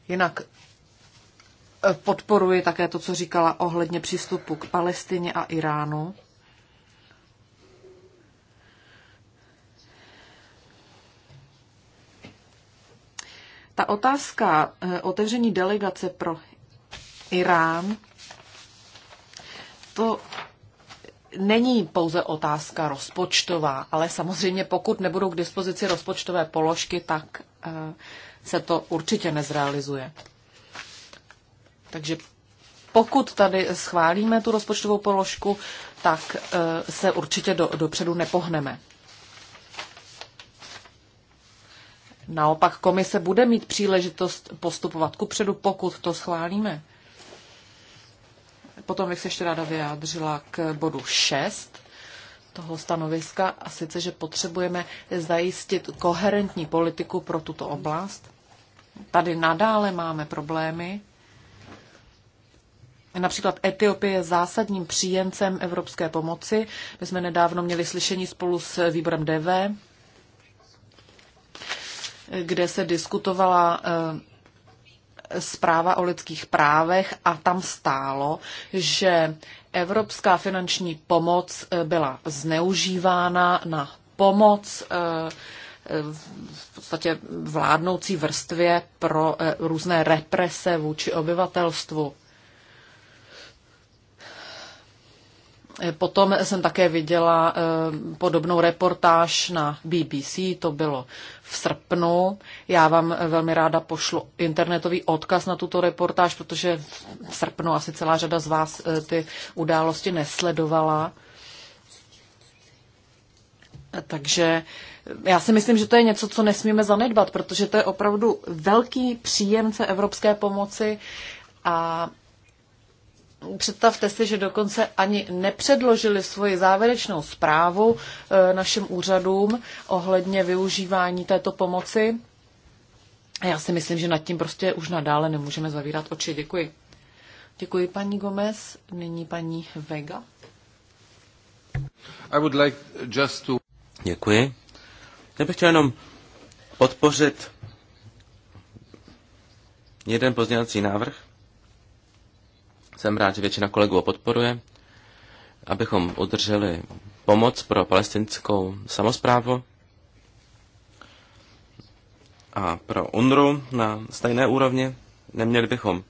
Speaker 3: Jinak eh, podporuji také to, co říkala ohledně přístupu k Palestině a Iránu. Ta otázka eh, otevření delegace pro Irán, to není pouze otázka rozpočtová, ale samozřejmě pokud nebudou k dispozici rozpočtové položky, tak eh, se to určitě nezrealizuje. Takže pokud tady schválíme tu rozpočtovou položku, tak eh, se určitě do, dopředu nepohneme. Naopak komise bude mít příležitost postupovat kupředu, pokud to schválíme. Potom bych se ještě ráda vyjádřila k bodu 6 toho stanoviska, a sice, že potřebujeme zajistit koherentní politiku pro tuto oblast. Tady nadále máme problémy. Například Etiopie je zásadním příjemcem evropské pomoci. My jsme nedávno měli slyšení spolu s výborem DV kde se diskutovala eh, zpráva o lidských právech a tam stálo, že evropská finanční pomoc eh, byla zneužívána na pomoc eh, v podstatě vládnoucí vrstvě pro různé represe vůči obyvatelstvu. Potom jsem také viděla eh, podobnou reportáž na BBC, to bylo v srpnu. Já vám eh, velmi ráda pošlu internetový odkaz na tuto reportáž, protože v srpnu asi celá řada z vás eh, ty události nesledovala. Takže já si myslím, že to je něco, co nesmíme zanedbat, protože to je opravdu velký příjemce evropské pomoci a Představte si, že dokonce ani nepředložili svoji závěrečnou zprávu e, našim úřadům ohledně využívání této pomoci. A já si myslím, že nad tím prostě už nadále nemůžeme zavírat oči. Děkuji. Děkuji paní Gomez. Nyní paní Vega. I would like just to...
Speaker 1: Děkuji. Já bych chtěl jenom podpořit jeden pozdělací návrh, jsem rád, že většina kolegů ho podporuje, abychom udrželi pomoc pro palestinskou samozprávu a pro UNRU na stejné úrovni. Neměli bychom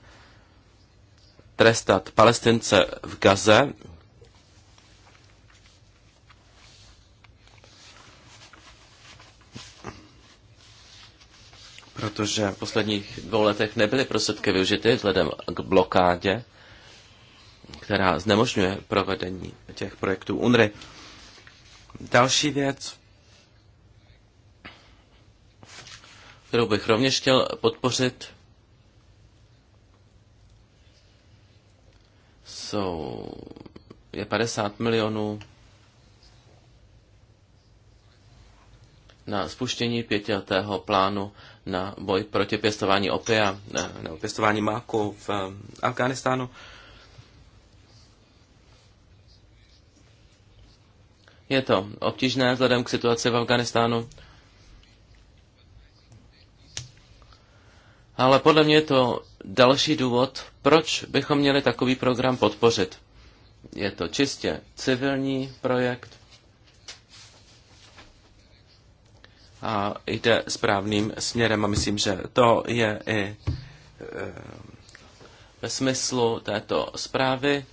Speaker 1: trestat palestince v Gaze. Protože v posledních dvou letech nebyly prostředky využity vzhledem k blokádě která znemožňuje provedení těch projektů UNRY. Další věc, kterou bych rovněž chtěl podpořit, jsou, je 50 milionů na spuštění pětiletého plánu na boj proti pěstování opia nebo pěstování máku v eh, Afghánistánu. Je to obtížné vzhledem k situaci v Afganistánu. Ale podle mě je to další důvod, proč bychom měli takový program podpořit. Je to čistě civilní projekt a jde správným směrem a myslím, že to je i eh, ve smyslu této zprávy.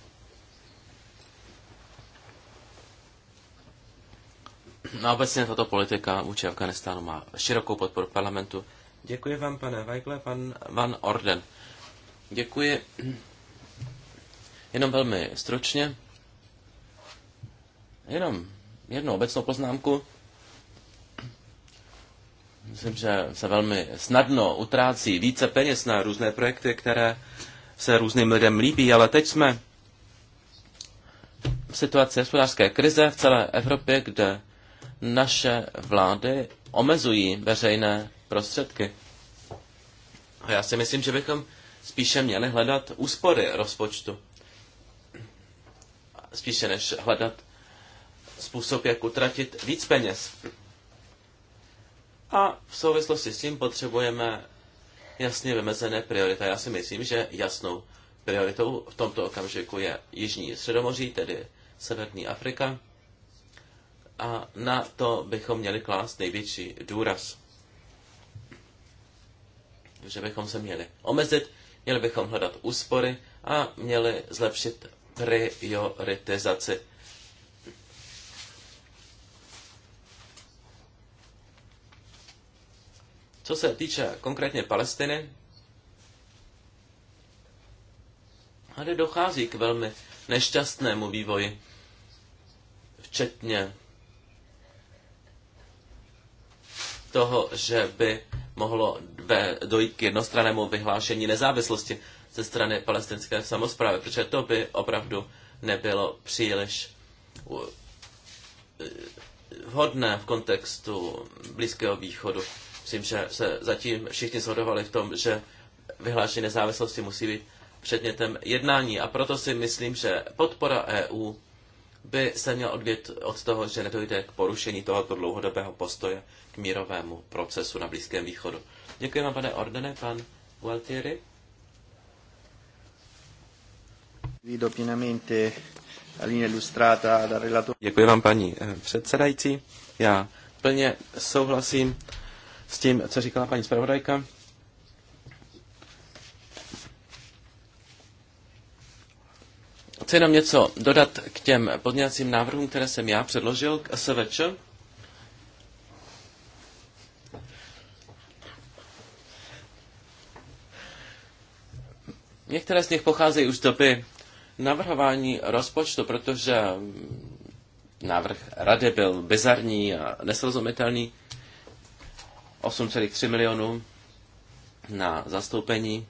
Speaker 1: No obecně tato politika vůči Afganistánu má širokou podporu parlamentu. Děkuji vám, pane Weigle, pan Van Orden. Děkuji. Jenom velmi stručně. Jenom jednu obecnou poznámku. Myslím, že se velmi snadno utrácí více peněz na různé projekty, které se různým lidem líbí, ale teď jsme v situaci hospodářské krize v celé Evropě, kde naše vlády omezují veřejné prostředky. A já si myslím, že bychom spíše měli hledat úspory rozpočtu. Spíše než hledat způsob, jak utratit víc peněz. A v souvislosti s tím potřebujeme jasně vymezené priority. Já si myslím, že jasnou prioritou v tomto okamžiku je Jižní Středomoří, tedy Severní Afrika a na to bychom měli klást největší důraz. Že bychom se měli omezit, měli bychom hledat úspory a měli zlepšit prioritizaci. Co se týče konkrétně Palestiny, tady dochází k velmi nešťastnému vývoji, včetně toho, že by mohlo dojít k jednostrannému vyhlášení nezávislosti ze strany palestinské samozprávy, protože to by opravdu nebylo příliš e, vhodné v kontextu Blízkého východu. Myslím, že se zatím všichni shodovali v tom, že vyhlášení nezávislosti musí být předmětem jednání a proto si myslím, že podpora EU by se měl odvět od toho, že nedojde k porušení tohoto dlouhodobého postoje k mírovému procesu na Blízkém východu. Děkuji vám, pane Ordene, pan Gualtieri. Děkuji vám, paní eh, předsedající. Já plně souhlasím s tím, co říkala paní zpravodajka. Chci jenom něco dodat k těm podněcím návrhům, které jsem já předložil k SVČ. Některé z nich pocházejí už z doby navrhování rozpočtu, protože návrh rady byl bizarní a nesrozumitelný. 8,3 milionů na zastoupení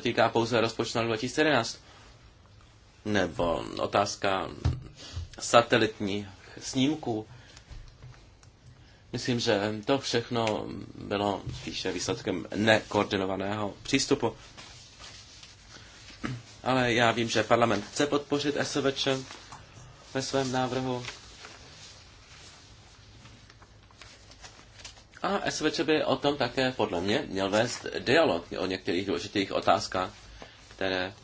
Speaker 1: týká pouze rozpočtu na 2011. Nebo otázka satelitních snímků. Myslím, že to všechno bylo spíše výsledkem nekoordinovaného přístupu. Ale já vím, že parlament chce podpořit SVČ ve svém návrhu A SVČ by o tom také podle mě měl vést dialog o některých důležitých otázkách, které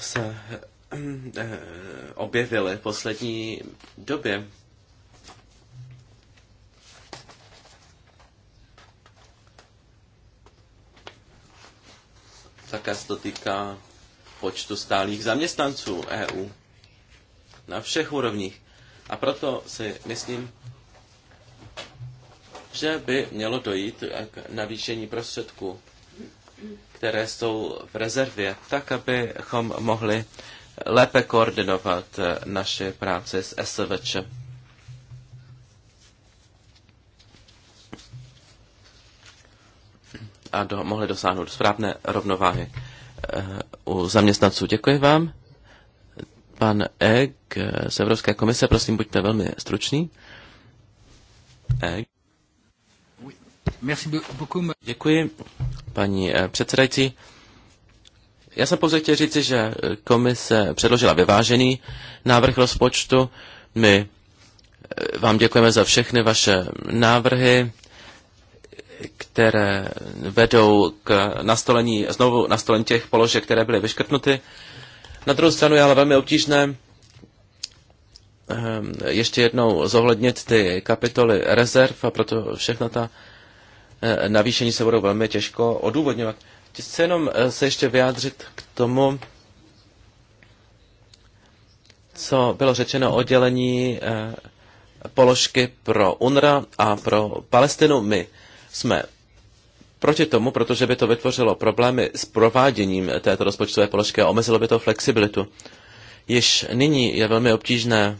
Speaker 1: se eh, eh, objevily v poslední době. Také se to týká počtu stálých zaměstnanců EU na všech úrovních. A proto si myslím, že by mělo dojít k navýšení prostředků, které jsou v rezervě, tak, abychom mohli lépe koordinovat eh, naše práce s SVČ. a do, mohli dosáhnout správné rovnováhy eh, u zaměstnanců. Děkuji vám. Pan Egg eh, z Evropské komise, prosím, buďte velmi stručný. Egg. Děkuji, paní eh, předsedající. Já jsem pouze chtěl říci, že eh, komise předložila vyvážený návrh rozpočtu. My eh, vám děkujeme za všechny vaše návrhy, které vedou k nastolení, znovu nastolení těch položek, které byly vyškrtnuty. Na druhou stranu je ale velmi obtížné ehm, ještě jednou zohlednit ty kapitoly rezerv a proto všechna ta Eh, navýšení se budou velmi těžko odůvodňovat. Chci jenom eh, se ještě vyjádřit k tomu, co bylo řečeno o dělení eh, položky pro UNRA a pro Palestinu. My jsme proti tomu, protože by to vytvořilo problémy s prováděním této rozpočtové položky a omezilo by to flexibilitu. Již nyní je velmi obtížné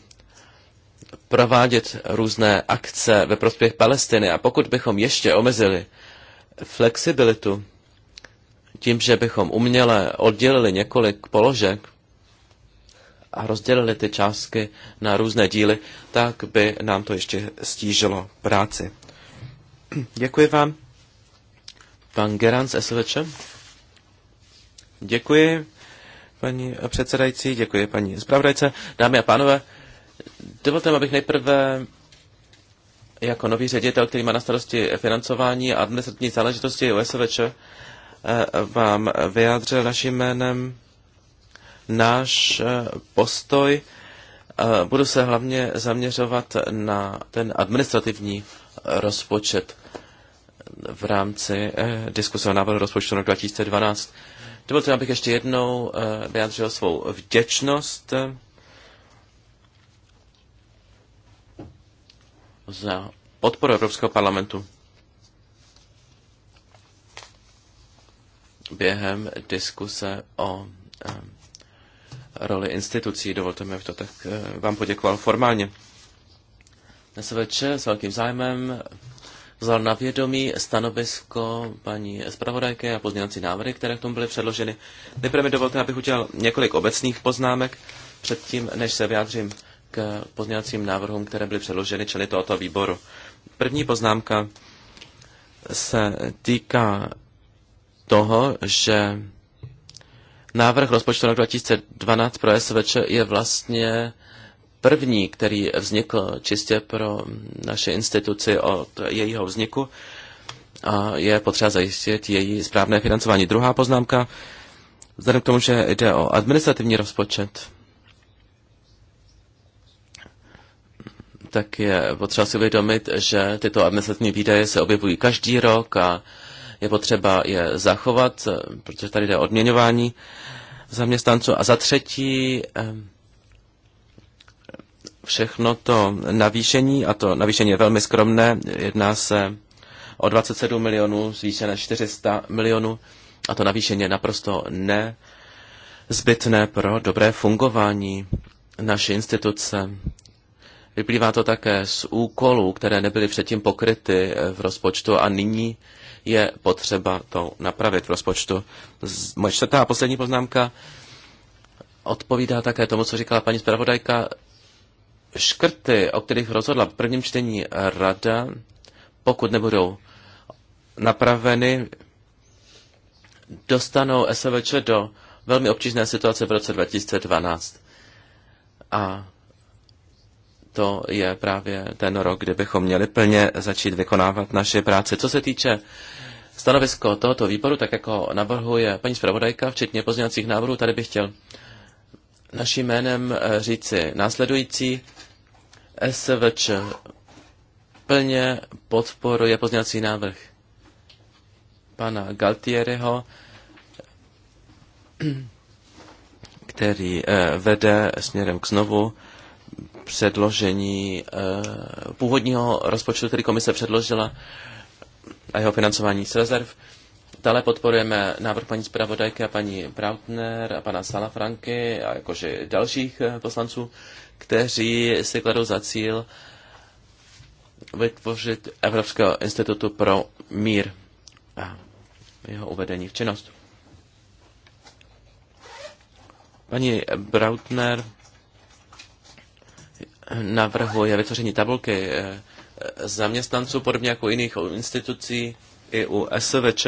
Speaker 1: provádět různé akce ve prospěch Palestiny. A pokud bychom ještě omezili flexibilitu tím, že bychom uměle oddělili několik položek a rozdělili ty částky na různé díly, tak by nám to ještě stížilo práci. Děkuji vám. Pan Gerans, z Děkuji, paní předsedající, děkuji paní zpravodajce. Dámy a pánové, Dovolte, abych nejprve jako nový ředitel, který má na starosti financování a administrativní záležitosti OSVČ, eh, vám vyjádřil naším jménem náš eh, postoj. Eh, budu se hlavně zaměřovat na ten administrativní rozpočet v rámci diskuse o návrhu rozpočtu na 2012. Dovolte, abych ještě jednou vyjádřil svou vděčnost za podporu Evropského parlamentu během diskuse o roli institucí. Dovolte mi, to tak eh, vám poděkoval formálně. večer s velkým zájmem vzal na vědomí stanovisko paní zpravodajky a pozměňovací návrhy, které k tomu byly předloženy. Nejprve mi dovolte, abych udělal několik obecných poznámek předtím, než se vyjádřím k pozměňovacím návrhům, které byly předloženy členy tohoto výboru. První poznámka se týká toho, že návrh rozpočtu na 2012 pro SVČ je vlastně první, který vznikl čistě pro naše instituci od jejího vzniku a je potřeba zajistit její správné financování. Druhá poznámka, vzhledem k tomu, že jde o administrativní rozpočet, tak je potřeba si uvědomit, že tyto administrativní výdaje se objevují každý rok a je potřeba je zachovat, protože tady jde odměňování zaměstnanců. A za třetí, eh, všechno to navýšení, a to navýšení je velmi skromné, jedná se o 27 milionů, zvýšené 400 milionů, a to navýšení je naprosto nezbytné pro dobré fungování naší instituce. Vyplývá to také z úkolů, které nebyly předtím pokryty eh, v rozpočtu a nyní je potřeba to napravit v rozpočtu. Moje čtvrtá a poslední poznámka odpovídá také tomu, co říkala paní zpravodajka. Škrty, o kterých rozhodla v prvním čtení rada, pokud nebudou napraveny, dostanou SVČ do velmi obtížné situace v roce 2012. A to je právě ten rok, kdy bychom měli plně začít vykonávat naše práce. Co se týče stanovisko tohoto výboru, tak jako navrhuje paní zpravodajka, včetně pozměňovacích návrhů, tady bych chtěl naším jménem eh, říci následující. SVČ plně podporuje pozměňovací návrh pana Galtieriho, který eh, vede směrem k znovu předložení eh, původního rozpočtu, který komise předložila a jeho financování z rezerv. Dále podporujeme návrh paní zpravodajky a paní Brautner a pana Franky a jakože dalších eh, poslanců, kteří si kladou za cíl vytvořit Evropského institutu pro mír a jeho uvedení v činnost. Paní Brautner navrhuje vytvoření tabulky eh, zaměstnanců, podobně jako jiných institucí i u SVČ.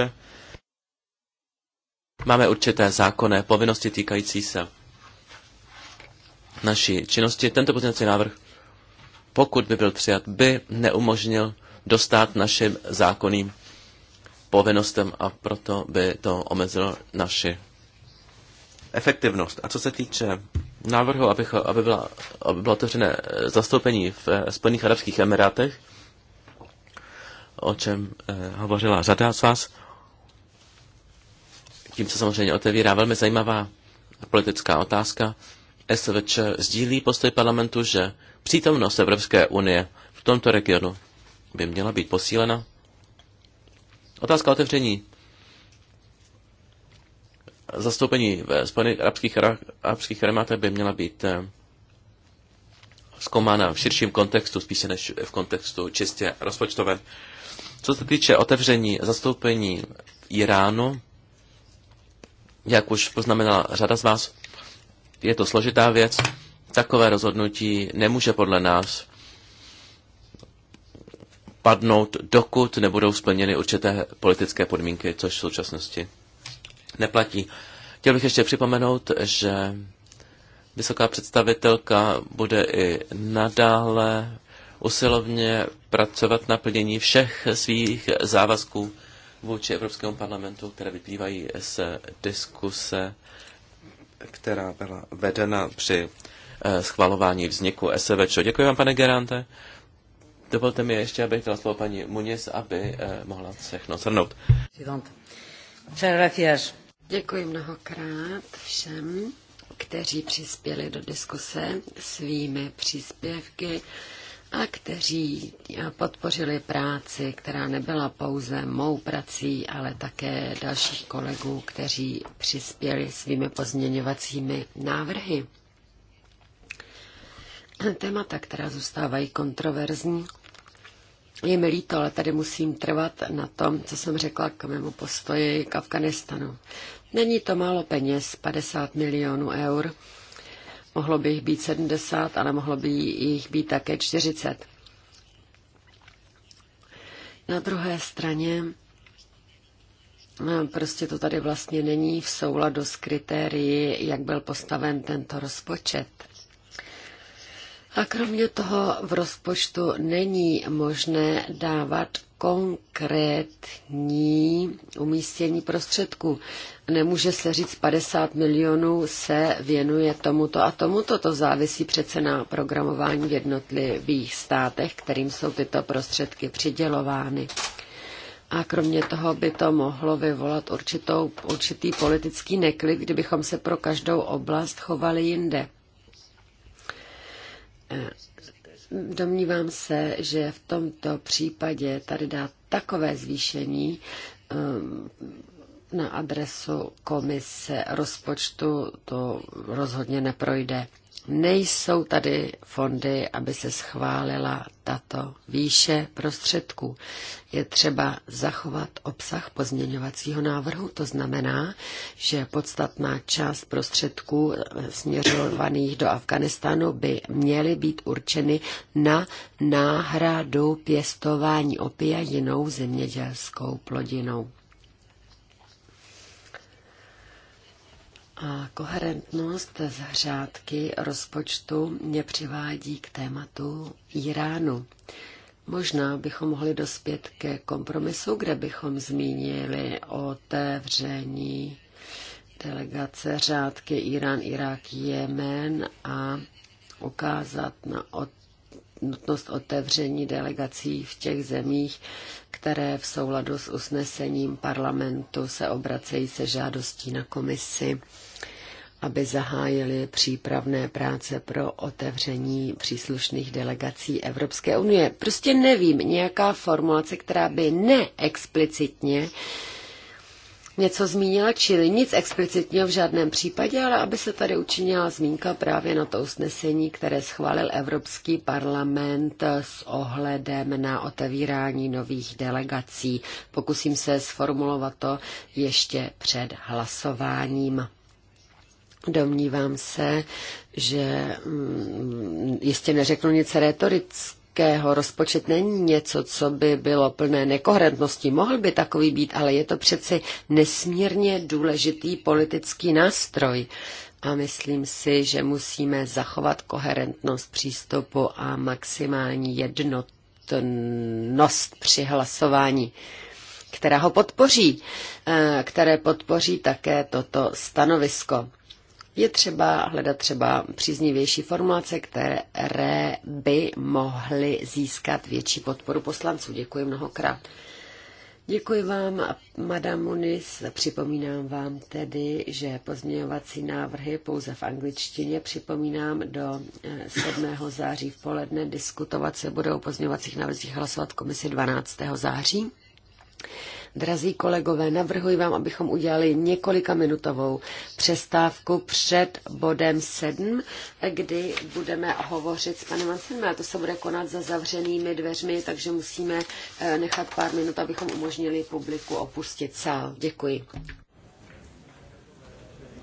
Speaker 1: Máme určité zákonné povinnosti týkající se naší činnosti. Tento pozměňovací návrh, pokud by byl přijat, by neumožnil dostat našim zákonným povinnostem a proto by to omezilo naši efektivnost. A co se týče návrhu, abych, aby, byla, aby bylo otevřené eh, zastoupení v eh, Spojených Arabských Emirátech, o čem eh, hovořila řada z vás, tím se samozřejmě otevírá velmi zajímavá politická otázka. SVČ sdílí postoj parlamentu, že přítomnost Evropské unie v tomto regionu by měla být posílena. Otázka otevření zastoupení ve Spojených arabských, arabských remátech by měla být eh, zkoumána v širším kontextu, spíše než v kontextu čistě rozpočtové. Co se týče otevření zastoupení v Iránu, jak už poznamenala řada z vás, je to složitá věc. Takové rozhodnutí nemůže podle nás padnout, dokud nebudou splněny určité politické podmínky, což v současnosti neplatí. Chtěl bych ještě připomenout, že vysoká představitelka bude i nadále usilovně pracovat na plnění všech svých závazků vůči Evropskému parlamentu, které vyplývají z diskuse, která byla vedena při eh, schvalování vzniku SVČ. Děkuji vám, pane Gerante. Dovolte mi ještě, abych dala slovo paní Muniz, aby eh, mohla všechno shrnout.
Speaker 2: Muchas gracias. Děkuji mnohokrát všem, kteří přispěli do diskuse svými příspěvky a kteří podpořili práci, která nebyla pouze mou prací, ale také dalších kolegů, kteří přispěli svými pozměňovacími návrhy. Témata, která zůstávají kontroverzní, je mi líto, ale tady musím trvat na tom, co jsem řekla k mému postoji k Afganistanu. Není to málo peněz, 50 milionů eur. Mohlo by jich být 70, ale mohlo by jich být také 40. Na druhé straně no, prostě to tady vlastně není v souladu s kritérii, jak byl postaven tento rozpočet. A kromě toho v rozpočtu není možné dávat konkrétní umístění prostředků. Nemůže se říct 50 milionů se věnuje tomuto a tomuto. To závisí přece na programování v jednotlivých státech, kterým jsou tyto prostředky přidělovány. A kromě toho by to mohlo vyvolat určitou, určitý politický neklid, kdybychom se pro každou oblast chovali jinde. Domnívám se, že v tomto případě tady dá takové zvýšení eh, na adresu komise rozpočtu, to rozhodně neprojde. Nejsou tady fondy, aby se schválila tato výše prostředků. Je třeba zachovat obsah pozměňovacího návrhu, to znamená, že podstatná část prostředků eh, směřovaných do Afganistánu by měly být určeny na náhradu pěstování opia jinou zemědělskou plodinou. A koherentnost řádky rozpočtu mě přivádí k tématu Iránu. Možná bychom mohli dospět ke kompromisu, kde bychom zmínili otevření delegace řádky Irán, Irák, Jemen a ukázat na od, nutnost otevření delegací v těch zemích, které v souladu s usnesením parlamentu se obracejí se žádostí na komisi aby zahájili přípravné práce pro otevření příslušných delegací Evropské unie. Prostě nevím, nějaká formulace, která by neexplicitně něco zmínila, čili nic explicitního v žádném případě, ale aby se tady učinila zmínka právě na to usnesení, které schválil Evropský parlament s ohledem na otevírání nových delegací. Pokusím se sformulovat to ještě před hlasováním. Domnívám se, že mm, jistě neřeknu nic retorického. Rozpočet není něco, co by bylo plné nekoherentnosti. Mohl by takový být, ale je to přeci nesmírně důležitý politický nástroj. A myslím si, že musíme zachovat koherentnost přístupu a maximální jednotnost při hlasování která ho podpoří, eh, které podpoří také toto stanovisko. Je třeba hledat třeba příznivější formulace, které by mohly získat větší podporu poslanců. Děkuji mnohokrát. Děkuji vám, Madame Munis. Připomínám vám tedy, že pozměňovací návrhy pouze v angličtině. Připomínám, do 7. Eh, září v poledne diskutovat se budou o pozměňovacích návrzích hlasovat komisi 12. září. Drazí kolegové, navrhuji vám, abychom udělali několika minutovou přestávku před bodem 7, kdy budeme hovořit s panem Anselmem, A to se bude konat za zavřenými dveřmi, takže musíme eh, nechat pár minut, abychom umožnili publiku opustit sál. Děkuji.